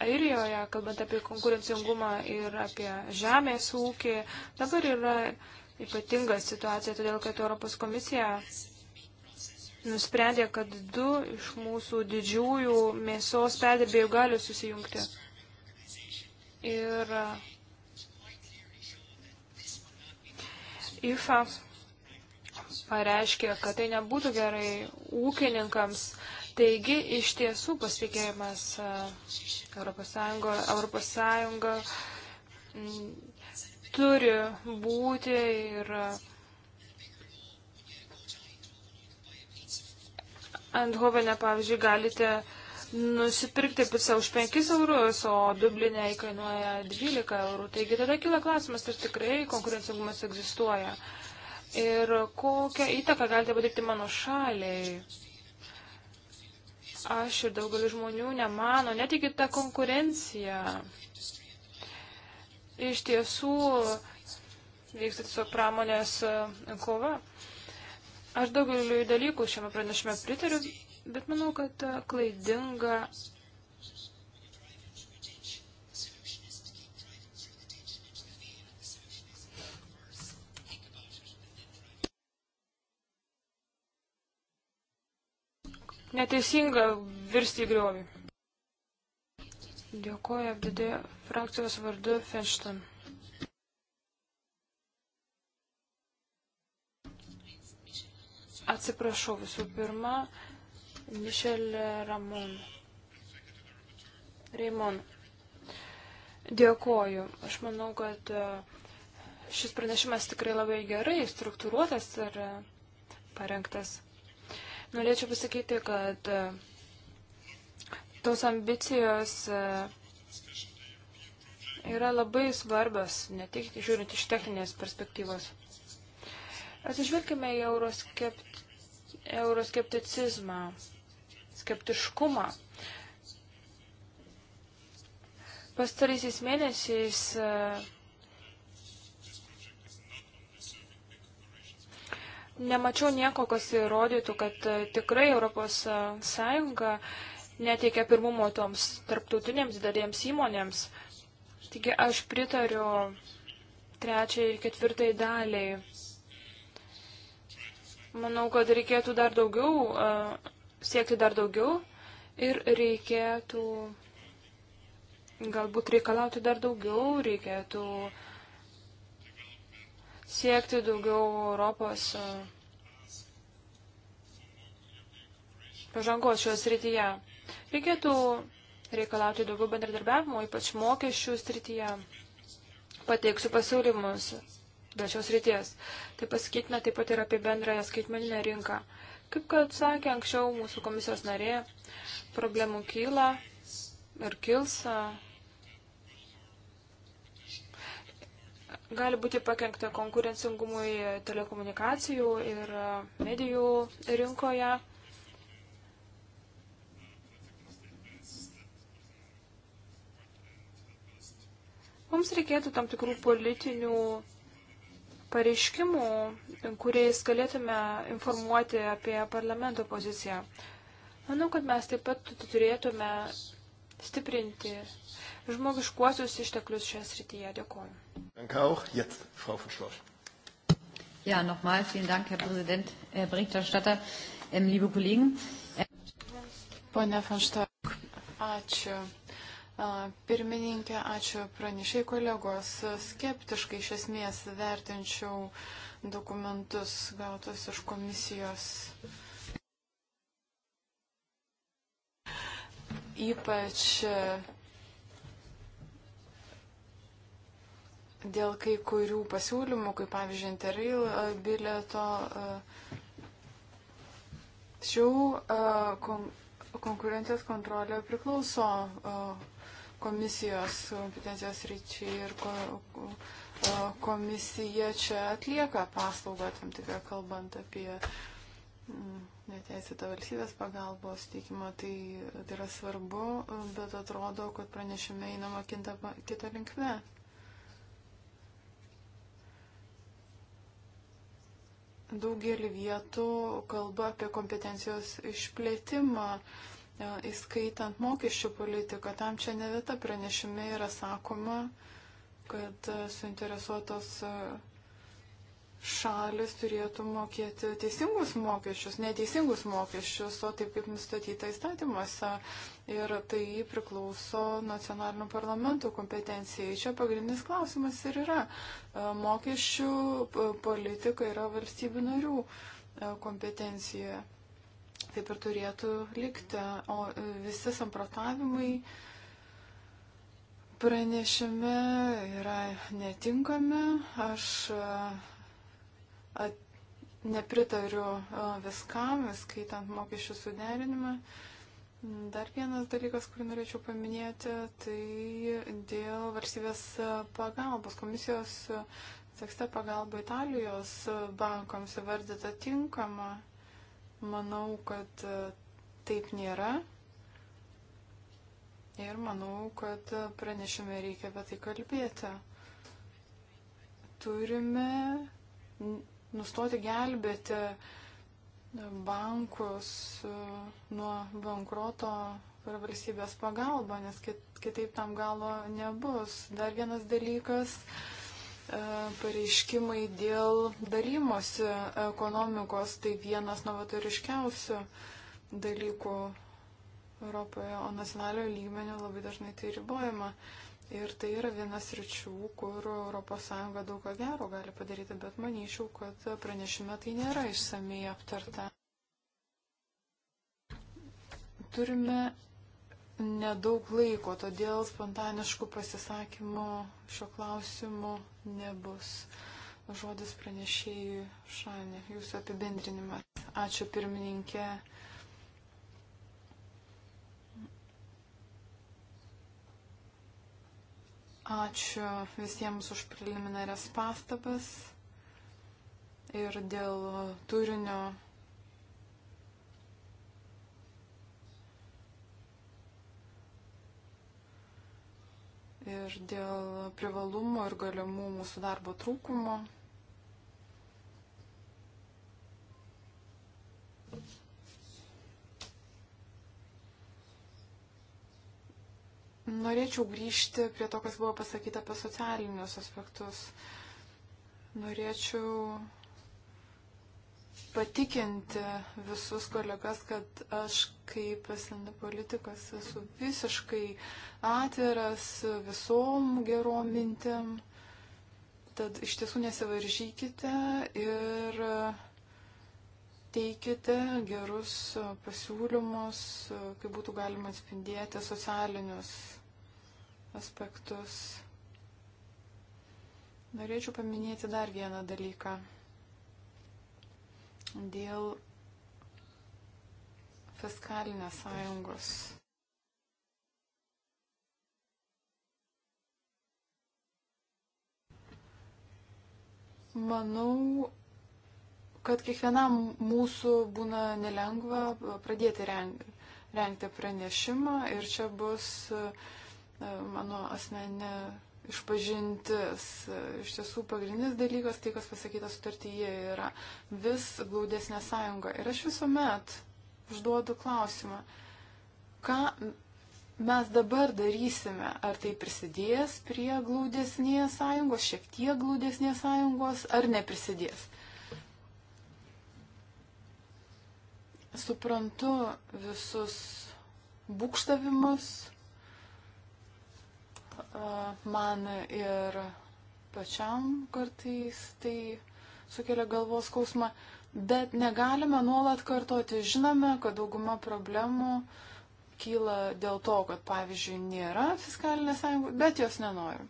Airijoje, kalbant apie konkurencingumą ir apie žemės ūkį, dabar yra ypatinga situacija, todėl kad Europos komisija nusprendė, kad du iš mūsų didžiųjų mėsos perdirbėjų gali susijungti. Ir IFA pareiškė, kad tai nebūtų gerai ūkininkams. Taigi iš tiesų pasitikėjimas e, Europos Sąjunga, Europos Sąjunga m, mm, turi būti ir e, Andhovene, pavyzdžiui, galite uh, nusipirkti pizzą už 5 eurus, o Dublinė įkainuoja 12 eurų. Taigi tada kyla klausimas, ar tikrai konkurencingumas egzistuoja. Ir kokią įtaką galite padaryti mano šaliai? Aš ir daugelis žmonių nemano, netiki tą konkurenciją. Iš tiesų vyksta tiesiog pramonės kova. Aš daugeliu dalykų šiame pranešime pritariu, Bet manau, kad e, klaidinga neteisinga virsti į griovį. Dėkuoju FDD frakcijos vardu Fenšton. Atsiprašau visų pirma, Mišel Ramon. Raimon. Dėkoju. Aš manau, kad e, šis pranešimas tikrai labai gerai struktūruotas ir e, parengtas. Norėčiau pasakyti, kad e, tos ambicijos yra labai svarbios, ne tik žiūrint iš techninės perspektyvos. Atsižvelgime į euroskeptį euroskepticizmą, skeptiškumą. Pastaraisiais mėnesiais e, nemačiau nieko, kas įrodytų, kad e, tikrai ES e, neteikia pirmumo toms tarptautinėms didelėms įmonėms. Taigi aš pritariu trečiai ir ketvirtai daliai Manau, kad reikėtų dar daugiau, siekti dar daugiau ir reikėtų galbūt reikalauti dar daugiau, reikėtų siekti daugiau Europos pažangos šios srityje. Reikėtų reikalauti daugiau bendradarbiavimo, ypač mokesčių srityje. Pateiksiu pasiūlymus dėl šios ryties. Tai pasakytina taip pat ir apie bendrąją skaitmeninę rinką. Kaip kad sakė anksčiau mūsų komisijos narė, problemų kyla ir kils. Gali būti pakengta konkurencingumui telekomunikacijų ir medijų rinkoje. Mums reikėtų tam tikrų politinių pareiškimų, kuriais galėtume informuoti apie parlamento poziciją. Manau, kad mes taip pat turėtume stiprinti žmogiškuosius išteklius šią srityje. Dėkuoju. Danke auch. Jetzt, Frau von Schloss. Ja, nochmal vielen Dank, Herr Präsident, Herr Berichterstatter, ähm, liebe Kollegen. Pone Fanštak, ačiū pirmininkė, ačiū pranešiai kolegos. Skeptiškai iš esmės vertinčiau dokumentus gautus iš komisijos. Ypač dėl kai kurių pasiūlymų, kaip pavyzdžiui, Interrail bilieto. Tačiau konkurencijos kontrolė priklauso komisijos kompetencijos ryčiai ir ko, komisija čia atlieka paslaugą tam tikrą kalbant apie mm, neteisėtą valstybės pagalbos teikimą, tai, tai yra svarbu, bet atrodo, kad pranešime einama kitą linkmę. daugelį vietų kalba apie kompetencijos išplėtimą. Uh, įskaitant mokesčių politiką. Tam čia ne vieta pranešime yra sakoma, kad e, suinteresuotos e, šalis turėtų mokėti teisingus mokesčius, neteisingus mokesčius, o taip kaip nustatyta įstatymuose. Ir tai priklauso nacionalinių parlamentų kompetencijai. Čia pagrindinis klausimas ir yra. E, mokesčių politika yra valstybių narių kompetencijoje taip ir turėtų likti. O e, visi samprotavimai pranešime yra netinkami. Aš e, at, nepritariu e, viskam, skaitant mokesčių suderinimą. Dar vienas dalykas, kurį norėčiau paminėti, tai dėl valstybės pagalbos. Komisijos tekste pagalba Italijos bankams įvardyta tinkama. Manau, kad e, taip nėra. Ir manau, kad pranešime reikia apie tai kalbėti. Turime nustoti gelbėti bankus e, nuo bankroto per valstybės pagalbą, nes kitaip tam galo nebus. Dar vienas dalykas. Uh, E, pareiškimai dėl darymosi ekonomikos, tai vienas novatoriškiausių dalykų Europoje, o nacionalio lygmenio labai dažnai tai ribojama. Ir tai yra vienas ryčių, kur ES daug ką gero gali padaryti, bet manyčiau, kad pranešime tai nėra išsamei aptarta. Turime nedaug laiko, todėl spontaniškų pasisakymų šio klausimu nebus. Žodis pranešėjui Šanė, jūsų apibendrinimą. Ačiū pirmininkė. Ačiū visiems už preliminarias pastabas ir dėl turinio ir dėl privalumo ir galimų mūsų darbo trūkumo. Norėčiau grįžti prie to, kas buvo pasakyta apie socialinius aspektus. Norėčiau patikinti visus kolegas, kad aš kaip SND politikas esu visiškai atviras visom gerom mintim. Tad iš tiesų nesivaržykite ir teikite gerus pasiūlymus, kaip būtų galima atspindėti socialinius aspektus. Norėčiau paminėti dar vieną dalyką dėl fiskalinės sąjungos. Manau, kad kiekvienam mūsų būna nelengva pradėti reng, rengti pranešimą ir čia bus e, mano asmeninė išpažintis. Iš tiesų, pagrindinis dalykas, tai kas pasakyta sutartyje, yra vis glaudesnė sąjunga. Ir aš visuomet užduodu klausimą, ką mes dabar darysime, ar tai prisidės prie glaudesnės sąjungos, šiek tiek glaudesnės sąjungos, ar neprisidės. Suprantu visus būkštavimus, man ir pačiam kartais tai sukelia galvos skausmą, bet negalime nuolat kartoti. Žinome, kad dauguma problemų kyla dėl to, kad, pavyzdžiui, nėra fiskalinės sąjungos, bet jos nenoriu.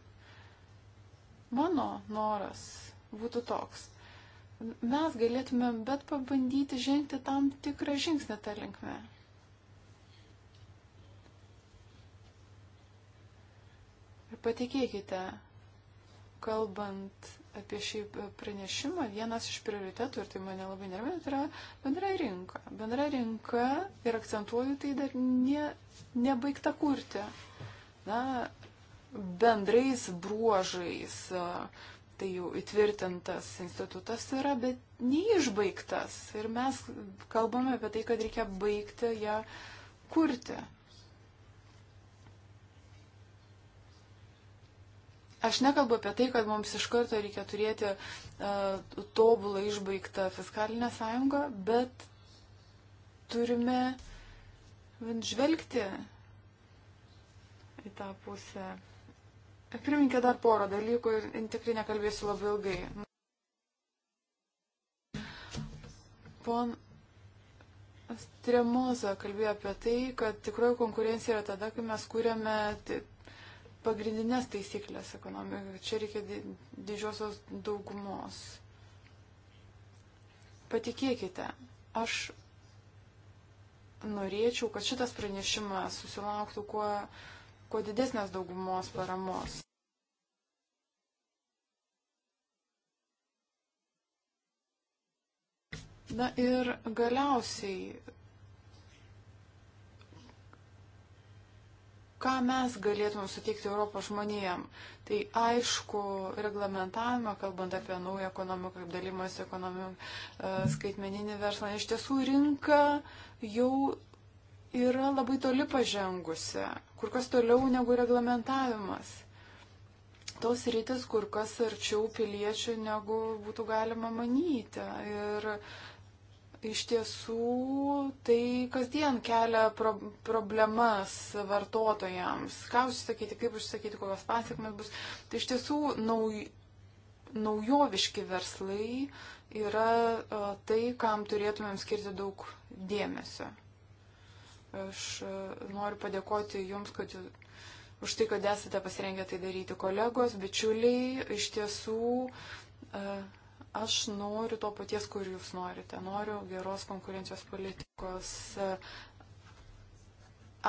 Mano noras būtų toks. Mes galėtumėm bet pabandyti žengti tam tikrą žingsnį tą linkmę. patikėkite, kalbant apie šį pranešimą, vienas iš prioritetų, ir tai mane labai nervina, tai yra bendra rinka. Bendra rinka, ir akcentuoju, tai dar ne, nebaigta kurti. Na, bendrais bruožais, tai jau įtvirtintas institutas yra, bet neišbaigtas. Ir mes kalbame apie tai, kad reikia baigti ją kurti. Aš nekalbu apie tai, kad mums iš karto reikia turėti uh, tobulą išbaigtą fiskalinę sąjungą, bet turime žvelgti į tą pusę. E, Pirminkė dar porą dalykų ir tikrai nekalbėsiu labai ilgai. Pon Tremoza kalbėjo apie tai, kad tikroji konkurencija yra tada, kai mes kūrėme pagrindinės taisyklės ekonomikai. Čia reikia didžiosios daugumos. Patikėkite, aš norėčiau, kad šitas pranešimas susilauktų kuo, kuo didesnės daugumos paramos. Na ir galiausiai ką mes galėtume suteikti Europos žmonėm. Tai aišku, reglamentavimą, kalbant apie naują ekonomiką, kaip dalymas ekonomiką, e, skaitmeninį verslą, iš tiesų rinka jau yra labai toli pažengusi, kur kas toliau negu reglamentavimas. Tos rytis kur kas arčiau piliečių, negu būtų galima manyti. Ir Iš tiesų, tai kasdien kelia pro problemas vartotojams. Ką užsakyti, kaip užsakyti, kokios pasiekmes bus. Tai iš tiesų nauj, naujoviški verslai yra e, tai, kam turėtumėm skirti daug dėmesio. Aš e, noriu padėkoti Jums, kad jūs už tai, kad esate pasirengę tai daryti kolegos, bičiuliai, iš tiesų e, Aš noriu to paties, kur jūs norite. Noriu geros konkurencijos politikos.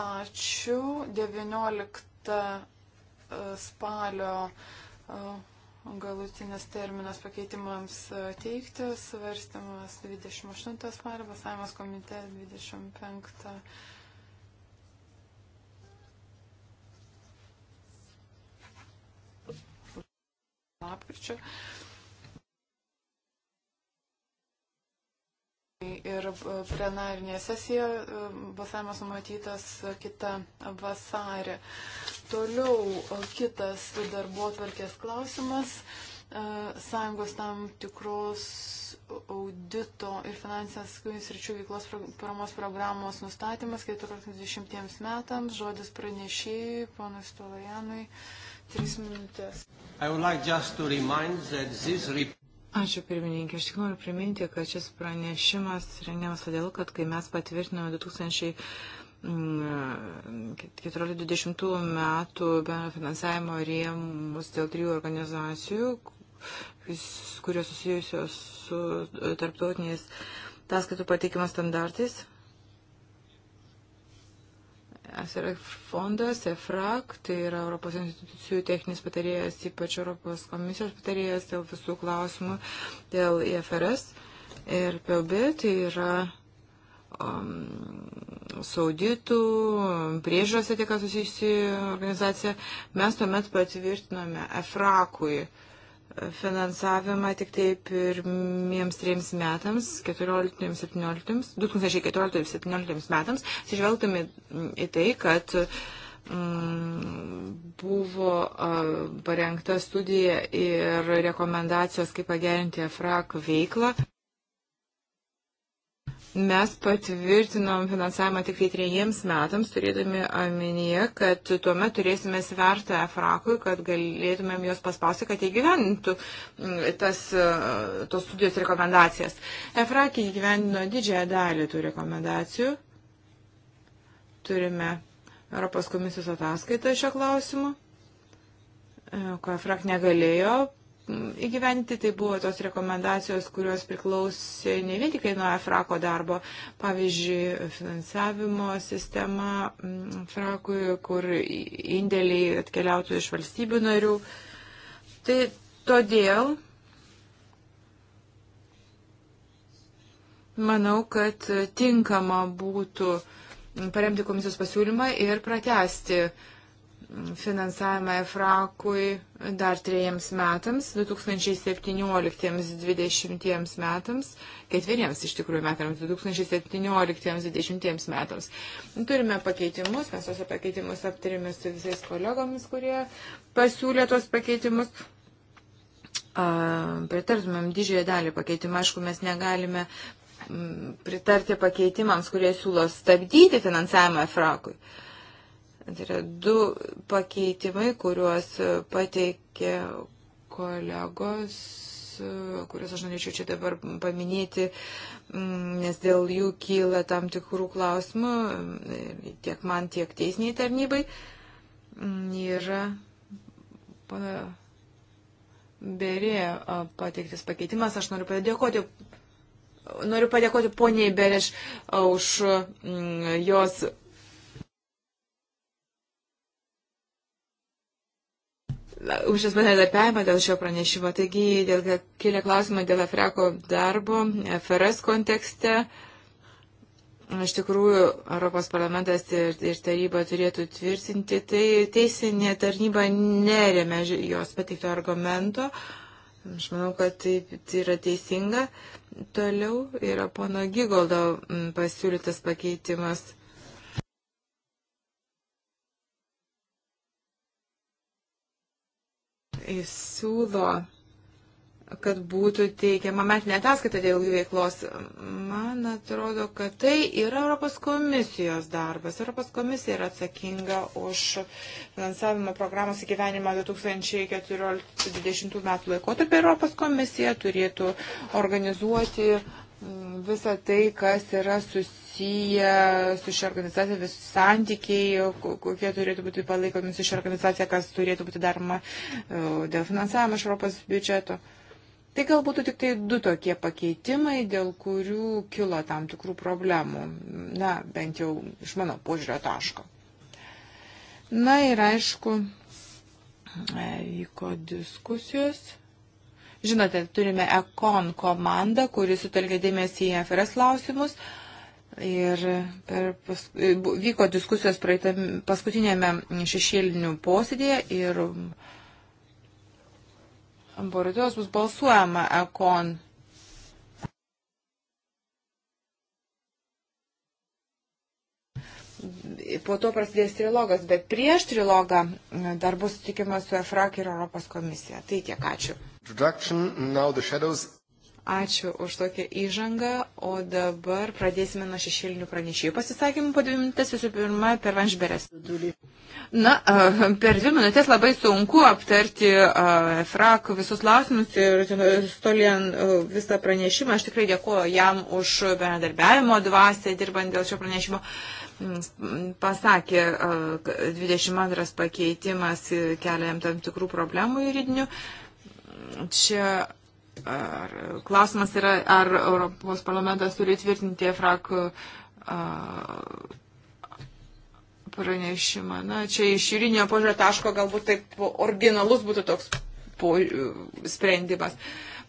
Ačiū. 19 e, spalio e, galutinis terminas pakeitimams e, teikti, svarstymas 28 spalio, balsavimas komitete 25. Lapkričio. Ir e, plenarinė sesija e, balsavimas numatytas kitą vasarį. Toliau e, kitas darbo atvarkės klausimas. Sąjungos tam tikros audito ir finansinės sričių veiklos paramos programos nustatymas 1420 metams. Žodis pranešėjai, ponui Stolajanui, 3 minutės. Like Ačiū pirmininkė. Aš tik noriu priminti, kad šis pranešimas rengiamas todėl, kad kai mes patvirtinome 2014-2020 mm, metų bendro finansavimo rėmus dėl trijų organizacijų, kurios susijusios su tarptautiniais taskaitų pateikimo standartais, SRF fondas, EFRAK, tai yra Europos institucijų techninis patarėjas, ypač Europos komisijos patarėjas dėl visų klausimų, dėl IFRS ir PLB, tai yra um, sauditų, um, priežiūros etika susijusi organizacija. Mes tuomet patvirtinome EFRAKui uh, finansavimą tik tai pirmiems trejams metams, 2014-2017 metams, atsižvelgdami į tai, kad mm, buvo parengta studija ir rekomendacijos, kaip pagerinti EFRAK veiklą. Mes patvirtinom finansavimą tik tai trejiems metams, turėdami omenyje, kad tuo metu turėsime svertą EFRAKui, kad galėtumėm juos paspausti, kad jie gyventų mm, tas, e, tos studijos rekomendacijas. EFRAK įgyvendino didžiąją dalį tų rekomendacijų. Turime Europos komisijos ataskaitą šio klausimu, e, ko EFRAK negalėjo įgyventi, tai buvo tos rekomendacijos, kurios priklausė ne vien tik nuo EFRAKO darbo, pavyzdžiui, finansavimo sistema EFRAKui, mm, kur indėliai atkeliautų iš valstybių narių. Tai todėl manau, kad tinkama būtų paremti komisijos pasiūlymą ir pratesti uh, finansavimą EFRAKui dar trejiems metams, 2017-2020 metams, ketveriems iš tikrųjų metams, 2017-2020 metams. Turime pakeitimus, mes tos pakeitimus aptarėme su visais kolegomis, kurie pasiūlė tos pakeitimus. Pritartumėm didžiąją dalį pakeitimą, aišku, mes negalime pritarti pakeitimams, kurie siūlo stabdyti finansavimą EFRAKui. Uh, Tai yra du pakeitimai, kuriuos pateikė kolegos kuriuos aš norėčiau čia dabar paminėti, mm, nes dėl jų kyla tam tikrų klausimų mm, tiek man, tiek teisiniai tarnybai. Mm, yra berė pateiktas pakeitimas. Aš noriu padėkoti Noriu padėkoti poniai Bereš už jos už tas bendradarbiavimą dėl šio pranešimo. Taigi, dėl, kėlė klausimą dėl Afreko darbo, FRS kontekste. Iš tikrųjų, Europos parlamentas ir, ir taryba turėtų tvirtinti, tai teisinė tarnyba neremia jos patikto argumento. Aš manau, kad tai, tai yra teisinga. Toliau yra pono Gigoldo pasiūlytas pakeitimas siūlo, kad būtų teikiama metinė ataskaita dėl jų veiklos. Man atrodo, kad tai yra Europos komisijos darbas. Europos komisija yra atsakinga už finansavimo programos įgyvenimą 2014-2020 metų laikotarpį. Europos komisija turėtų organizuoti uh, visą tai, kas yra susiję su šia organizacija, visi santykiai, kokie turėtų būti palaikomi su šia organizacija, kas turėtų būti daroma e, dėl finansavimo iš Europos biudžeto. Tai galbūt tik tai du tokie pakeitimai, dėl kurių kilo tam tikrų problemų. Na, bent jau iš mano požiūrio taško. Na ir aišku, e, vyko diskusijos. Žinote, turime ECON komandą, kuri sutelkia dėmesį į FRS klausimus. Ir per pas, e, vyko diskusijos praeitame paskutinėme šešėlinių posėdėje ir po rytojos bus balsuojama ekon po to prasidės trilogas, bet prieš trilogą dar bus sutikimas su EFRAK ir Europos komisija. Tai tiek, ačiū. Ačiū už tokią įžangą, o dabar pradėsime nuo šešėlinių pranešėjų pasisakymų po dvi minutės, visų pirma, per Vanžberės. Na, per dvi minutės labai sunku aptarti frak visus klausimus ir stolien visą pranešimą. Aš tikrai dėkuoju jam už bendradarbiavimo dvasę dirbant dėl šio pranešimo mm, pasakė, 22 pakeitimas kelia jam tam tikrų problemų juridinių čia ar, klausimas yra, ar Europos parlamentas turi tvirtinti EFRAK pranešimą. Na, čia iš jūrinio požiūrio taško galbūt taip originalus būtų toks po, sprendimas.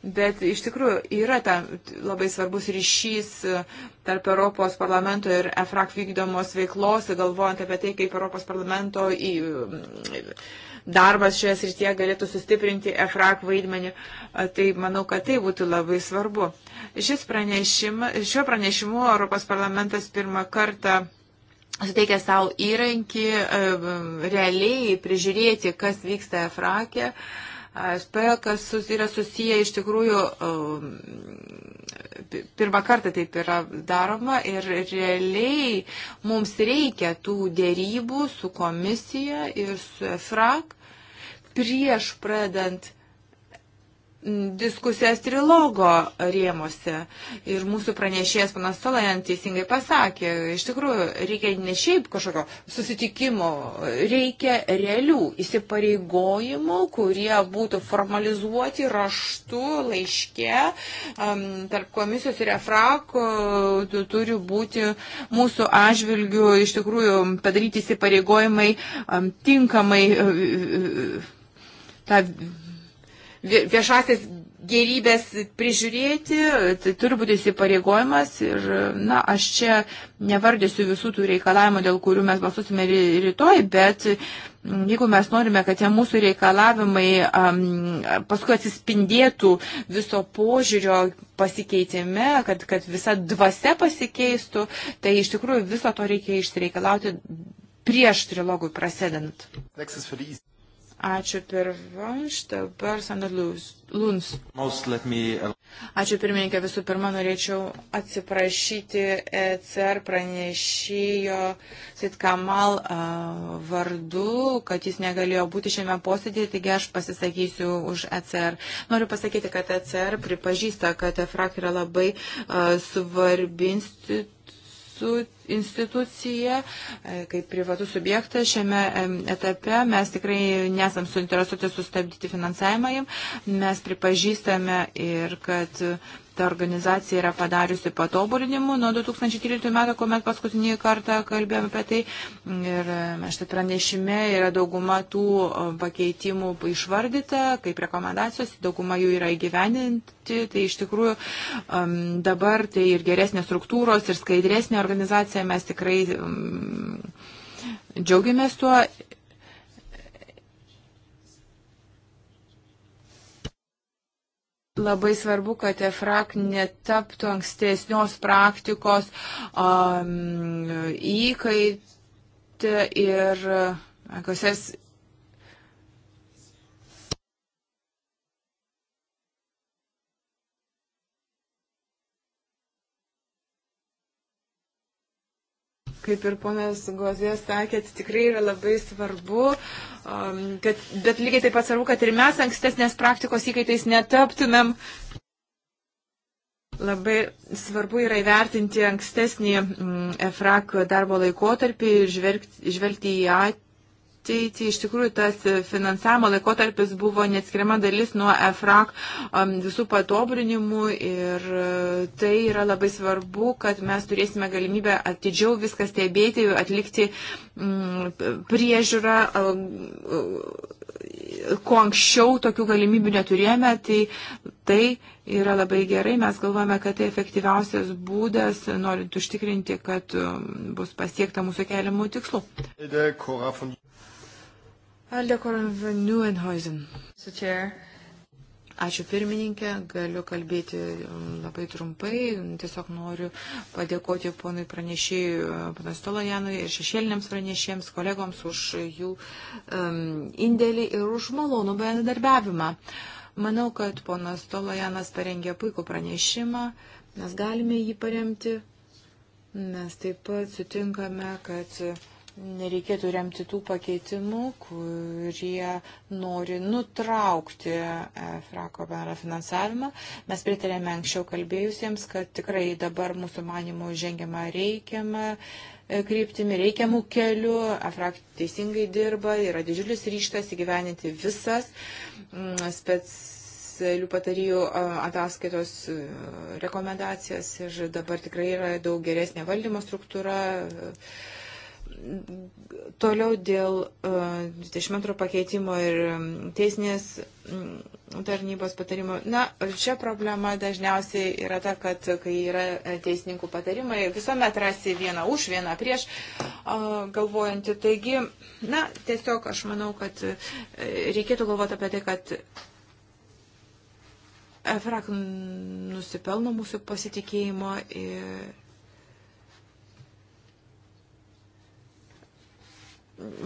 Bet iš tikrųjų yra ta labai svarbus ryšys tarp Europos parlamento ir EFRAK vykdomos veiklos, galvojant apie tai, kaip Europos parlamento į, darbas šioje srityje galėtų sustiprinti EFRAK vaidmenį. Tai manau, kad tai būtų labai svarbu. Šis pranešim, šiuo pranešimu Europos parlamentas pirmą kartą suteikia savo įrankį realiai prižiūrėti, kas vyksta EFRAKė. E ASP, kas yra susiję iš tikrųjų um, pirmą kartą taip yra daroma ir realiai mums reikia tų dėrybų su komisija ir su EFRAK prieš pradant diskusijas trilogo rėmose. Ir mūsų pranešėjas panas Solajan teisingai pasakė, iš tikrųjų reikia ne šiaip kažkokio susitikimo, reikia realių įsipareigojimų, kurie būtų formalizuoti raštu, laiške, um, tarp komisijos ir EFRAKO turi būti mūsų atžvilgių iš tikrųjų padaryti įsipareigojimai um, tinkamai. Uh, tą viešasis gerybės prižiūrėti, tai turi būti įsipareigojimas ir, na, aš čia nevardysiu visų tų reikalavimų, dėl kurių mes balsusime rytoj, bet jeigu mes norime, kad tie mūsų reikalavimai um, paskui atsispindėtų viso požiūrio pasikeitime, kad, kad visa dvasia pasikeistų, tai iš tikrųjų viso to reikia išsireikalauti prieš trilogui prasidedant. Ačiū per vanš, dabar Sandar Luns. Uh, Ačiū pirmininkė, visų pirma norėčiau atsiprašyti ECR pranešėjo Sitkamal uh, vardu, kad jis negalėjo būti šiame posėdėje, taigi aš pasisakysiu už ECR. Noriu pasakyti, kad ECR pripažįsta, kad EFRAK yra labai uh, svarbi institucija institucija, e, kaip privatus subjektas šiame e, etape. Mes tikrai nesam suinteresuoti sustabdyti finansavimą jam. Mes pripažįstame ir kad ta organizacija yra padariusi patobulinimų nuo 2013 metų, kuomet paskutinį kartą kalbėjome apie tai. Ir e, štai pranešime yra dauguma tų pakeitimų išvardyta, kaip rekomendacijos, dauguma jų yra įgyveninti. Tai iš tikrųjų dabar tai ir geresnės struktūros, ir skaidresnė organizacija mes tikrai džiaugiamės tuo Labai svarbu, kad EFRAK netaptų ankstesnios praktikos um, įkait ir. Uh, Ekoses kaip ir ponas Gozė sakė, tai tikrai yra labai svarbu, um, kad, bet lygiai taip pat svarbu, kad ir mes ankstesnės praktikos įkaitais netaptumėm. Labai svarbu yra įvertinti ankstesnį mm, EFRAK darbo laikotarpį ir žvelgti, žvelgti į ateitį ateitį. Tai, iš tikrųjų, tas finansavimo laikotarpis buvo neatskiriama dalis nuo EFRAK um, visų patobulinimų ir uh, tai yra labai svarbu, kad mes turėsime galimybę atidžiau viską stebėti, atlikti mm, priežiūrą um, ko anksčiau tokių galimybių neturėjome, tai tai yra labai gerai. Mes galvojame, kad tai efektyviausias būdas, norint užtikrinti, kad um, bus pasiekta mūsų keliamų tikslų. Alde Koranva Neuenhuizen. Ačiū pirmininkė, galiu kalbėti um, labai trumpai, tiesiog noriu padėkoti ponui pranešėjui, uh, panas Tolojanui ir šešėliniams pranešėjams, kolegoms už jų um, indėlį ir už malonų bendarbiavimą. Manau, kad ponas Tolojanas parengė puikų pranešimą, mes galime jį paremti, mes taip pat sutinkame, kad uh, nereikėtų remti tų pakeitimų, kurie nori nutraukti e, frako bendrą finansavimą. Mes pritarėme anksčiau kalbėjusiems, kad tikrai dabar mūsų manimų žengiama reikiama e, kryptimi, reikiamų kelių, EFRAK teisingai dirba, yra didžiulis ryštas įgyveninti visas spec mm, specialių patarėjų e, ataskaitos rekomendacijas ir dabar tikrai yra daug geresnė valdymo struktūra, Toliau dėl 22 e, pakeitimo ir teisinės tarnybos patarimo. Na, čia problema dažniausiai yra ta, kad kai yra teisininkų patarimai, visuomet rasi vieną už, vieną prieš galvojantį. Taigi, na, tiesiog aš manau, kad e, reikėtų galvoti apie tai, kad Efrak nusipelno mūsų pasitikėjimo. Ir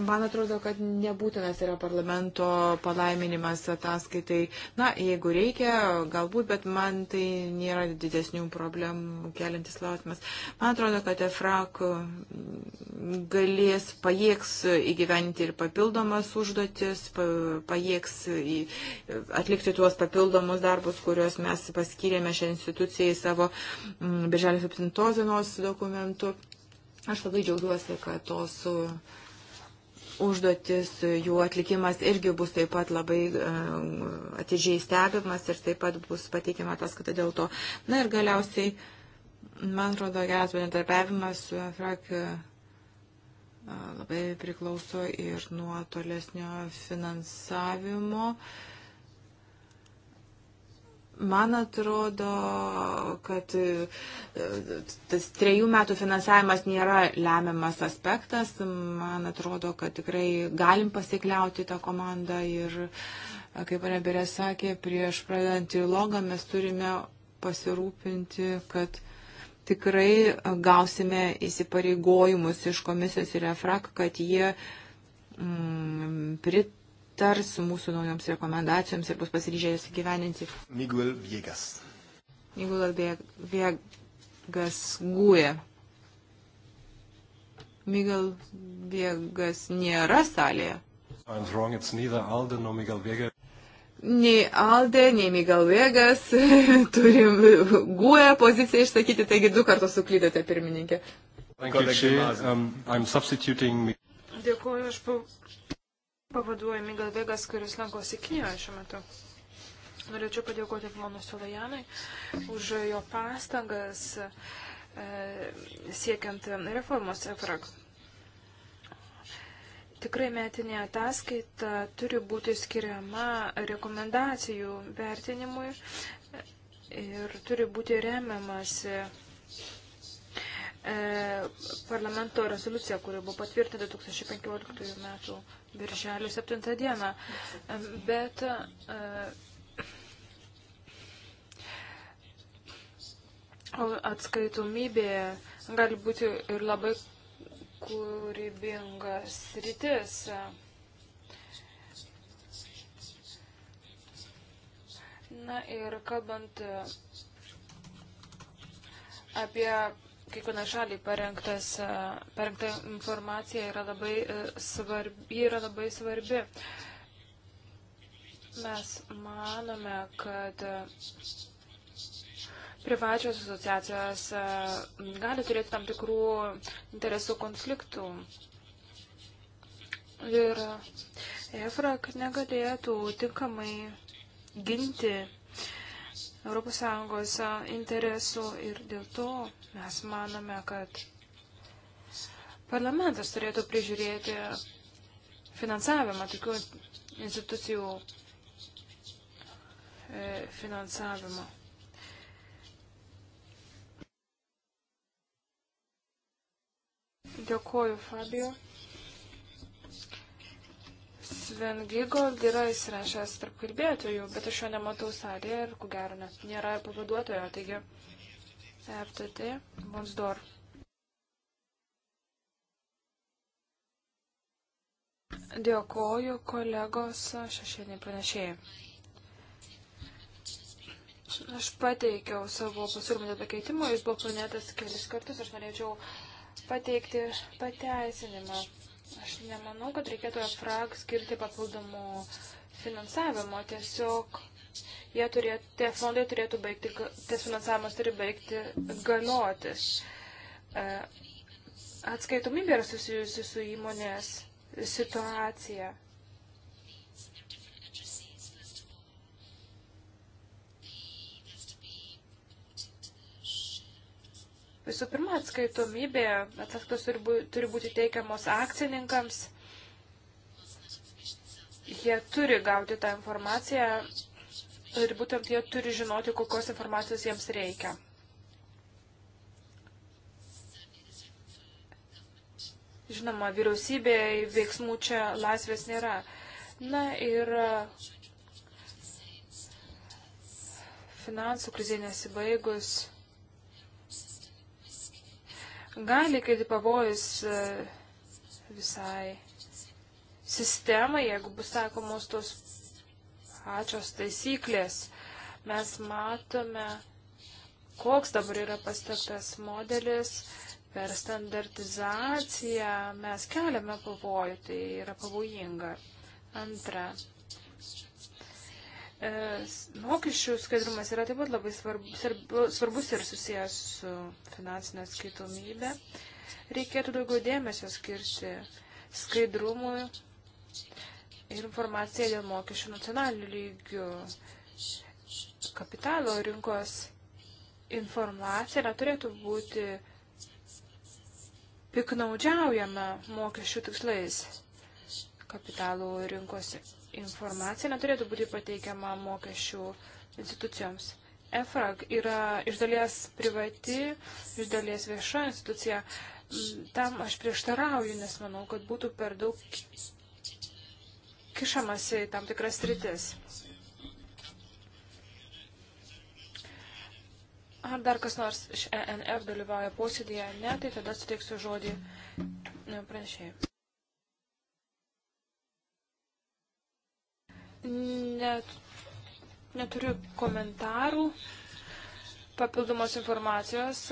Man atrodo, kad nebūtinas yra parlamento palaiminimas ataskaitai. Na, jeigu reikia, galbūt, bet man tai nėra didesnių problemų keliantis klausimas. Man atrodo, kad EFRAK galės, pajėgs įgyventi ir papildomas užduotis, pajėgs atlikti tuos papildomus darbus, kuriuos mes paskyrėme šią instituciją į savo mm, birželio 7 dienos dokumentu. Aš labai džiaugiuosi, kad tos. Uh, užduotis, jų atlikimas irgi bus taip pat labai e, atidžiai stebimas ir taip pat bus pateikima ataskaita dėl to. Na ir galiausiai, man atrodo, geras bendradarbiavimas su EFRAK e, labai priklauso ir nuo tolesnio finansavimo. Uh, Man atrodo, kad e, tas trejų metų finansavimas nėra lemiamas aspektas. Man atrodo, kad tikrai galim pasikliauti tą komandą ir, e, kaip pane Berė sakė, prieš pradedant trilogą mes turime pasirūpinti, kad tikrai gausime įsipareigojimus iš komisijos ir EFRAK, kad jie mm, prit pritars mūsų naujoms rekomendacijoms ir bus pasiryžę jas įgyveninti. Miguel Viegas. Miguel Viegas Gūė. Miguel Viegas nėra salėje. Wrong, Alde, no nei Alde, nei Miguel Viegas (laughs) turim guę poziciją išsakyti, taigi du kartus suklydote pirmininkė. Um, Dėkuoju, aš pavaduoju Migal Vegas, kuris lankosi Kinijoje šiuo metu. Norėčiau padėkoti ponui Sulajanai už jo pastangas e, siekiant reformos EFRAG. Tikrai metinė ataskaita turi būti skiriama rekomendacijų vertinimui ir turi būti remiamasi E, parlamento rezoliucija, kuri buvo patvirtinta 2015 metų birželio 7 dieną. E, bet e, atskaitomybė gali būti ir labai kūrybingas rytis. Na ir kalbant apie kiekvienai šaliai parengtas, parengta informacija yra labai e, svarbi. Yra labai svarbi. Mes manome, kad e, privačios asociacijos e, gali turėti tam tikrų interesų konfliktų. Ir EFRAK negalėtų tinkamai ginti ES interesų ir dėl to mes manome, kad parlamentas turėtų prižiūrėti finansavimą, tokių institucijų e, finansavimą. Dėkuoju, Fabio. Sven Gigold yra įsirašęs tarp kalbėtojų, bet aš jo nematau salėje ir ko gero net nėra pavaduotojo, taigi FTT Monsdor. Dėkoju kolegos šešieniai pranešėjai. Aš pateikiau savo pasiūlymą dėl pakeitimo, jis buvo planėtas kelis kartus, aš norėčiau pateikti pateisinimą. Aš nemanau, kad reikėtų EFRAG skirti papildomų finansavimo. Tiesiog jie turėtų, tie fondai turėtų baigti, tas finansavimas turi baigti galiotis. E, atskaitomybė yra susijusi su įmonės situacija. Visų pirma, atskaitomybė, atsaskaitos turi, bū, turi būti teikiamos akcininkams. Jie turi gauti tą informaciją ir būtent jie turi žinoti, kokios informacijos jiems reikia. Žinoma, vyriausybė veiksmų čia laisvės nėra. Na ir finansų krizė nesibaigus gali kilti pavojus e, visai sistemai, jeigu bus taikomos tos pačios taisyklės. Mes matome, koks dabar yra pastektas modelis per standartizaciją mes keliame pavojų, tai yra pavojinga. Antra, E, mokesčių skaidrumas yra taip pat labai svarbus, svarbus ir susijęs su finansinė skaitomybė. Reikėtų daugiau dėmesio skirti skaidrumui ir informacijai dėl mokesčių nacionalinių lygių. Kapitalo rinkos informacija neturėtų būti piknaudžiaujama mokesčių tikslais. Kapitalo rinkos informacija neturėtų būti pateikiama mokesčių institucijoms. EFRAG yra iš dalies privati, iš dalies vieša institucija. Tam aš prieštarauju, nes manau, kad būtų per daug kišamasi į tam tikras rytis. Ar dar kas nors iš ENF dalyvauja posėdėje? Ne, tai tada suteiksiu žodį pranešėjai. Net, neturiu komentarų, papildomos informacijos.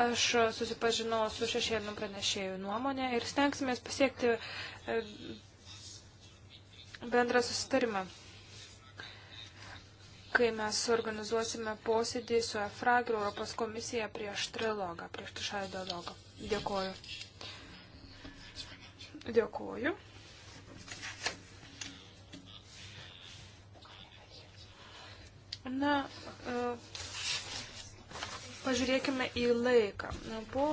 Aš susipažinau su šešėliniu pranešėjų nuomonė ir stengsime pasiekti e, bendrą susitarimą. Kai mes suorganizuosime posėdį su EFRAG ir Europos komisija prieš trilogą, prieš trišalį dialogą. Dėkoju. Dėkoju. Na, e, pažiūrėkime į laiką. Po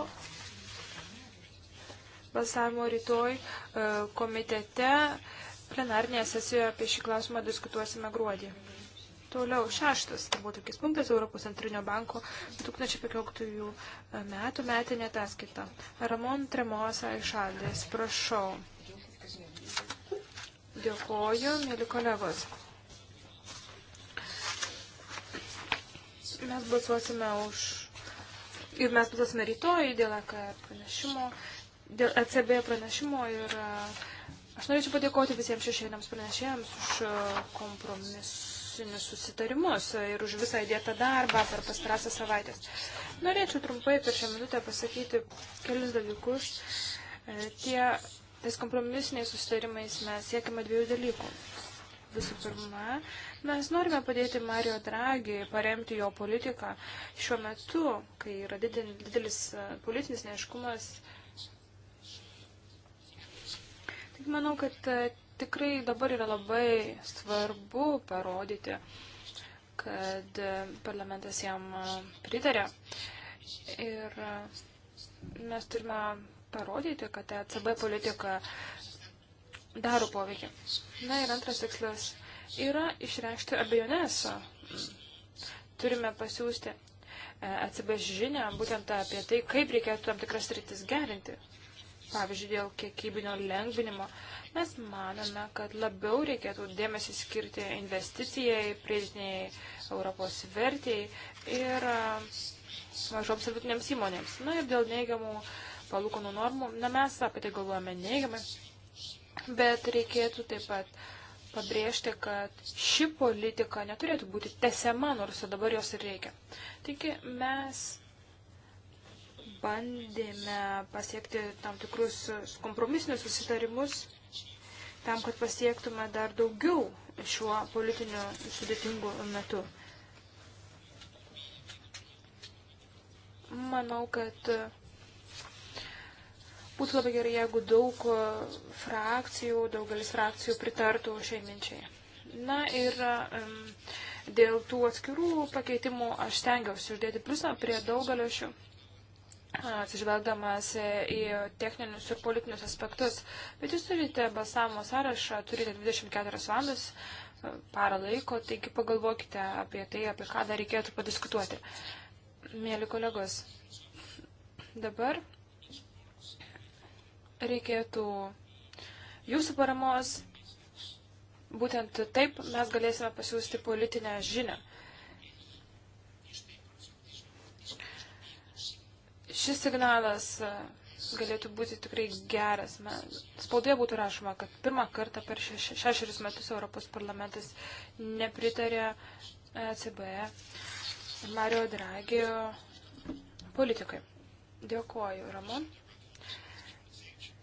balsavimo rytoj e, komitete plenarnėje sesijoje apie šį klausimą diskutuosime gruodį. Toliau šeštas, tai buvo tokis punktas Europos centrinio banko 2015 metų metinė ataskaita. Ramon Tremosa išaldės, prašau. Dėkoju, mėly kolegos. Mes balsuosime už. Ir mes balsuosime rytoj dėl AKR e pranešimo, dėl ECB pranešimo ir e, aš norėčiau padėkoti visiems šešėliams pranešėjams už e, kompromisinius susitarimus ir už visą įdėtą darbą per pastarąsią savaitės. Norėčiau trumpai per šią minutę pasakyti kelis dalykus. Tie, tais kompromisiniais susitarimais mes siekime dviejų dalykų. Visų pirma, Mes norime padėti Mario Draghi, paremti jo politiką šiuo metu, kai yra didelis e, politinis neiškumas. Tik manau, kad e, tikrai dabar yra labai svarbu parodyti, kad e, parlamentas jam pritarė. Ir mes turime parodyti, kad ECB politika daro poveikį. Na ir antras tikslas yra išreikšti abejonės. Turime pasiūsti atsibežinę e, e būtent apie tai, kaip reikėtų tam tikras rytis gerinti. Pavyzdžiui, dėl kiekybinio lengvinimo mes manome, kad labiau reikėtų dėmesį skirti investicijai, pridėtiniai Europos vertėjai ir e, mažoms ir vidutinėms įmonėms. Na ir dėl neigiamų palūkanų normų, na mes apie tai galvojame neigiamai, bet reikėtų taip pat uh, pabrėžti, kad ši politika neturėtų būti tesiama, nors dabar jos ir reikia. Taigi mes bandėme pasiekti tam tikrus kompromisinius susitarimus tam, kad pasiektume dar daugiau šiuo politiniu sudėtingu metu. Manau, kad Būtų labai gerai, jeigu daug e, frakcijų, daugelis frakcijų pritartų šiai minčiai. Na ir um, dėl tų atskirų pakeitimų aš tengiausi uždėti pliusą prie daugelio šių e, atsižvelgdamas e, į techninius ir politinius aspektus. Bet jūs turite balsavimo sąrašą, turite 24 valandas parą laiko, taigi pagalvokite apie tai, apie ką dar reikėtų padiskutuoti. Mėly kolegos, dabar reikėtų jūsų paramos. Būtent taip mes galėsime pasiūsti politinę žinę. Šis signalas e, galėtų būti tikrai geras. Spaudoje būtų rašoma, kad pirmą kartą per šešerius metus Europos parlamentas nepritarė ECB e, Mario Dragio politikai. Dėkuoju, Ramon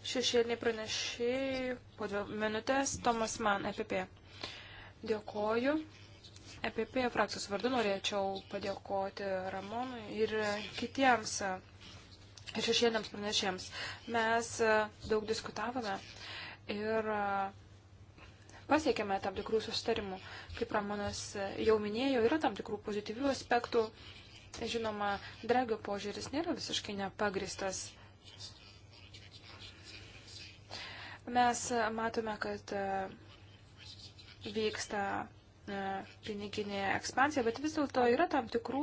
šešėliniai pranešėjai, po dvi minutės, Tomas Man, EPP. Dėkoju. EPP frakcijos vardu norėčiau padėkoti Ramonui ir kitiems ir šešėliams pranešėjams. Mes daug diskutavome ir pasiekėme tam tikrų susitarimų. Kaip Ramonas jau minėjo, yra tam tikrų pozityvių aspektų. Žinoma, dragio požiūris nėra visiškai nepagristas. Mes matome, kad e, vyksta e, piniginė ekspansija, bet vis dėlto yra tam tikrų,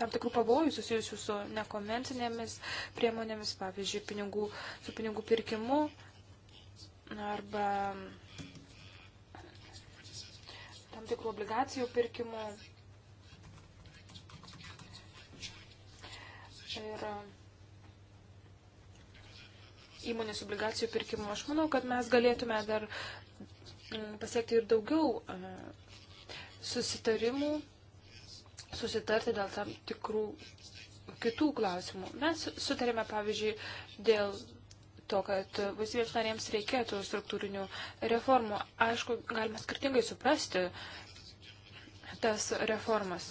tam tikrų pavojų susijusių su nekonvencinėmis priemonėmis, pavyzdžiui, pinigų, su pinigų pirkimu arba tam tikrų obligacijų pirkimu. Ir įmonės obligacijų pirkimu. Aš manau, kad mes galėtume dar mm, pasiekti ir daugiau e, susitarimų, susitarti dėl tam tikrų kitų klausimų. Mes sutarėme, pavyzdžiui, dėl to, kad valstybėms narėms reikėtų struktūrinių reformų. Aišku, galima skirtingai suprasti tas reformas,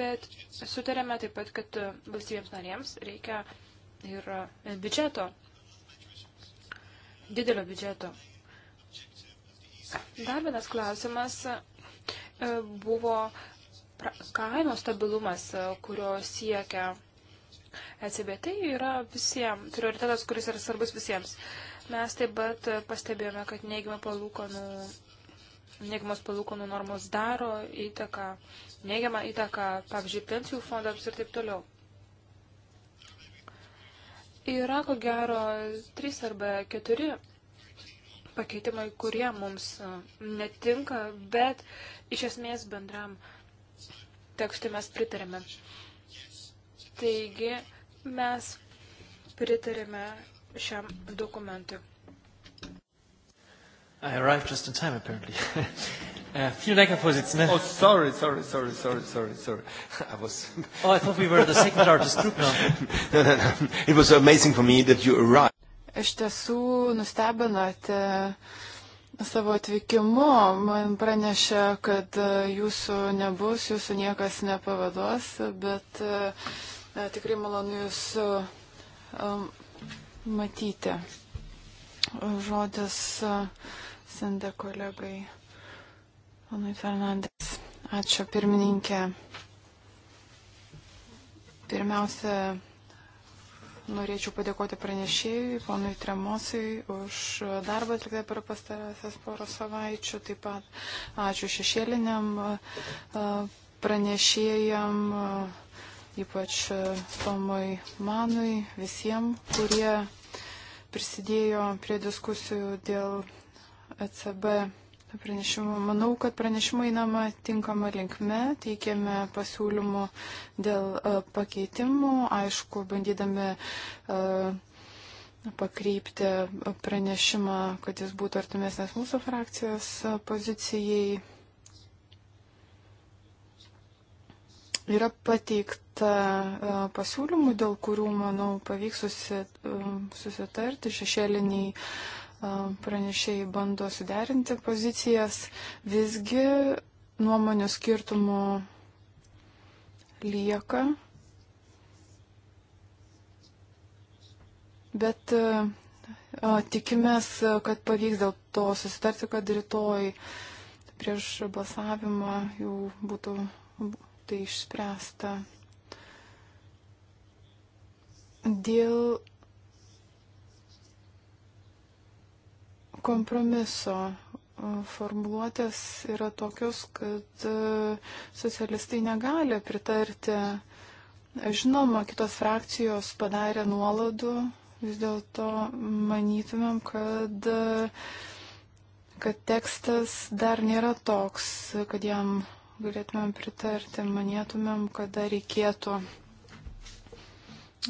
bet sutarėme taip pat, kad valstybėms narėms reikia ir biudžeto didelio biudžeto. Dar vienas klausimas e, buvo kainų stabilumas, e, kurio siekia ECB. Tai yra visiems prioritetas, kuris yra svarbus visiems. Mes taip pat pastebėjome, kad neigiamą palūkanų. Neigiamas palūkanų normos daro įtaką, neigiamą įtaką, pavyzdžiui, pensijų fondams ir taip toliau. Yra ko gero trys arba keturi pakeitimai, kurie mums e, netinka, bet iš esmės bendram tekstui mes pritarėme. Taigi mes pritarėme šiam dokumentui. I arrived just in time, apparently. (laughs) uh, vielen Dank, Herr Vorsitzender. Oh, sorry, sorry, sorry, sorry, sorry, sorry. (laughs) I was. (laughs) oh, I thought we were the second largest group now. no, no, no. It was amazing for me that you arrived. Iš tiesų nustebinote uh, savo atvykimu. Man pranešė, kad uh, jūsų nebus, jūsų niekas nepavaduos, bet uh, tikrai malonu jūs um, matyti. Žodis. Uh, SND kolegai Anui Fernandes. Ačiū pirmininkė. Pirmiausia, norėčiau padėkoti pranešėjui, ponui Tremosui, už darbą atliktą per pastarąsias porą savaičių. Taip pat ačiū šešėliniam pranešėjam, ypač Tomui Manui, visiems, kurie prisidėjo prie diskusijų dėl ECB pranešimu. Manau, kad pranešimu einama tinkama linkme, teikėme pasiūlymų dėl e, pakeitimų, aišku, bandydami e, pakreipti pranešimą, kad jis būtų artimesnės mūsų frakcijos e, pozicijai. Yra pateikta pasiūlymų, dėl kurių, manau, pavyks susitarti šešėliniai pranešėjai bando suderinti pozicijas, visgi nuomonių skirtumų lieka. Bet tikimės, kad pavyks dėl to susitarti, kad rytoj prieš balsavimą jau būtų tai išspręsta. Dėl kompromiso formuluotės yra tokios, kad e, socialistai negali pritarti. Žinoma, kitos frakcijos padarė nuoladų, vis dėlto manytumėm, kad, e, kad tekstas dar nėra toks, kad jam galėtumėm pritarti, manėtumėm, kad dar reikėtų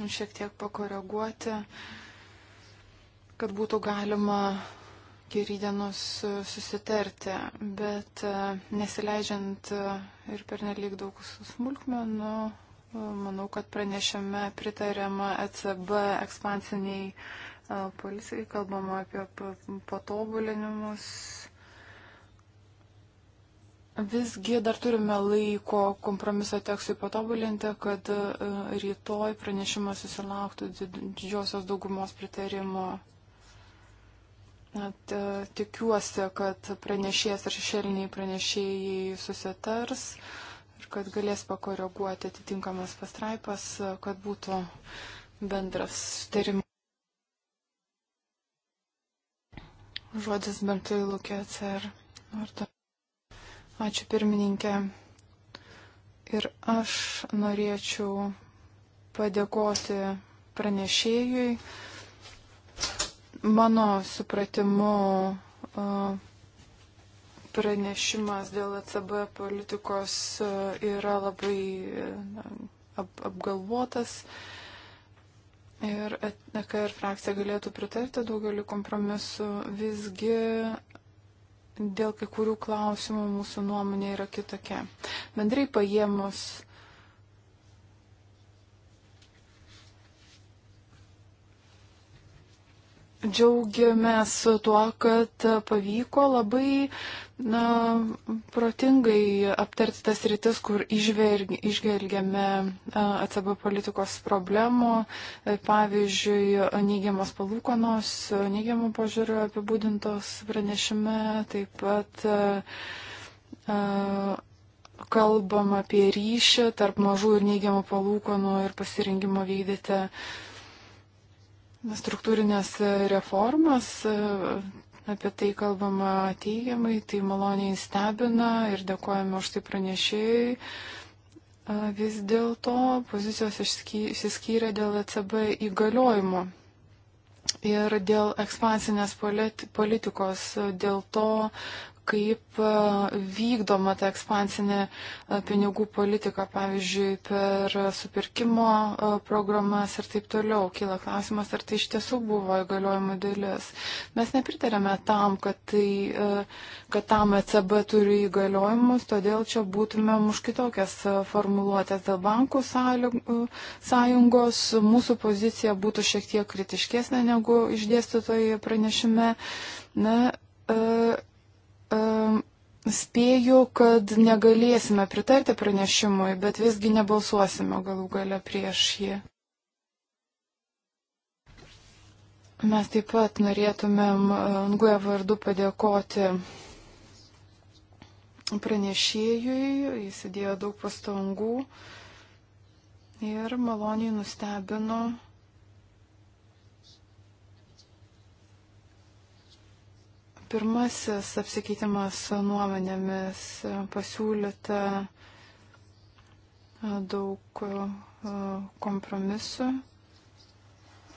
šiek tiek pakoreguoti, kad būtų galima iki rydienos e, susitarti, bet e, nesileidžiant e, ir per nelik daug smulkmenų, manau, kad pranešime pritariama ECB ekspansiniai policijai, kalbama apie patobulinimus. Visgi dar turime laiko kompromiso tekstui patobulinti, kad rytoj pranešimas susilauktų didžiosios daugumos pritarimo Net e, tikiuosi, kad pranešėjas ir šešėliniai pranešėjai susitars ir kad galės pakoreguoti atitinkamas pastraipas, e, kad būtų bendras sutarimas. Žodis bent tai lūkės ir vardu. Ačiū pirmininkė. Ir aš norėčiau padėkoti pranešėjui Mano supratimu pranešimas dėl ECB politikos yra labai ap apgalvotas. Ir EKR frakcija galėtų pritarti daugeliu kompromisu. Visgi dėl kai kurių klausimų mūsų nuomonė yra kitokia. Bendrai paėmus džiaugiamės tuo, kad pavyko labai na, protingai aptarti tas rytis, kur išvelgiame ACB politikos problemų, pavyzdžiui, neigiamas palūkonos, neigiamų požiūrių apibūdintos pranešime, taip pat kalbam apie ryšį tarp mažų ir neigiamų palūkonų ir pasirinkimo vykdyti struktūrinės reformas, apie tai kalbama teigiamai, tai maloniai stebina ir dėkojame už tai pranešėjai. Vis dėlto pozicijos išsiskyrė dėl ECB įgaliojimo ir dėl ekspansinės politikos. Dėl to kaip e, vykdoma ta ekspansinė e, pinigų politika, pavyzdžiui, per supirkimo e, programas ir taip toliau. Kyla klausimas, ar tai iš tiesų buvo įgaliojimų dalis. Mes nepritarėme tam, kad, tai, kad tam ECB turi įgaliojimus, todėl čia būtumėm už kitokias formuluotės dėl bankų sąjungos. Mūsų pozicija būtų šiek tiek kritiškesnė negu išdėstytojai pranešime. Na, um, spėju, kad negalėsime pritarti pranešimui, bet visgi nebalsuosime galų gale prieš jį. Mes taip pat norėtumėm Nguja vardu padėkoti pranešėjui, jis įdėjo daug pastangų ir maloniai nustebino Pirmasis apsikeitimas nuomonėmis pasiūlyta e, daug e, kompromisų.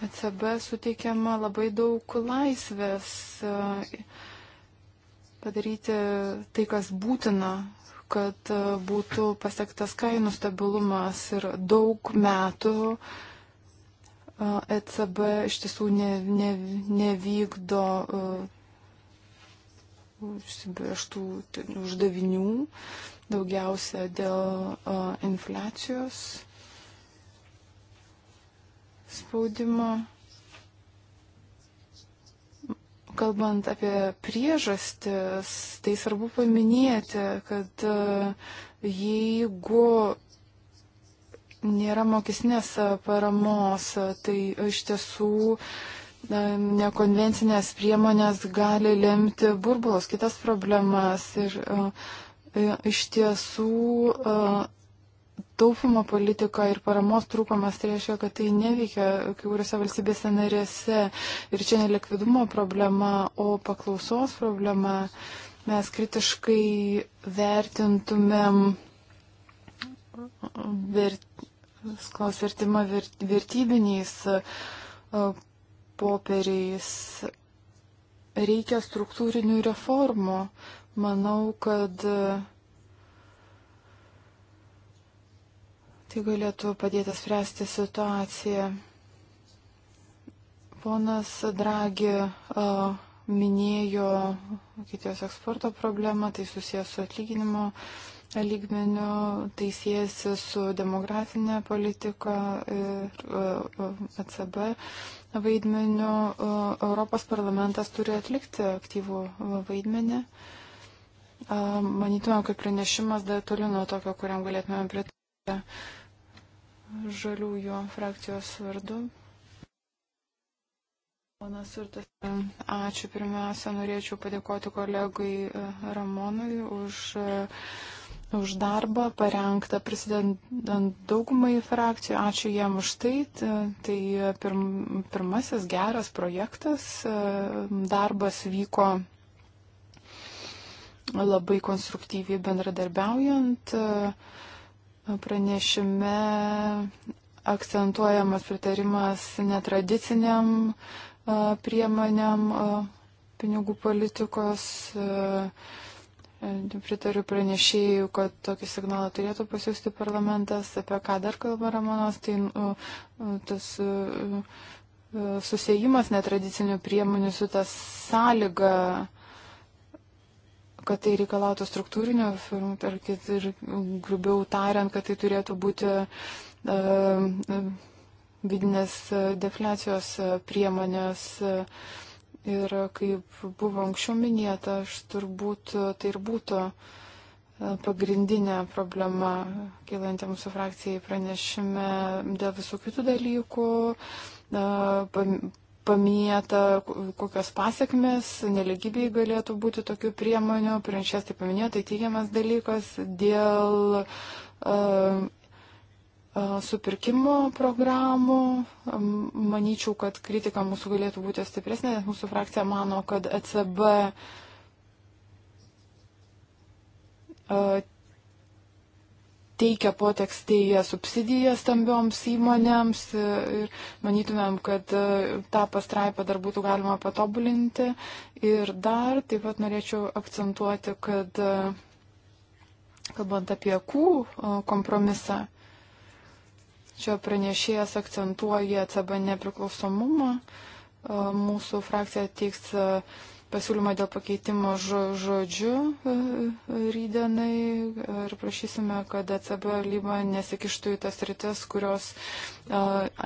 ECB suteikiama labai daug laisvės e, padaryti tai, kas būtina, kad būtų pasiektas kainų stabilumas ir daug metų ECB iš tiesų ne, ne, nevykdo užsibrieštų uždavinių, daugiausia dėl infliacijos spaudimo. Kalbant apie priežastis, tai svarbu paminėti, kad jeigu nėra mokesnės paramos, tai iš tiesų nekonvencinės priemonės gali lemti burbulus, kitas problemas. Ir e, e, iš tiesų e, taupimo politika ir paramos trūkumas tai reiškia, kad tai neveikia kai kuriuose valstybėse narėse. Ir čia nelikvidumo problema, o paklausos problema. Mes kritiškai vertintumėm vert, vertimą vert, vertybiniais popieriais. Reikia struktūrinių reformų. Manau, kad tai galėtų padėti spręsti situaciją. Ponas Dragi uh, minėjo Vokietijos eksporto problemą, tai susijęs su atlyginimo uh, lygmeniu, tai siejasi su demografinė politika ir e, e, ECB vaidmeniu. E, Europos parlamentas turi atlikti aktyvų vaidmenį. Manytumėm, kad pranešimas dar toli nuo tokio, kuriam galėtumėm pritarti žaliųjų frakcijos vardu. Ponas Urtas, ačiū pirmiausia, norėčiau padėkoti kolegai Ramonui už uh, už darbą parengtą prisidedant daugumai frakcijų. Ačiū jiem už tai. Tai e, pirm, pirmasis geras projektas. E, darbas vyko labai konstruktyviai bendradarbiaujant. E, pranešime akcentuojamas pritarimas netradiciniam priemonėm pinigų politikos. Uh, Ehm, pritariu pranešėjų, kad tokį signalą turėtų pasiūsti parlamentas. Apie ką dar kalba Ramonas, tai nu, nu, tas e, e, susijimas netradicinių priemonių su tą sąlygą, kad tai reikalautų struktūrinio, ar kit, ir grubiau tariant, kad tai turėtų būti ehm, vidinės e, defliacijos priemonės. Uh, Ir kaip buvo anksčiau minėta, aš turbūt tai ir būtų pagrindinė problema kilanti mūsų frakcijai pranešime dėl visų kitų dalykų, paminėta, kokios pasiekmes neligybei galėtų būti tokių priemonių, prieš jas tai paminėta, tai teigiamas dalykas dėl uh, supirkimo programų. Manyčiau, kad kritika mūsų galėtų būti stipresnė, nes mūsų frakcija mano, kad ECB teikia potekstėje subsidijas stambioms įmonėms ir manytumėm, kad tą pastraipą dar būtų galima patobulinti. Ir dar taip pat norėčiau akcentuoti, kad kalbant apie Q kompromisą, Čia pranešėjas akcentuoja CB nepriklausomumą. E, mūsų frakcija teiks e, pasiūlymą dėl pakeitimo žodžiu e, e, rydenai ir prašysime, kad ECB lyba nesikištų į tas rytis, kurios e,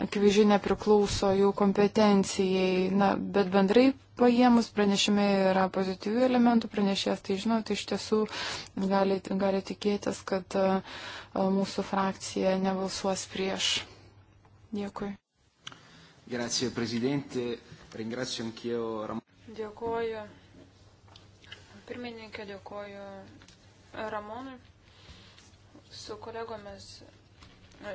akivaizdžiai nepriklauso jų kompetencijai. Na, bet bendrai paėmus pranešime yra pozityvių elementų, pranešės tai žino, tai iš tiesų gali, gali tikėtis, kad mūsų frakcija nebalsuos prieš. Dėkui. Grazie Presidente, ringrazio anch'io Ramon. Dėkoju pirmininkė, dėkoju Ramonui. Su kolegomis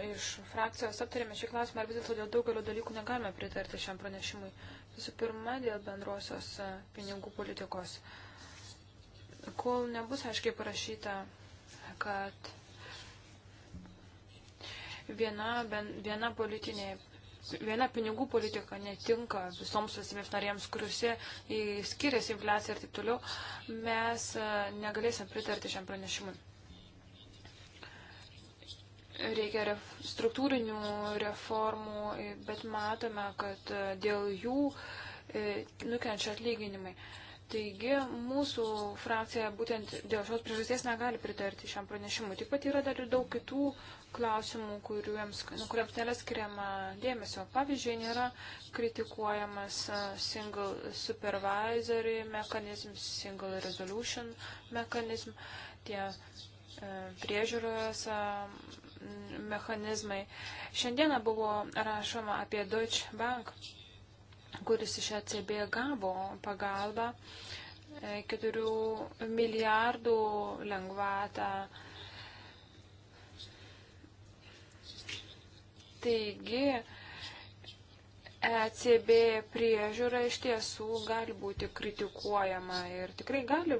iš frakcijos aptarėme šį klausimą, ar vis dėlto dėl daugelio dalykų negalime pritarti šiam pranešimui. Visų pirma, dėl bendrosios pinigų politikos. Kol nebus aiškiai parašyta, kad viena, ben, viena politinė viena pinigų politika netinka visoms valstybėms narėms, kuriuose skiriasi infliacija ir taip toliau, mes e, negalėsim pritarti šiam pranešimui. Reikia ref, struktūrinių reformų, e, bet matome, kad e, dėl jų nukenčia atlyginimai. Taigi mūsų frakcija būtent dėl šios priežasties negali pritarti šiam pranešimui. Taip pat yra dar ir daug kitų klausimų, kuriems, nu, kuriems nėra skiriama dėmesio. Pavyzdžiui, nėra kritikuojamas single supervisory mechanism, single resolution mechanism, tie priežiūros mechanizmai. Šiandieną buvo rašoma apie Deutsche Bank, kuris iš ECB gavo pagalbą 4 e, milijardų lengvatą Taigi, ECB priežiūra iš tiesų gali būti kritikuojama ir tikrai gali,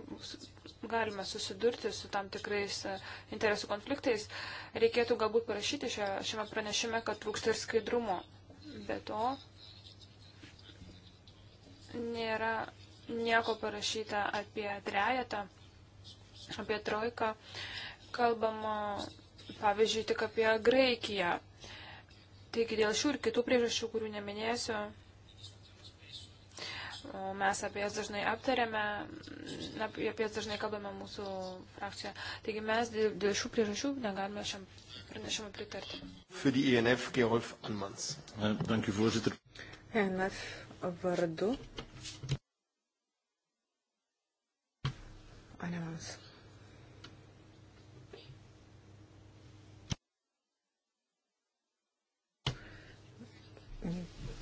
galime susidurti su tam tikrais e, interesų konfliktais. Reikėtų galbūt parašyti šia, šiame pranešime, kad trūksta ir skaidrumo. Be to, nėra nieko parašyta apie trejetą, apie trojką. Kalbama, pavyzdžiui, tik apie Graikiją Taigi dėl šių ir kitų priežasčių, kurių neminėsiu, mes apie jas dažnai aptariame, apie jas dažnai kalbame mūsų frakcijoje. Taigi mes dėl šių priežasčių negalime šiam pranešimui pritarti. Für die INF e Gerolf Anmans. Danke, Vorsitter. INF e vardu. Anmans.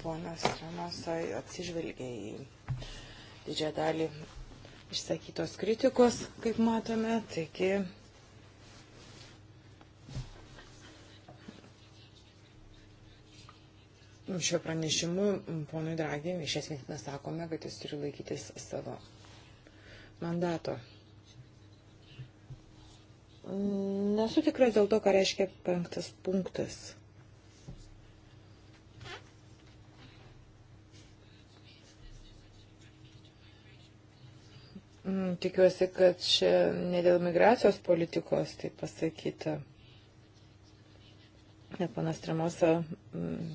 Ponas Ramosai atsižvelgia į didžiąją dalį išsakytos kritikos, kaip matome, taigi šio pranešimu ponui Dragi iš esmės mes sakome, kad jis turi laikytis savo mandato. Nesu tikras dėl to, ką reiškia penktas punktas. Mm, tikiuosi, kad čia ne dėl migracijos politikos, tai pasakyta. Panas Tremosa mm,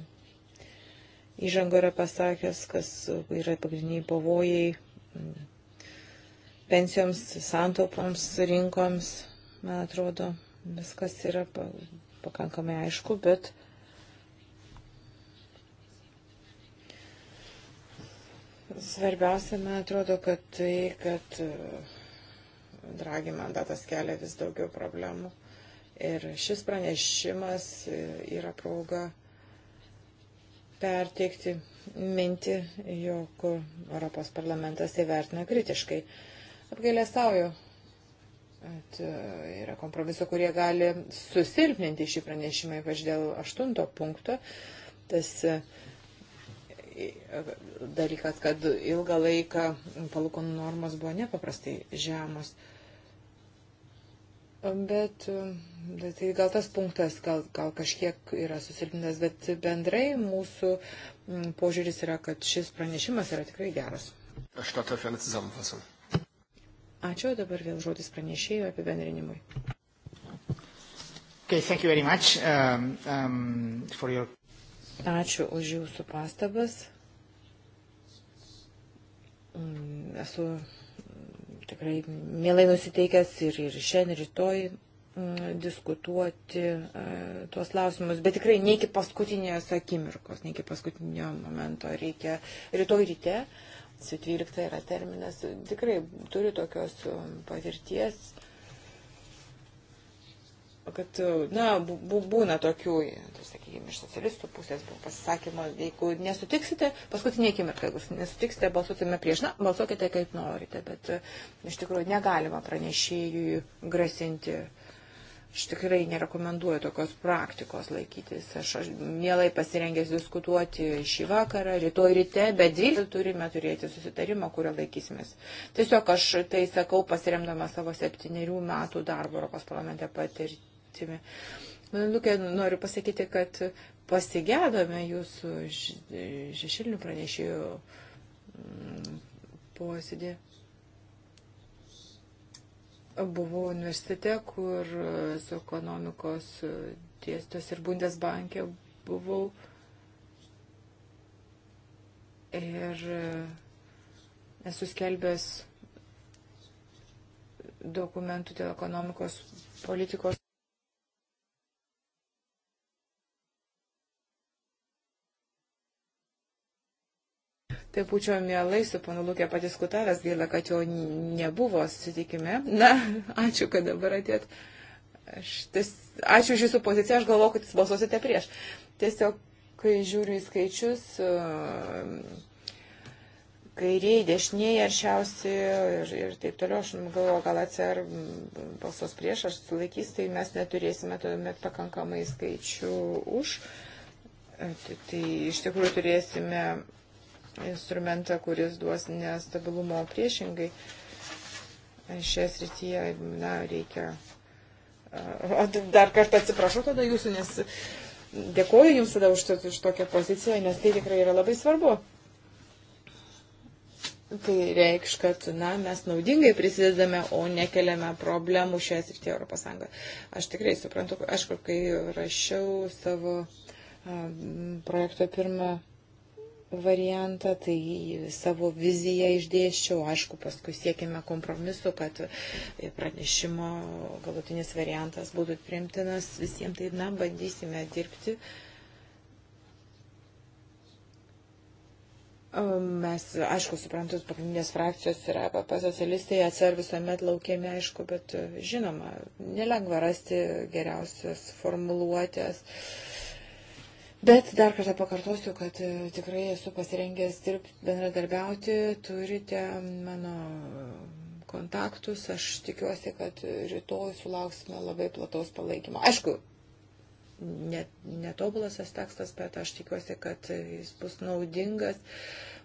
įžango yra pasakęs, kas yra pagrindiniai pavojai mm, pensijoms, santaupoms, rinkoms. Man atrodo, viskas yra pakankamai aišku, bet Svarbiausia, man atrodo, kad tai, kad e, Dragi mandatas kelia vis daugiau problemų. Ir šis pranešimas e, yra proga perteikti mintį, jog Europos parlamentas įvertina kritiškai. Apgailėstauju, kad e, yra kompromiso, kurie gali susilpninti šį pranešimą, ypač dėl aštunto punkto. Tas uh, dalykas, kad ilgą laiką palūkonų normos buvo nepaprastai žemos. Bet tai gal tas punktas gal, gal kažkiek yra susilpintas, bet bendrai mūsų mm, požiūris yra, kad šis pranešimas yra tikrai geras. Aš tą tą vieną atsisamfasau. Ačiū, dabar vėl žodis pranešėjo apibendrinimui. Okay, thank you very much um, um, for your Ačiū už jūsų pastabas. Mm, esu tikrai mielai nusiteikęs ir, ir šiandien, rytoj mm, diskutuoti e, tuos klausimus, bet tikrai ne iki paskutinės akimirkos, ne iki paskutinio momento reikia rytoj ryte, su 12 yra terminas, tikrai turiu tokios patirties kad, na, būna tokių, tai, sakykime, iš socialistų pusės buvo pasisakymo, jeigu nesutiksite, paskutinė akimirka, jeigu nesutiksite, balsuosime prieš, na, balsuokite kaip norite, bet e, iš tikrųjų negalima pranešėjui grasinti. Aš tikrai nerekomenduoju tokios praktikos laikytis. Aš, aš mielai pasirengęs diskutuoti šį vakarą, rytoj ryte, bet dėl turime turėti susitarimą, kurio laikysimės. Tiesiog aš tai sakau pasiremdama savo septyniarių metų darbo Europos parlamente patirtį kryptimi. Lūkė, noriu pasakyti, kad pasigėdome jūsų šešilinių pranešėjų mm, posėdį. Buvau universitete, kur su ekonomikos dėstos ir Bundesbankė buvau. Ir esu skelbęs dokumentų dėl ekonomikos politikos Tai būčiau mielai su panu Lūkė padiskutavęs, gaila, kad jo nebuvo susitikime. Na, (laughs) ačiū, kad dabar atėt. Aš ties, ačiū už jūsų poziciją, aš galvoju, kad jūs balsuosite prieš. Tiesiog, kai žiūriu į skaičius, um, kairiai, dešiniai aršiausi ir, ir taip toliau, aš galvoju, gal atsar balsuos prieš, aš sulaikys, tai mes neturėsime tuomet pakankamai skaičių už. E, tai, tai iš tikrųjų turėsime instrumentą, kuris duos nestabilumo priešingai. Šią srityje, na, reikia. O dar kartą atsiprašau tada jūsų, nes dėkoju jums tada už, už tokią poziciją, nes tai tikrai yra labai svarbu. Tai reikš, kad na, mes naudingai prisidedame, o nekeliame problemų šioje srityje Europos Sąjungoje. Aš tikrai suprantu, aišku, kai rašiau savo um, projekto pirmą variantą, tai savo viziją išdėščiau, aišku, paskui siekime kompromisu, kad pranešimo galutinis variantas būtų primtinas visiems, tai na, bandysime dirbti. Mes, aišku, suprantu, pagrindinės frakcijos yra pasocialistai, atsar visuomet laukėme, aišku, bet žinoma, nelengva rasti geriausias formuluotės. Uh, Bet dar kartą pakartosiu, kad e, tikrai esu pasirengęs dirbti, bendradarbiauti, turite mano kontaktus, aš tikiuosi, kad rytoj sulauksime labai plataus palaikymo. Aišku, netobulas tas tekstas, bet aš tikiuosi, kad jis bus naudingas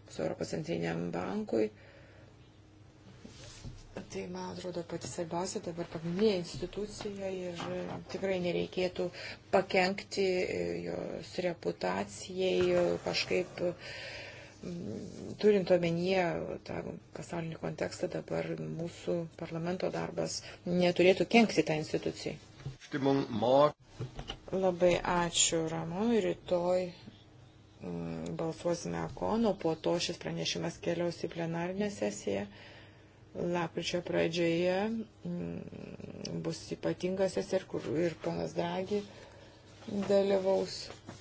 su Europos centriniam bankui. Uh, Tai, man atrodo, pati svarbiausia dabar pagrindinė institucija ir e, tikrai nereikėtų pakengti e, jos reputacijai e, kažkaip turint omenyje tą pasaulinį kontekstą dabar mūsų parlamento darbas neturėtų kenkti tą tai institucijai. Labai ačiū Ramon, rytoj balsuosime Kono, po to šis pranešimas keliaus į plenarinę sesiją lapkričio pradžioje mm, bus ypatingas ir kur ir ponas Dragi dalyvaus.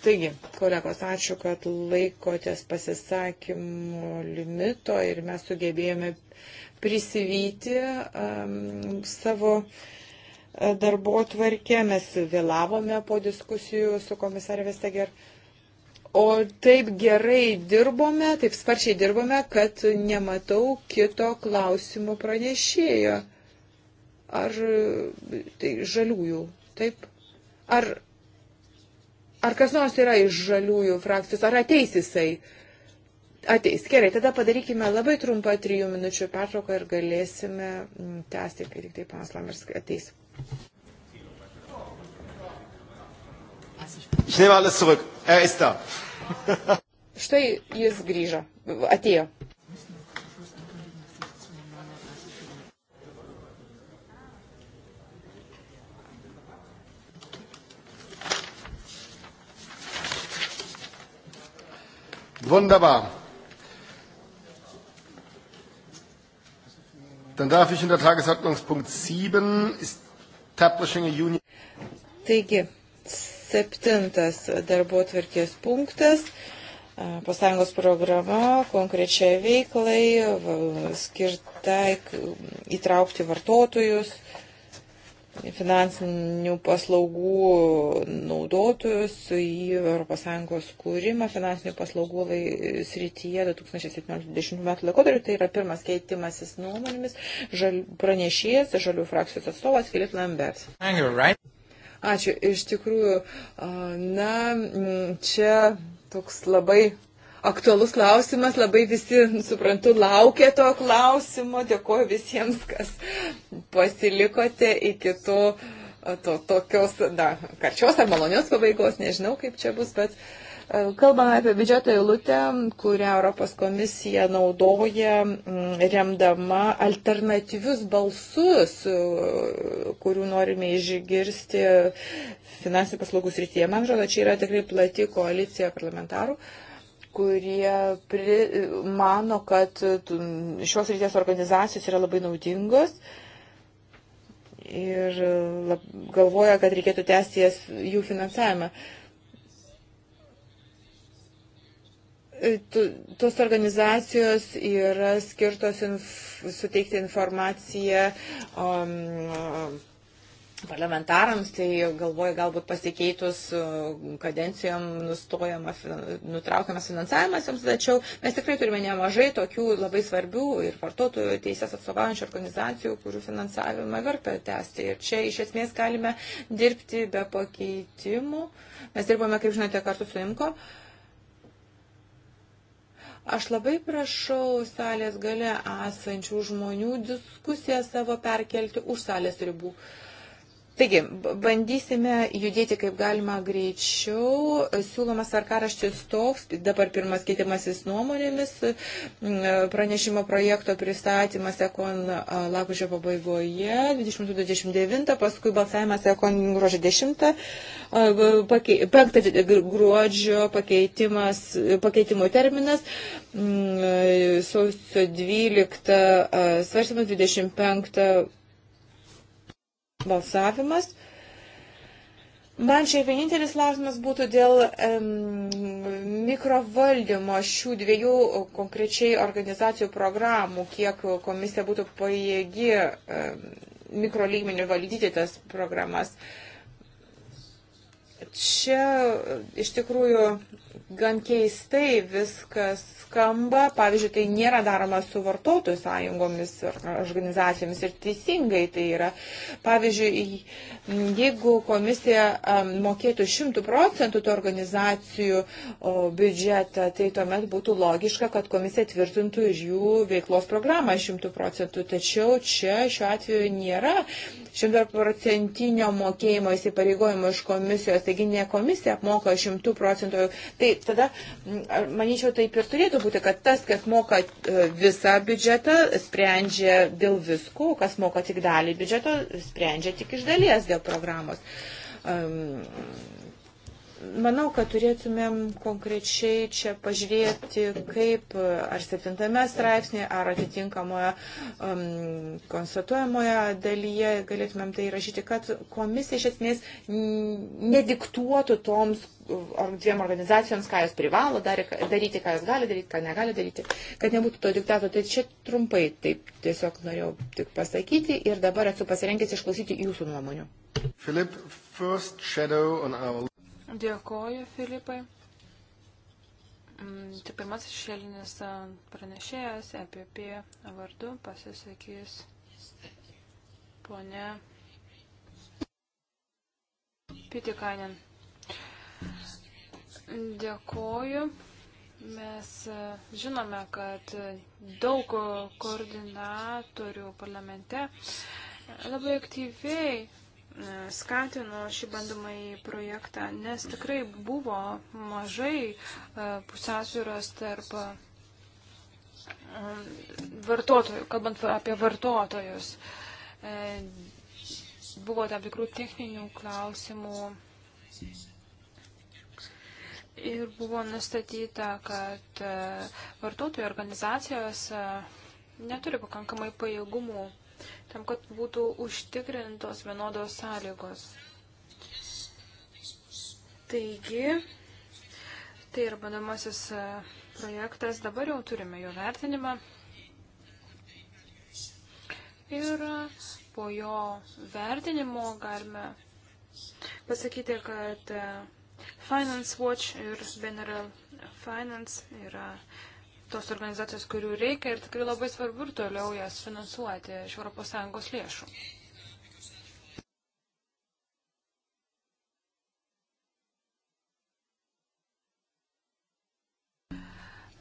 Taigi, kolegos, ačiū, kad laikotės pasisakymų limito ir mes sugebėjome prisivyti um, savo e, darbo tvarkę. Mes vėlavome po diskusijų su komisarė Vestager. O taip gerai dirbome, taip sparčiai dirbome, kad nematau kito klausimo pranešėjo. Ar tai žaliųjų, taip? Ar, ar kas nors yra iš žaliųjų frakcijos, ar ateis jisai? Ateis. Gerai, tada padarykime labai trumpą trijų minučių pertrauką ir galėsime mm, tęsti, kai tik tai panas Lamers ateis. Ich nehme alles zurück. Er ist da. Štai jis grįžo, atėjo. Wunderbar. Dann darf ich unter Tagesordnungspunkt 7 Establishing a Union. Taigi, Septintas darbo tvarkės punktas. Pasąjungos programa konkrečiai veiklai skirtai įtraukti vartotojus, finansinių paslaugų naudotojus į ES kūrimą finansinių paslaugų lai, srityje 2017 metų laikotarpiu. Tai yra pirmas keitimasis nuomonėmis žal, pranešėjas, žalių frakcijos atstovas Filip Lambert. Ačiū. Iš tikrųjų, na, čia toks labai aktualus klausimas, labai visi, suprantu, laukia to klausimo. Dėkuoju visiems, kas pasilikote iki to, to tokios, na, karčios ar malonios pabaigos, nežinau kaip čia bus, bet. Uh, Kalbame apie biudžeto eilutę, kurią Europos komisija naudoja mm, remdama alternatyvius balsus, kurių norime išgirsti finansinių paslaugų srityje. Man atrodo, čia yra tikrai plati koalicija parlamentarų kurie pri, mano, kad šios ryties organizacijos yra labai naudingos ir lab, galvoja, kad reikėtų tęsti jas jų finansavimą. Uh, E, tos organizacijos yra skirtos inf suteikti informaciją. Um, um, parlamentarams, tai galvoju, galbūt pasikeitus e, kadencijom nutraukiamas finansavimas jums, tačiau mes tikrai turime nemažai tokių labai svarbių ir vartotojų teisės atstovaujančių organizacijų, kurių finansavimą verta tęsti. Ir čia iš esmės galime dirbti be pakeitimų. Mes dirbame, kaip žinote, kartu su IMKO. Uh, Aš labai prašau salės gale esančių žmonių diskusiją savo perkelti už salės ribų. Uh, Taigi, bandysime judėti kaip galima greičiau. Siūlomas arkaraštis toks, dabar pirmas keitimasis nuomonėmis, pranešimo projekto pristatymas Ekon lakužio pabaigoje, 2029, paskui balsavimas Ekon gruodžio 10, 5 gruodžio pakeitimų terminas, sausio 12, svarstymas 25 balsavimas. Man šiaip vienintelis klausimas būtų dėl um, mikrovaldymo šių dviejų konkrečiai organizacijų programų, kiek komisija būtų pajėgi um, mikrolygmenių valdyti tas programas. Uh, čia e, iš tikrųjų gan keistai viskas skamba. Pavyzdžiui, tai nėra daroma su vartotojų sąjungomis ar organizacijomis ir teisingai tai yra. Pavyzdžiui, Jeigu komisija mokėtų 100 procentų tų organizacijų biudžetą, tai tuomet būtų logiška, kad komisija tvirtintų iš jų veiklos programą 100 procentų. Tačiau čia šiuo atveju nėra 100 procentinio mokėjimo įsipareigojimo iš komisijos, taigi ne komisija apmoka 100 procentų. Tai tada, manyčiau, taip ir turėtų būti, kad tas, kas moka e, visą biudžetą, sprendžia dėl visko, kas moka tik dalį biudžeto, sprendžia tik iš dalies dėl programos. Um, Manau, kad turėtumėm konkrečiai čia pažiūrėti, kaip ar septintame straipsnėje, ar atitinkamoje um, konstatuojamoje dalyje galėtumėm tai rašyti, kad komisija iš esmės nediktuotų toms uh, dviem organizacijoms, ką jos privalo daryti, ką jos gali daryti, ką negali daryti, kad nebūtų to diktato. Tai čia trumpai taip tiesiog norėjau tik pasakyti ir dabar esu pasirengęs išklausyti jūsų nuomonių. Philip, first shadow on our Dėkoju, Filipai. Mm, tai pirmasis šėlinis pranešėjas EPP vardu pasisakys ponė Pitikanin. Dėkoju. Mes žinome, kad daug koordinatorių parlamente labai aktyviai skatino šį bandomąjį projektą, nes tikrai buvo mažai e, pusiausvyros tarp e, vartotojų, kalbant apie vartotojus. E, buvo tam tikrų techninių klausimų ir buvo nustatyta, kad vartotojų organizacijos neturi pakankamai pajėgumų tam, kad būtų užtikrintos vienodos sąlygos. Taigi, tai ir bandomasis e, projektas, dabar jau turime jo vertinimą. Ir po jo vertinimo galime pasakyti, kad e, Finance Watch ir General Finance yra uh, tos organizacijos, kurių reikia ir tikrai labai svarbu ir toliau jas finansuoti iš ES lėšų.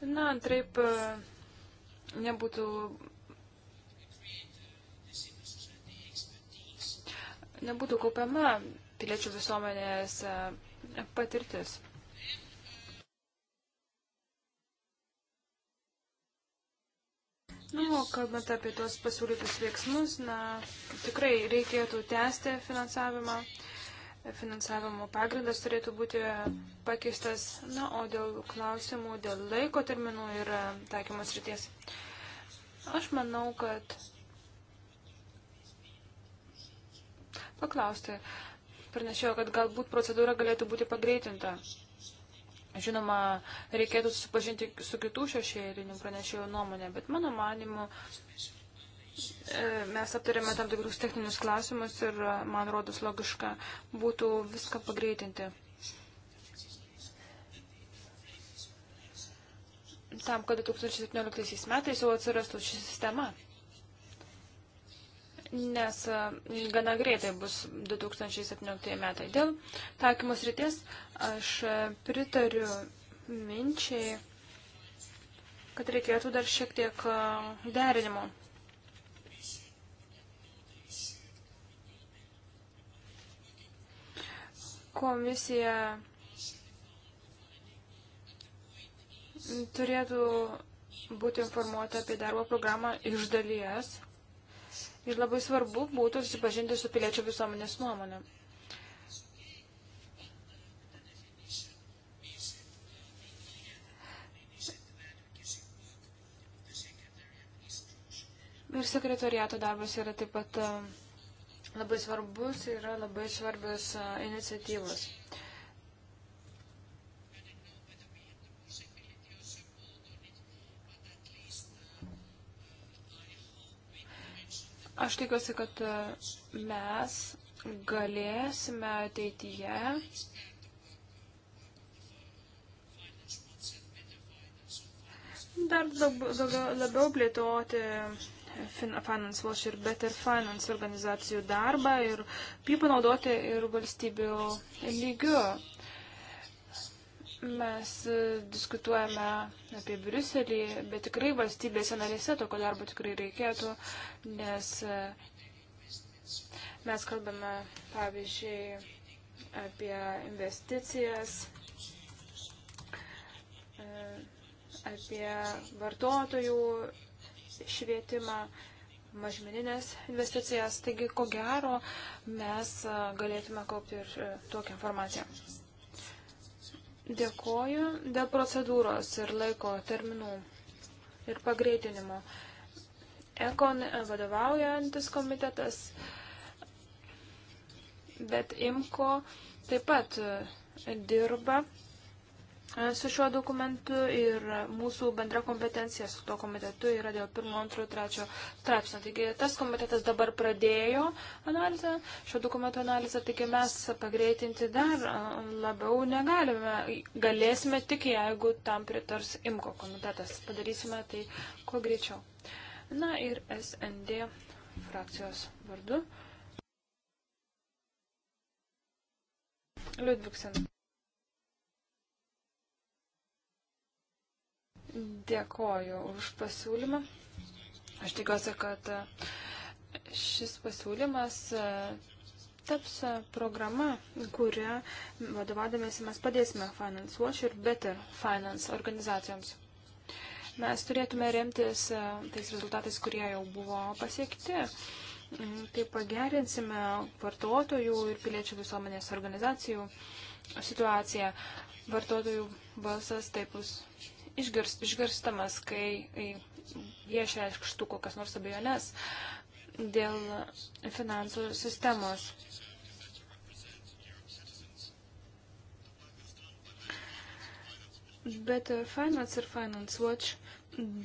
Na, antraip e, nebūtų. Nebūtų kaupiama piliečių visuomenės e, patirtis. kalbant apie tuos pasiūlytus veiksmus, na, tikrai reikėtų tęsti finansavimą. Finansavimo pagrindas turėtų būti pakeistas, na, o dėl klausimų, dėl laiko terminų ir e, taikymos ryties. Aš manau, kad paklausti pranešėjo, kad galbūt procedūra galėtų būti pagreitinta. Žinoma, reikėtų susipažinti su kitų šešėlinių pranešėjų nuomonė, bet mano manimu, e, mes aptarėme tam tikrus techninius klausimus ir, e, man rodos, logiška būtų viską pagreitinti. Tam, kad 2017 metais jau atsirastų ši sistema nes e, gana greitai bus 2017 metai. Dėl taikymos ryties aš e, pritariu minčiai, kad reikėtų dar šiek tiek e, derinimo. Komisija turėtų būti informuota apie darbo programą iš dalies ir labai svarbu būtų susipažinti su piliečio visuomenės nuomonė. Ir sekretoriato darbas yra taip pat um, labai svarbus, yra labai svarbios uh, iniciatyvos. Aš tikiuosi, kad e, mes galėsime ateityje dar daugiau, labiau plėtoti Finance Watch ir Better Finance organizacijų darbą ir jį panaudoti ir valstybių lygiu. Mes e, diskutuojame apie Briuselį, bet tikrai valstybėse narėse tokio darbo tikrai reikėtų, nes e, mes kalbame, pavyzdžiui, apie investicijas, e, apie vartotojų švietimą, mažmeninės investicijas. Taigi, ko gero, mes galėtume kaupti ir tokią informaciją. Dėkoju dėl procedūros ir laiko terminų ir pagreitinimo. Ekon vadovaujantis komitetas, bet IMKO taip pat dirba su šiuo dokumentu ir mūsų bendra kompetencija su tuo komitetu yra dėl 1, 2, 3 straipsnio. Taigi tas komitetas dabar pradėjo analizę, šio dokumento analizę, taigi mes pagreitinti dar labiau negalime. Galėsime tik, jeigu tam pritars IMKO komitetas. Padarysime tai kuo greičiau. Na ir SND frakcijos vardu. Liudviksen. Dėkoju už pasiūlymą. Aš tikiuosi, kad šis pasiūlymas e, taps e, programa, kurią vadovadamėsi mes padėsime Finance Watch ir Better Finance organizacijoms. Mes turėtume remtis e, tais rezultatais, kurie jau buvo pasiekti. Mm, taip pagerinsime vartotojų ir piliečių visuomenės organizacijų situaciją. Vartotojų balsas taip bus išgirst, išgirstamas, kai jie išreikštų kokias nors abejonės dėl finansų sistemos. Bet Finance ir Finance Watch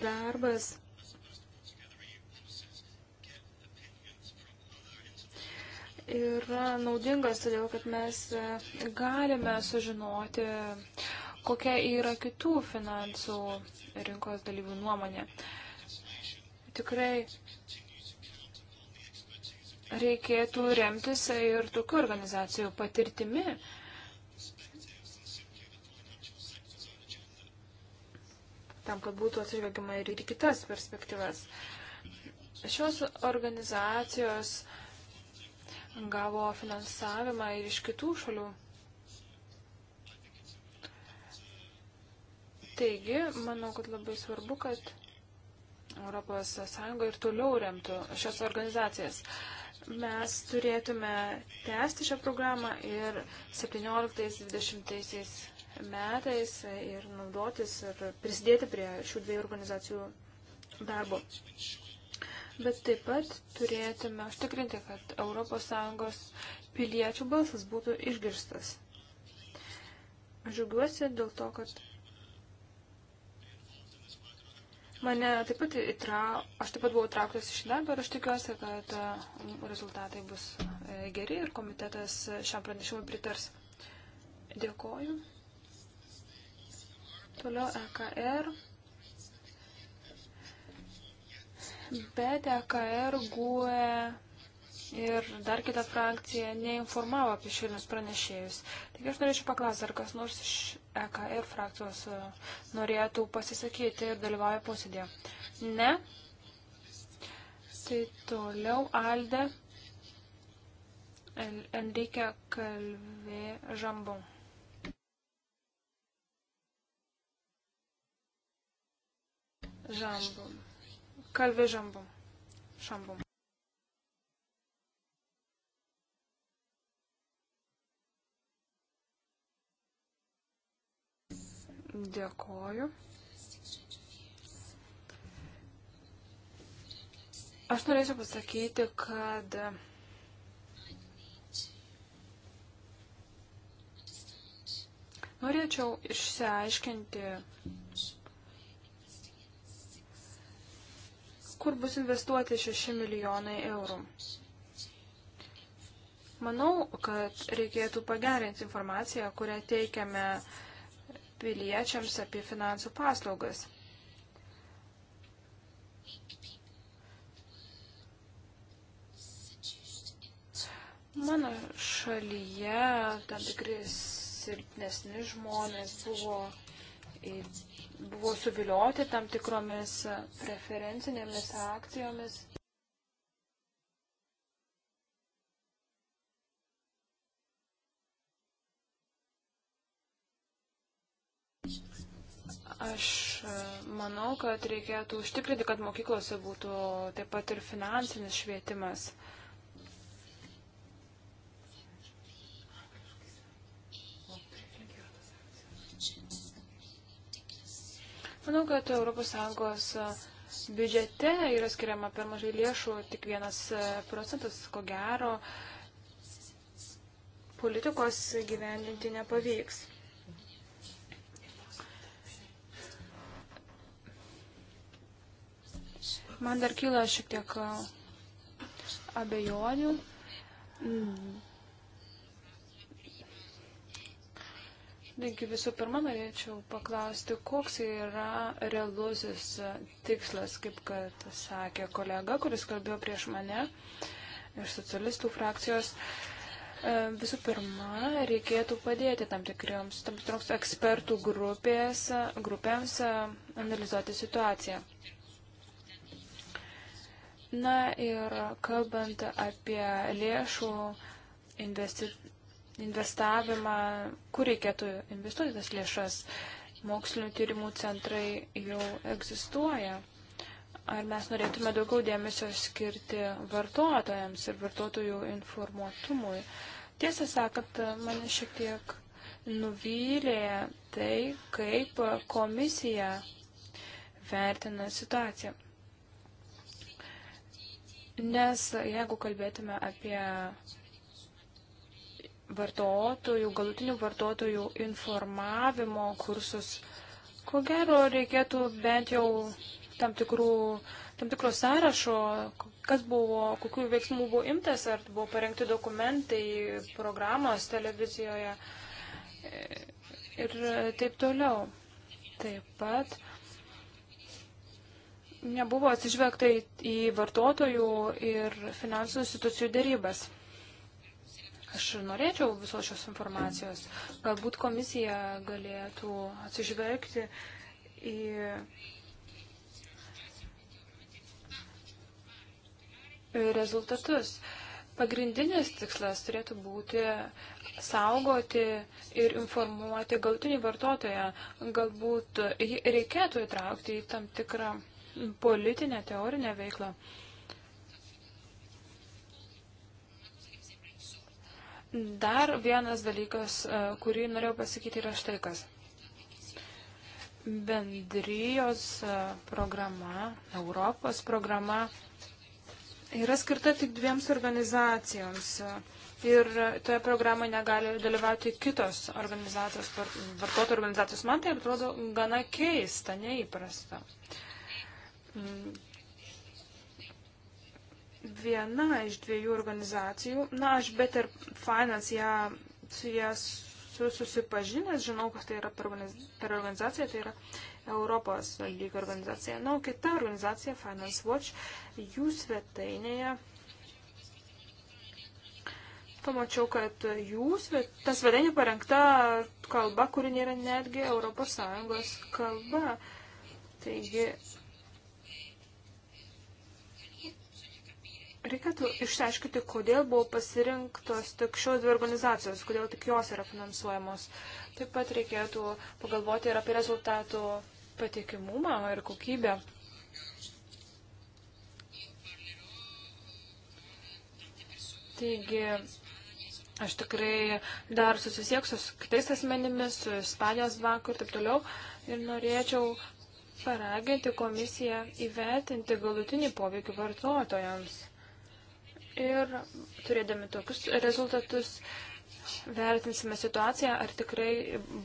darbas yra naudingas, todėl kad mes galime sužinoti uh, kokia yra kitų finansų rinkos dalyvių nuomonė. Tikrai reikėtų remtis ir tokių organizacijų patirtimi. Tam, kad būtų atsižvelgiama ir į kitas perspektyvas. Šios organizacijos gavo finansavimą ir iš kitų šalių Taigi, manau, kad labai svarbu, kad ES ir toliau remtų šios organizacijas. Mes turėtume tęsti šią programą ir 17-20 metais ir naudotis ir prisidėti prie šių dviejų organizacijų darbo. Bet taip pat turėtume užtikrinti, kad ES piliečių balsas būtų išgirstas. Žiūgiuosi dėl to, kad Mane taip pat įtra, aš taip pat buvau trauktas iš darbą ir aš tikiuosi, kad um, rezultatai bus e, geri ir komitetas šiam pranešimui pritars. Dėkoju. Toliau EKR. Bet EKR GUE ir dar kita frakcija neinformavo apie šilinius pranešėjus. Taigi aš norėčiau paklausti, ar kas nors iš EKR frakcijos e, norėtų pasisakyti ir dalyvauja posėdėje. Ne. Tai toliau Alde Enrique Kalvė Žambon. Žambon. Kalvė Žambon. Šambon. Dėkoju. Aš norėčiau pasakyti, kad norėčiau išsiaiškinti, kur bus investuoti 6 milijonai eurų. Manau, kad reikėtų pagerinti informaciją, kurią teikiame uh, piliečiams apie finansų paslaugas. Mano šalyje tam tikri silpnesni žmonės buvo, buvo suvilioti tam tikromis preferencinėmis akcijomis. manau, kad reikėtų užtikrinti, kad mokyklose būtų taip pat ir finansinis švietimas. Manau, kad ES biudžete yra skiriama per mažai lėšų, tik vienas e, procentas, ko gero, politikos gyvendinti nepavyks. Man dar kyla šiek tiek abejonių. Taigi visų pirma norėčiau paklausti, koks yra realusis tikslas, kaip kad sakė kolega, kuris kalbėjo prieš mane iš socialistų frakcijos. E, visų pirma, reikėtų padėti tam tikriams, tam tikriams ekspertų grupės, grupėms analizuoti situaciją. Na ir kalbant apie lėšų investi investavimą, kur reikėtų investuoti tas lėšas, mokslinio tyrimų centrai jau egzistuoja. Ar mes norėtume daugiau dėmesio skirti vartotojams ir vartotojų informuotumui? Tiesą sakant, mane šiek tiek nuvylė tai, kaip komisija vertina situaciją. Nes jeigu kalbėtume apie vartotojų, galutinių vartotojų informavimo kursus, ko gero reikėtų bent jau tam tikrų tam tikro sąrašo, kas buvo, kokių veiksmų buvo imtas, ar buvo parengti dokumentai, programos televizijoje e, ir taip toliau. Taip pat nebuvo atsižvelgta į vartotojų ir finansų institucijų dėrybas. Aš norėčiau visos šios informacijos. Galbūt komisija galėtų atsižvelgti į. Rezultatus. Pagrindinis tikslas turėtų būti saugoti ir informuoti galtinį vartotoją. Galbūt reikėtų įtraukti į tam tikrą politinę, teorinę veiklą. Dar vienas dalykas, e, kurį norėjau pasakyti, yra štai kas. Bendrijos e, programa, Europos programa yra skirta tik dviems organizacijoms. Ir toje programoje negali dalyvauti kitos organizacijos, vartotojų organizacijos. Man tai atrodo gana keista, neįprasta. Uh, Mm. viena iš dviejų organizacijų, na, aš Better Finance ją su ją su, susipažinęs, žinau, kas tai yra per, organiz, per organizaciją, tai yra Europos lygio organizacija. Na, o kita organizacija, Finance Watch, jų svetainėje pamačiau, kad jų svet, ta svetainė parengta kalba, kuri nėra netgi Europos Sąjungos kalba. Taigi, Reikėtų išsiaiškinti, kodėl buvo pasirinktos tik šios dvi organizacijos, kodėl tik jos yra finansuojamos. Taip pat reikėtų pagalvoti ir apie rezultatų patikimumą ir kokybę. Taigi, aš tikrai dar susisieksiu su kitais asmenimis, su Ispanijos banku ir taip toliau. Ir norėčiau paraginti komisiją įvertinti galutinį poveikį vartotojams ir turėdami tokius rezultatus vertinsime situaciją, ar tikrai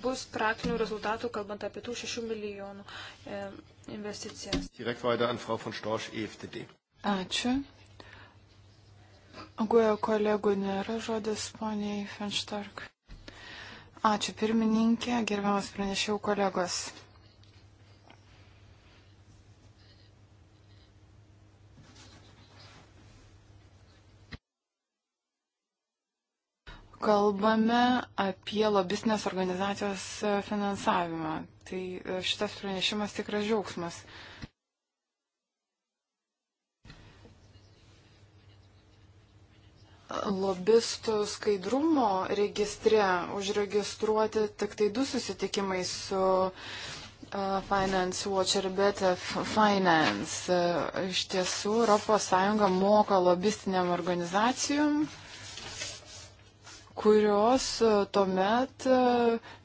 bus praktinių rezultatų, kalbant apie tų 6 milijonų e, investicijas. E Ačiū. Guoja kolegų nėra žodis, poniai Fenštark. Ačiū pirmininkė, gerbiamas pranešiau kolegos. kalbame apie lobistinės organizacijos e, finansavimą. Tai e, šitas pranešimas tikras džiaugsmas. Lobistų skaidrumo registre užregistruoti tik tai du susitikimai su e, Finance Watch ir Better Finance. Iš tiesų, ES moka lobistiniam organizacijom kurios e, tuomet e,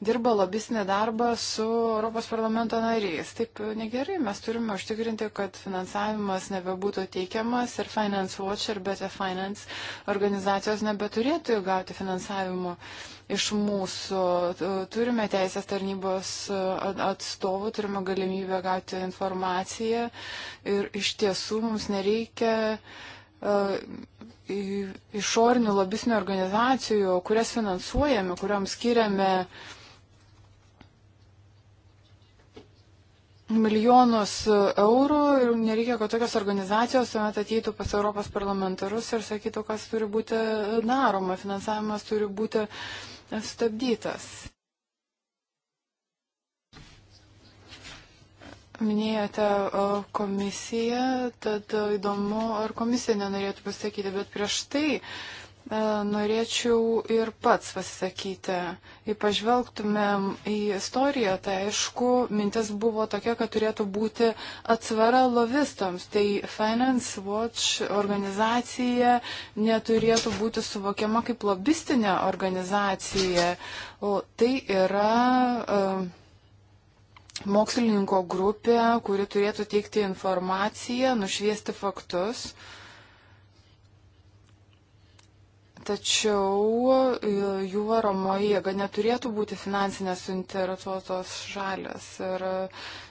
dirba lobistinį darbą su Europos parlamento nariais. Taip e, negerai, mes turime užtikrinti, kad finansavimas nebebūtų teikiamas ir Finance Watch ir Better Finance organizacijos nebeturėtų gauti finansavimo iš mūsų. Turime teisės tarnybos atstovų, turime galimybę gauti informaciją ir iš tiesų mums nereikia išorinių lobisnių organizacijų, kurias finansuojame, kuriuoms skiriame milijonus eurų ir nereikia, kad tokios organizacijos tuomet ateitų pas Europos parlamentarus ir sakytų, kas turi būti daroma, finansavimas turi būti stabdytas. Minėjote komisiją, tad įdomu, ar komisija nenorėtų pasakyti, bet prieš tai e, norėčiau ir pats pasisakyti. Jei pažvelgtumėm į istoriją, tai aišku, mintis buvo tokia, kad turėtų būti atsvara lovistams. Tai Finance Watch organizacija neturėtų būti suvokiama kaip lobistinė organizacija. O tai yra. Uh, mokslininko grupė, kuri turėtų teikti informaciją, nušviesti faktus. Tačiau e, jų varoma jėga neturėtų būti finansinės suinteresuotos šalės. Ir, e,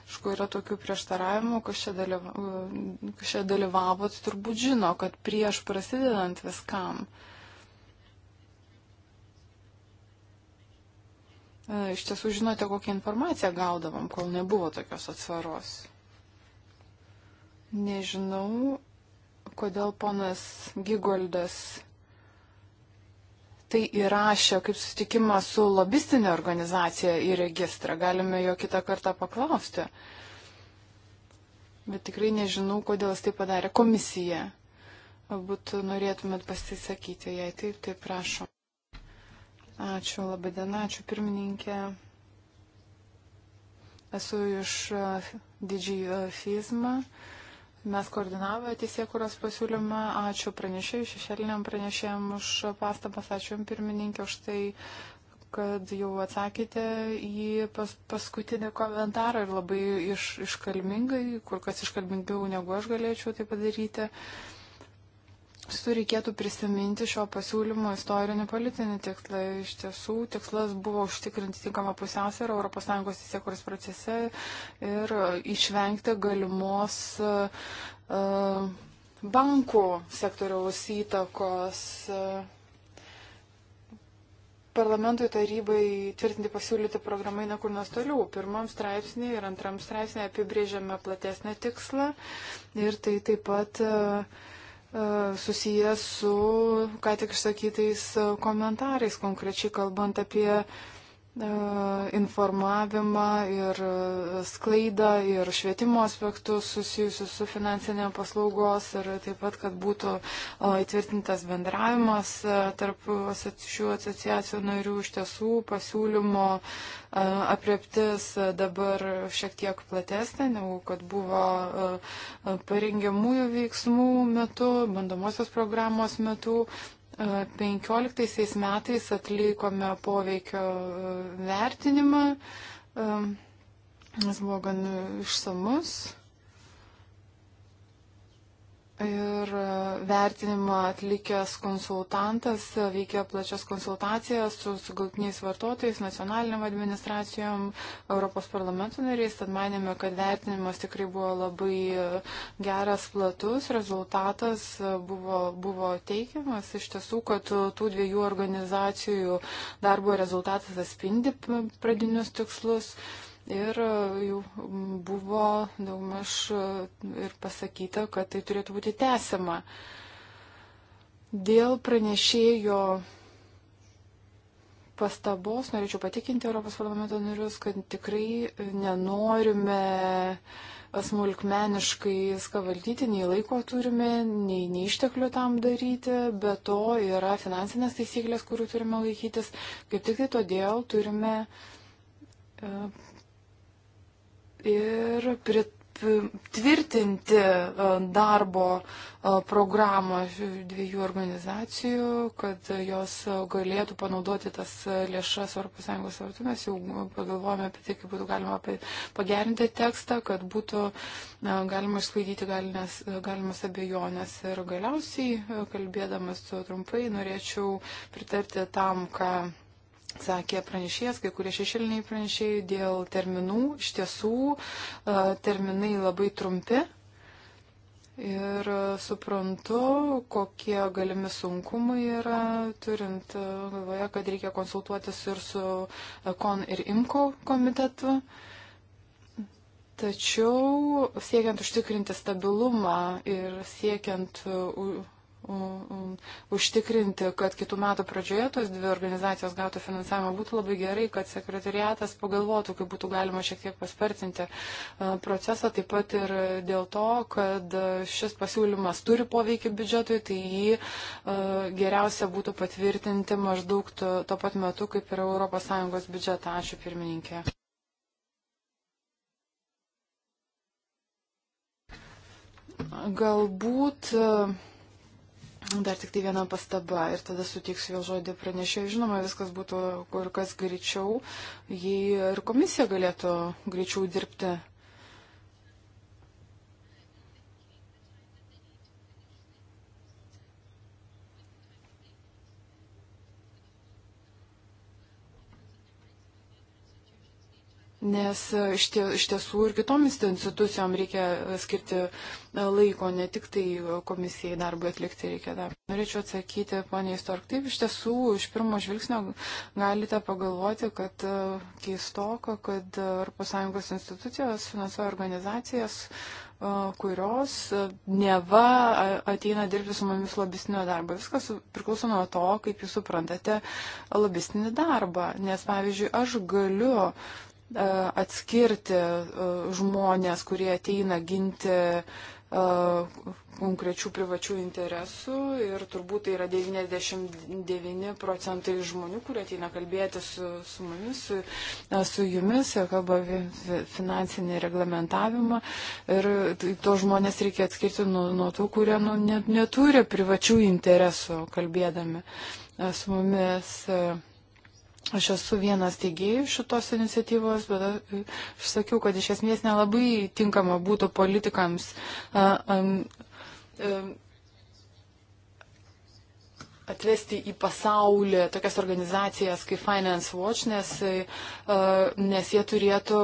aišku, yra tokių prieštaravimų, kas čia, dalyva, e, kas čia dalyvavo, tai turbūt žino, kad prieš prasidedant viskam. Uh, Iš tiesų žinote, kokią informaciją gaudavom, kol nebuvo tokios atsvaros. Nežinau, kodėl ponas Gigoldas tai įrašė kaip susitikimą su lobistinė organizacija į registrą. Galime jo kitą kartą paklausti. Bet tikrai nežinau, kodėl jis tai padarė. Komisija. Galbūt norėtumėt pasisakyti, jei taip, tai prašom. Ačiū, labai diena, ačiū pirmininkė. Esu iš e, didžiai e, fizma. Mes koordinavome teisėkuros pasiūlymą. Ačiū pranešėjai, šešėliniam pranešėjam už pastabas, ačiū jums pirmininkė už tai, kad jau atsakėte į pas, paskutinį komentarą ir labai iš, iškalmingai, kur kas iškalmingiau negu aš galėčiau tai padaryti. Uh, Su reikėtų prisiminti šio pasiūlymo istorinį politinį tikslą. Iš tiesų, tikslas buvo užtikrinti tinkamą pusiausvyrą ES įsiekurs procese ir išvengti galimos uh, bankų sektoriaus įtakos. Uh, parlamentui tarybai tvirtinti pasiūlyti programą eina kur nors toliau. Pirmam straipsnį ir antram straipsnį apibrėžiame platesnę tikslą ir tai taip pat uh, E, susijęs su ką tik išsakytais e, komentarais, konkrečiai kalbant apie E, informavimą ir e, sklaidą ir švietimo aspektus susijusius su finansinė paslaugos ir taip pat, kad būtų e, įtvirtintas bendravimas tarp šių asociacijų narių iš tiesų pasiūlymo apreptis dabar šiek tiek platesnė, negu kad buvo parengiamųjų veiksmų metu, bandomosios programos metu. 15 metais atlikome poveikio e, vertinimą. E, Jis buvo gan išsamus. Ir e, vertinimą atlikęs konsultantas veikia plačias konsultacijas su, su galtiniais vartotojais, nacionaliniam administracijom, Europos parlamento nariais. Tad manėme, kad vertinimas tikrai buvo labai e, geras, platus, rezultatas e, buvo, buvo teikiamas. Iš tiesų, kad tų dviejų organizacijų darbo rezultatas atspindi pradinius tikslus. Uh, Ir e, jau buvo daugmaž e, ir pasakyta, kad tai turėtų būti tęsiama. Dėl pranešėjo pastabos norėčiau patikinti Europos parlamento narius, kad tikrai nenorime smulkmeniškai skavaldyti, nei laiko turime, nei, nei išteklių tam daryti, bet to yra finansinės taisyklės, kurių turime laikytis. Kaip tik tai todėl turime e, ir prit, tvirtinti e, darbo e, programą dviejų organizacijų, kad jos galėtų panaudoti tas lėšas ES vartų. Mes jau pagalvojame apie tai, kaip būtų galima pagerinti tekstą, kad būtų e, galima išsklaidyti galinės, galimas abejonės. Ir galiausiai, kalbėdamas trumpai, norėčiau pritarti tam, ką sakė pranešėjas, kai kurie šešėliniai pranešėjai dėl terminų. Iš tiesų, e, terminai labai trumpi. Ir e, suprantu, kokie galimi sunkumai yra, turint e, galvoje, kad reikia konsultuotis ir su KON ir IMKO komitetu. Tačiau siekiant užtikrinti stabilumą ir siekiant Mm, mm, užtikrinti, kad kitų metų pradžioje tos dvi organizacijos gautų finansavimą, būtų labai gerai, kad sekretariatas pagalvotų, kaip būtų galima šiek tiek paspartinti e, procesą, taip pat ir dėl to, kad šis pasiūlymas turi poveikį biudžetui, tai jį e, geriausia būtų patvirtinti maždaug to, to pat metu, kaip ir ES biudžetą. Ačiū pirmininkė. Galbūt uh... Nu, dar tik tai viena pastaba ir tada sutiksiu vėl žodį pranešėjai. Žinoma, viskas būtų kur kas greičiau, jei ir komisija galėtų greičiau dirbti nes iš, e, tie, iš tiesų ir kitom institucijom reikia e, skirti e, laiko, ne tik tai komisijai darbui atlikti reikia dar. Norėčiau atsakyti, ponė Istork, taip iš tiesų iš pirmo žvilgsnio galite pagalvoti, kad keistoka, kad ES institucijos finansuoja organizacijas, kurios neva ateina dirbti su mumis lobistinio darbo. Viskas priklauso nuo to, kaip jūs suprantate lobistinį darbą. Nes, pavyzdžiui, aš galiu E, atskirti e, žmonės, kurie ateina ginti e, konkrečių privačių interesų ir turbūt tai yra 99 procentai žmonių, kurie ateina kalbėti su, su mumis, su, su jumis, kalba finansinį reglamentavimą ir to žmonės reikia atskirti nuo, nuo tų, kurie nu, net, neturi privačių interesų kalbėdami su mumis. Uh, Aš esu vienas teigėjų šitos iniciatyvos, bet aš sakiau, kad iš esmės nelabai tinkama būtų politikams. A, a, a, atvesti į pasaulį tokias organizacijas kaip Finance Watch, nes, e, nes jie turėtų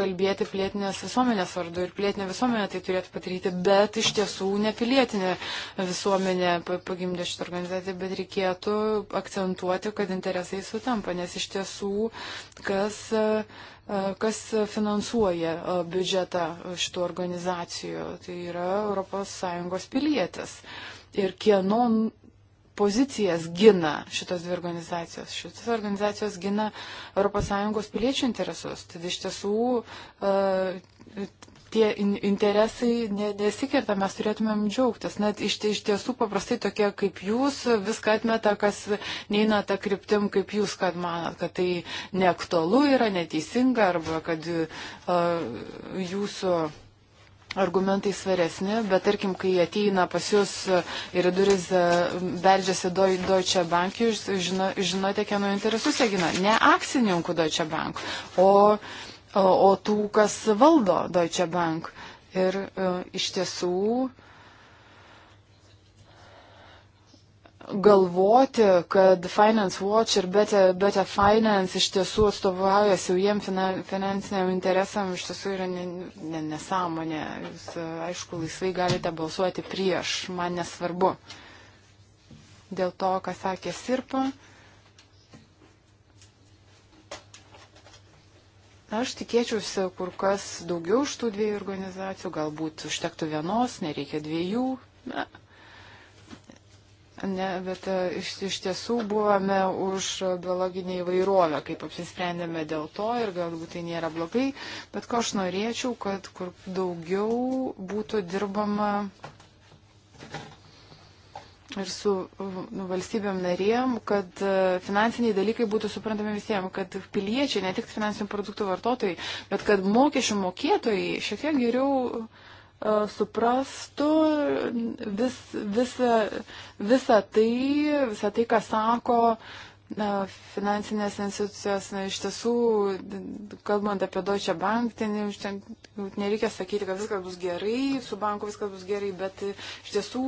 kalbėti pilietinės visuomenės vardu ir pilietinė visuomenė tai turėtų padaryti, bet iš tiesų ne pilietinė visuomenė pagimdė šitą organizaciją, bet reikėtų akcentuoti, kad interesai sutampa, nes iš tiesų kas e, e, kas finansuoja biudžetą šitų organizacijų, tai yra ES pilietis ir kieno pozicijas gina šitos dvi organizacijos. Šitos organizacijos gina ES piliečių interesus. Tad iš tiesų uh, tie in interesai nesikerta, mes turėtumėm džiaugtis. Net iš, iš tiesų paprastai tokie kaip jūs viską atmeta, kas neina tą kryptim, kaip jūs, kad manat, kad tai neaktualu yra, neteisinga arba kad uh, jūsų argumentai svaresni, bet tarkim, kai ateina pas jūs e, ir į duris beldžiasi Deutsche Bank, jūs žino, žinote, kieno interesus jie gina. Ne akcininkų Deutsche Bank, o, o, o tų, kas valdo Deutsche Bank. Ir e, iš tiesų. E, galvoti, kad Finance Watch ir Better, Better Finance iš tiesų atstovauja siaujiem finansiniam interesam, iš tiesų yra ne, ne, nesąmonė. Jūs, aišku, laisvai galite balsuoti prieš, man nesvarbu. Dėl to, ką sakė Sirpa. Aš tikėčiausi kur kas daugiau iš tų dviejų organizacijų, galbūt užtektų vienos, nereikia dviejų. Na, Ne, bet e, iš, iš tiesų buvome už biologinį įvairovę, kaip apsisprendėme dėl to ir galbūt tai nėra blogai, bet ko aš norėčiau, kad kur daugiau būtų dirbama ir su nu, valstybėm narėm, kad e, finansiniai dalykai būtų suprantami visiems, kad piliečiai, ne tik finansinių produktų vartotojai, bet kad mokesčių mokėtojai šiek tiek geriau E, suprastų vis, visą, visą tai, visą tai, ką sako na, finansinės institucijos. Na, iš tiesų, kalbant apie Deutsche Bank, ten, ten nereikia sakyti, kad viskas bus gerai, su banku viskas bus gerai, bet iš tiesų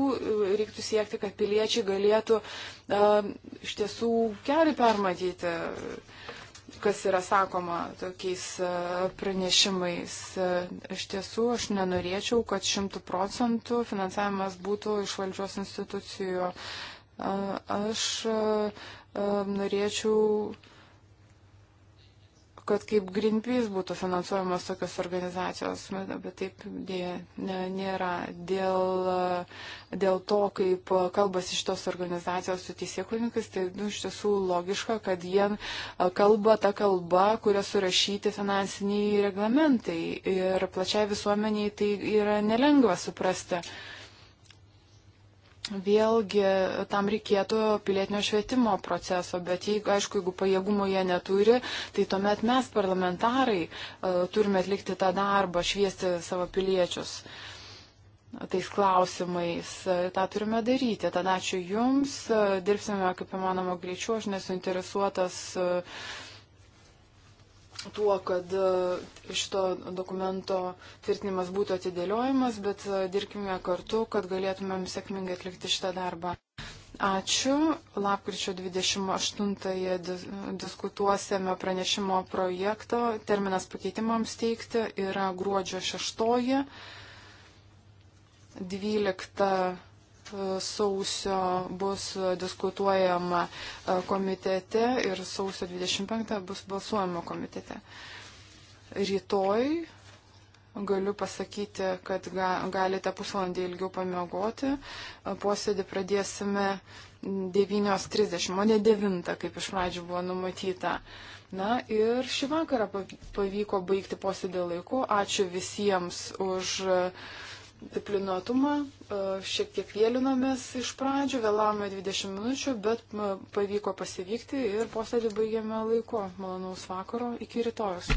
reiktų siekti, kad piliečiai galėtų na, e, iš tiesų gerai permatyti. Uh, kas yra sakoma tokiais e, pranešimais. E, iš tiesų, aš nenorėčiau, kad šimtų procentų finansavimas būtų iš valdžios institucijų. Aš e, norėčiau kad kaip Greenpeace būtų finansuojamos tokios organizacijos, bet taip dėja nėra. Dėl, dėl to, kaip kalbasi šitos organizacijos su teisėkuninkais, tai nu, iš tiesų logiška, kad jie kalba tą kalbą, kurią surašyti finansiniai reglamentai. Ir plačiai visuomeniai tai yra nelengva suprasti. Uh, Vėlgi, tam reikėtų pilietinio švietimo proceso, bet jeigu, aišku, jeigu pajėgumo jie neturi, tai tuomet mes, parlamentarai, e, turime atlikti tą darbą, šviesti savo piliečius tais klausimais. E, Ta turime daryti. Tada ačiū Jums, e, dirbsime kaip įmanoma greičiau, aš nesuinteresuotas. Uh, tuo, kad e, šito dokumento tvirtinimas būtų atidėliojimas, bet e, dirbkime kartu, kad galėtumėm sėkmingai atlikti šitą darbą. Ačiū. Lapkričio 28-ąją diskutuosime pranešimo projekto. Terminas pakeitimams teikti yra gruodžio 6-oji. 12 sausio bus diskutuojama e, komitete ir sausio 25 bus balsuojama komitete. Rytoj galiu pasakyti, kad ga, galite pusvalandį ilgiau pamiegoti. E, posėdį pradėsime 9.30, o ne 9, kaip iš pradžių buvo numatyta. Na ir šį vakarą pavyko baigti posėdį laiku. Ačiū visiems už. Uh, disciplinuotumą, e, šiek tiek vėlinomės iš pradžių, vėlavome 20 minučių, bet pavyko pasivykti ir posėdį baigėme laiko. Malonaus vakaro, iki rytojus.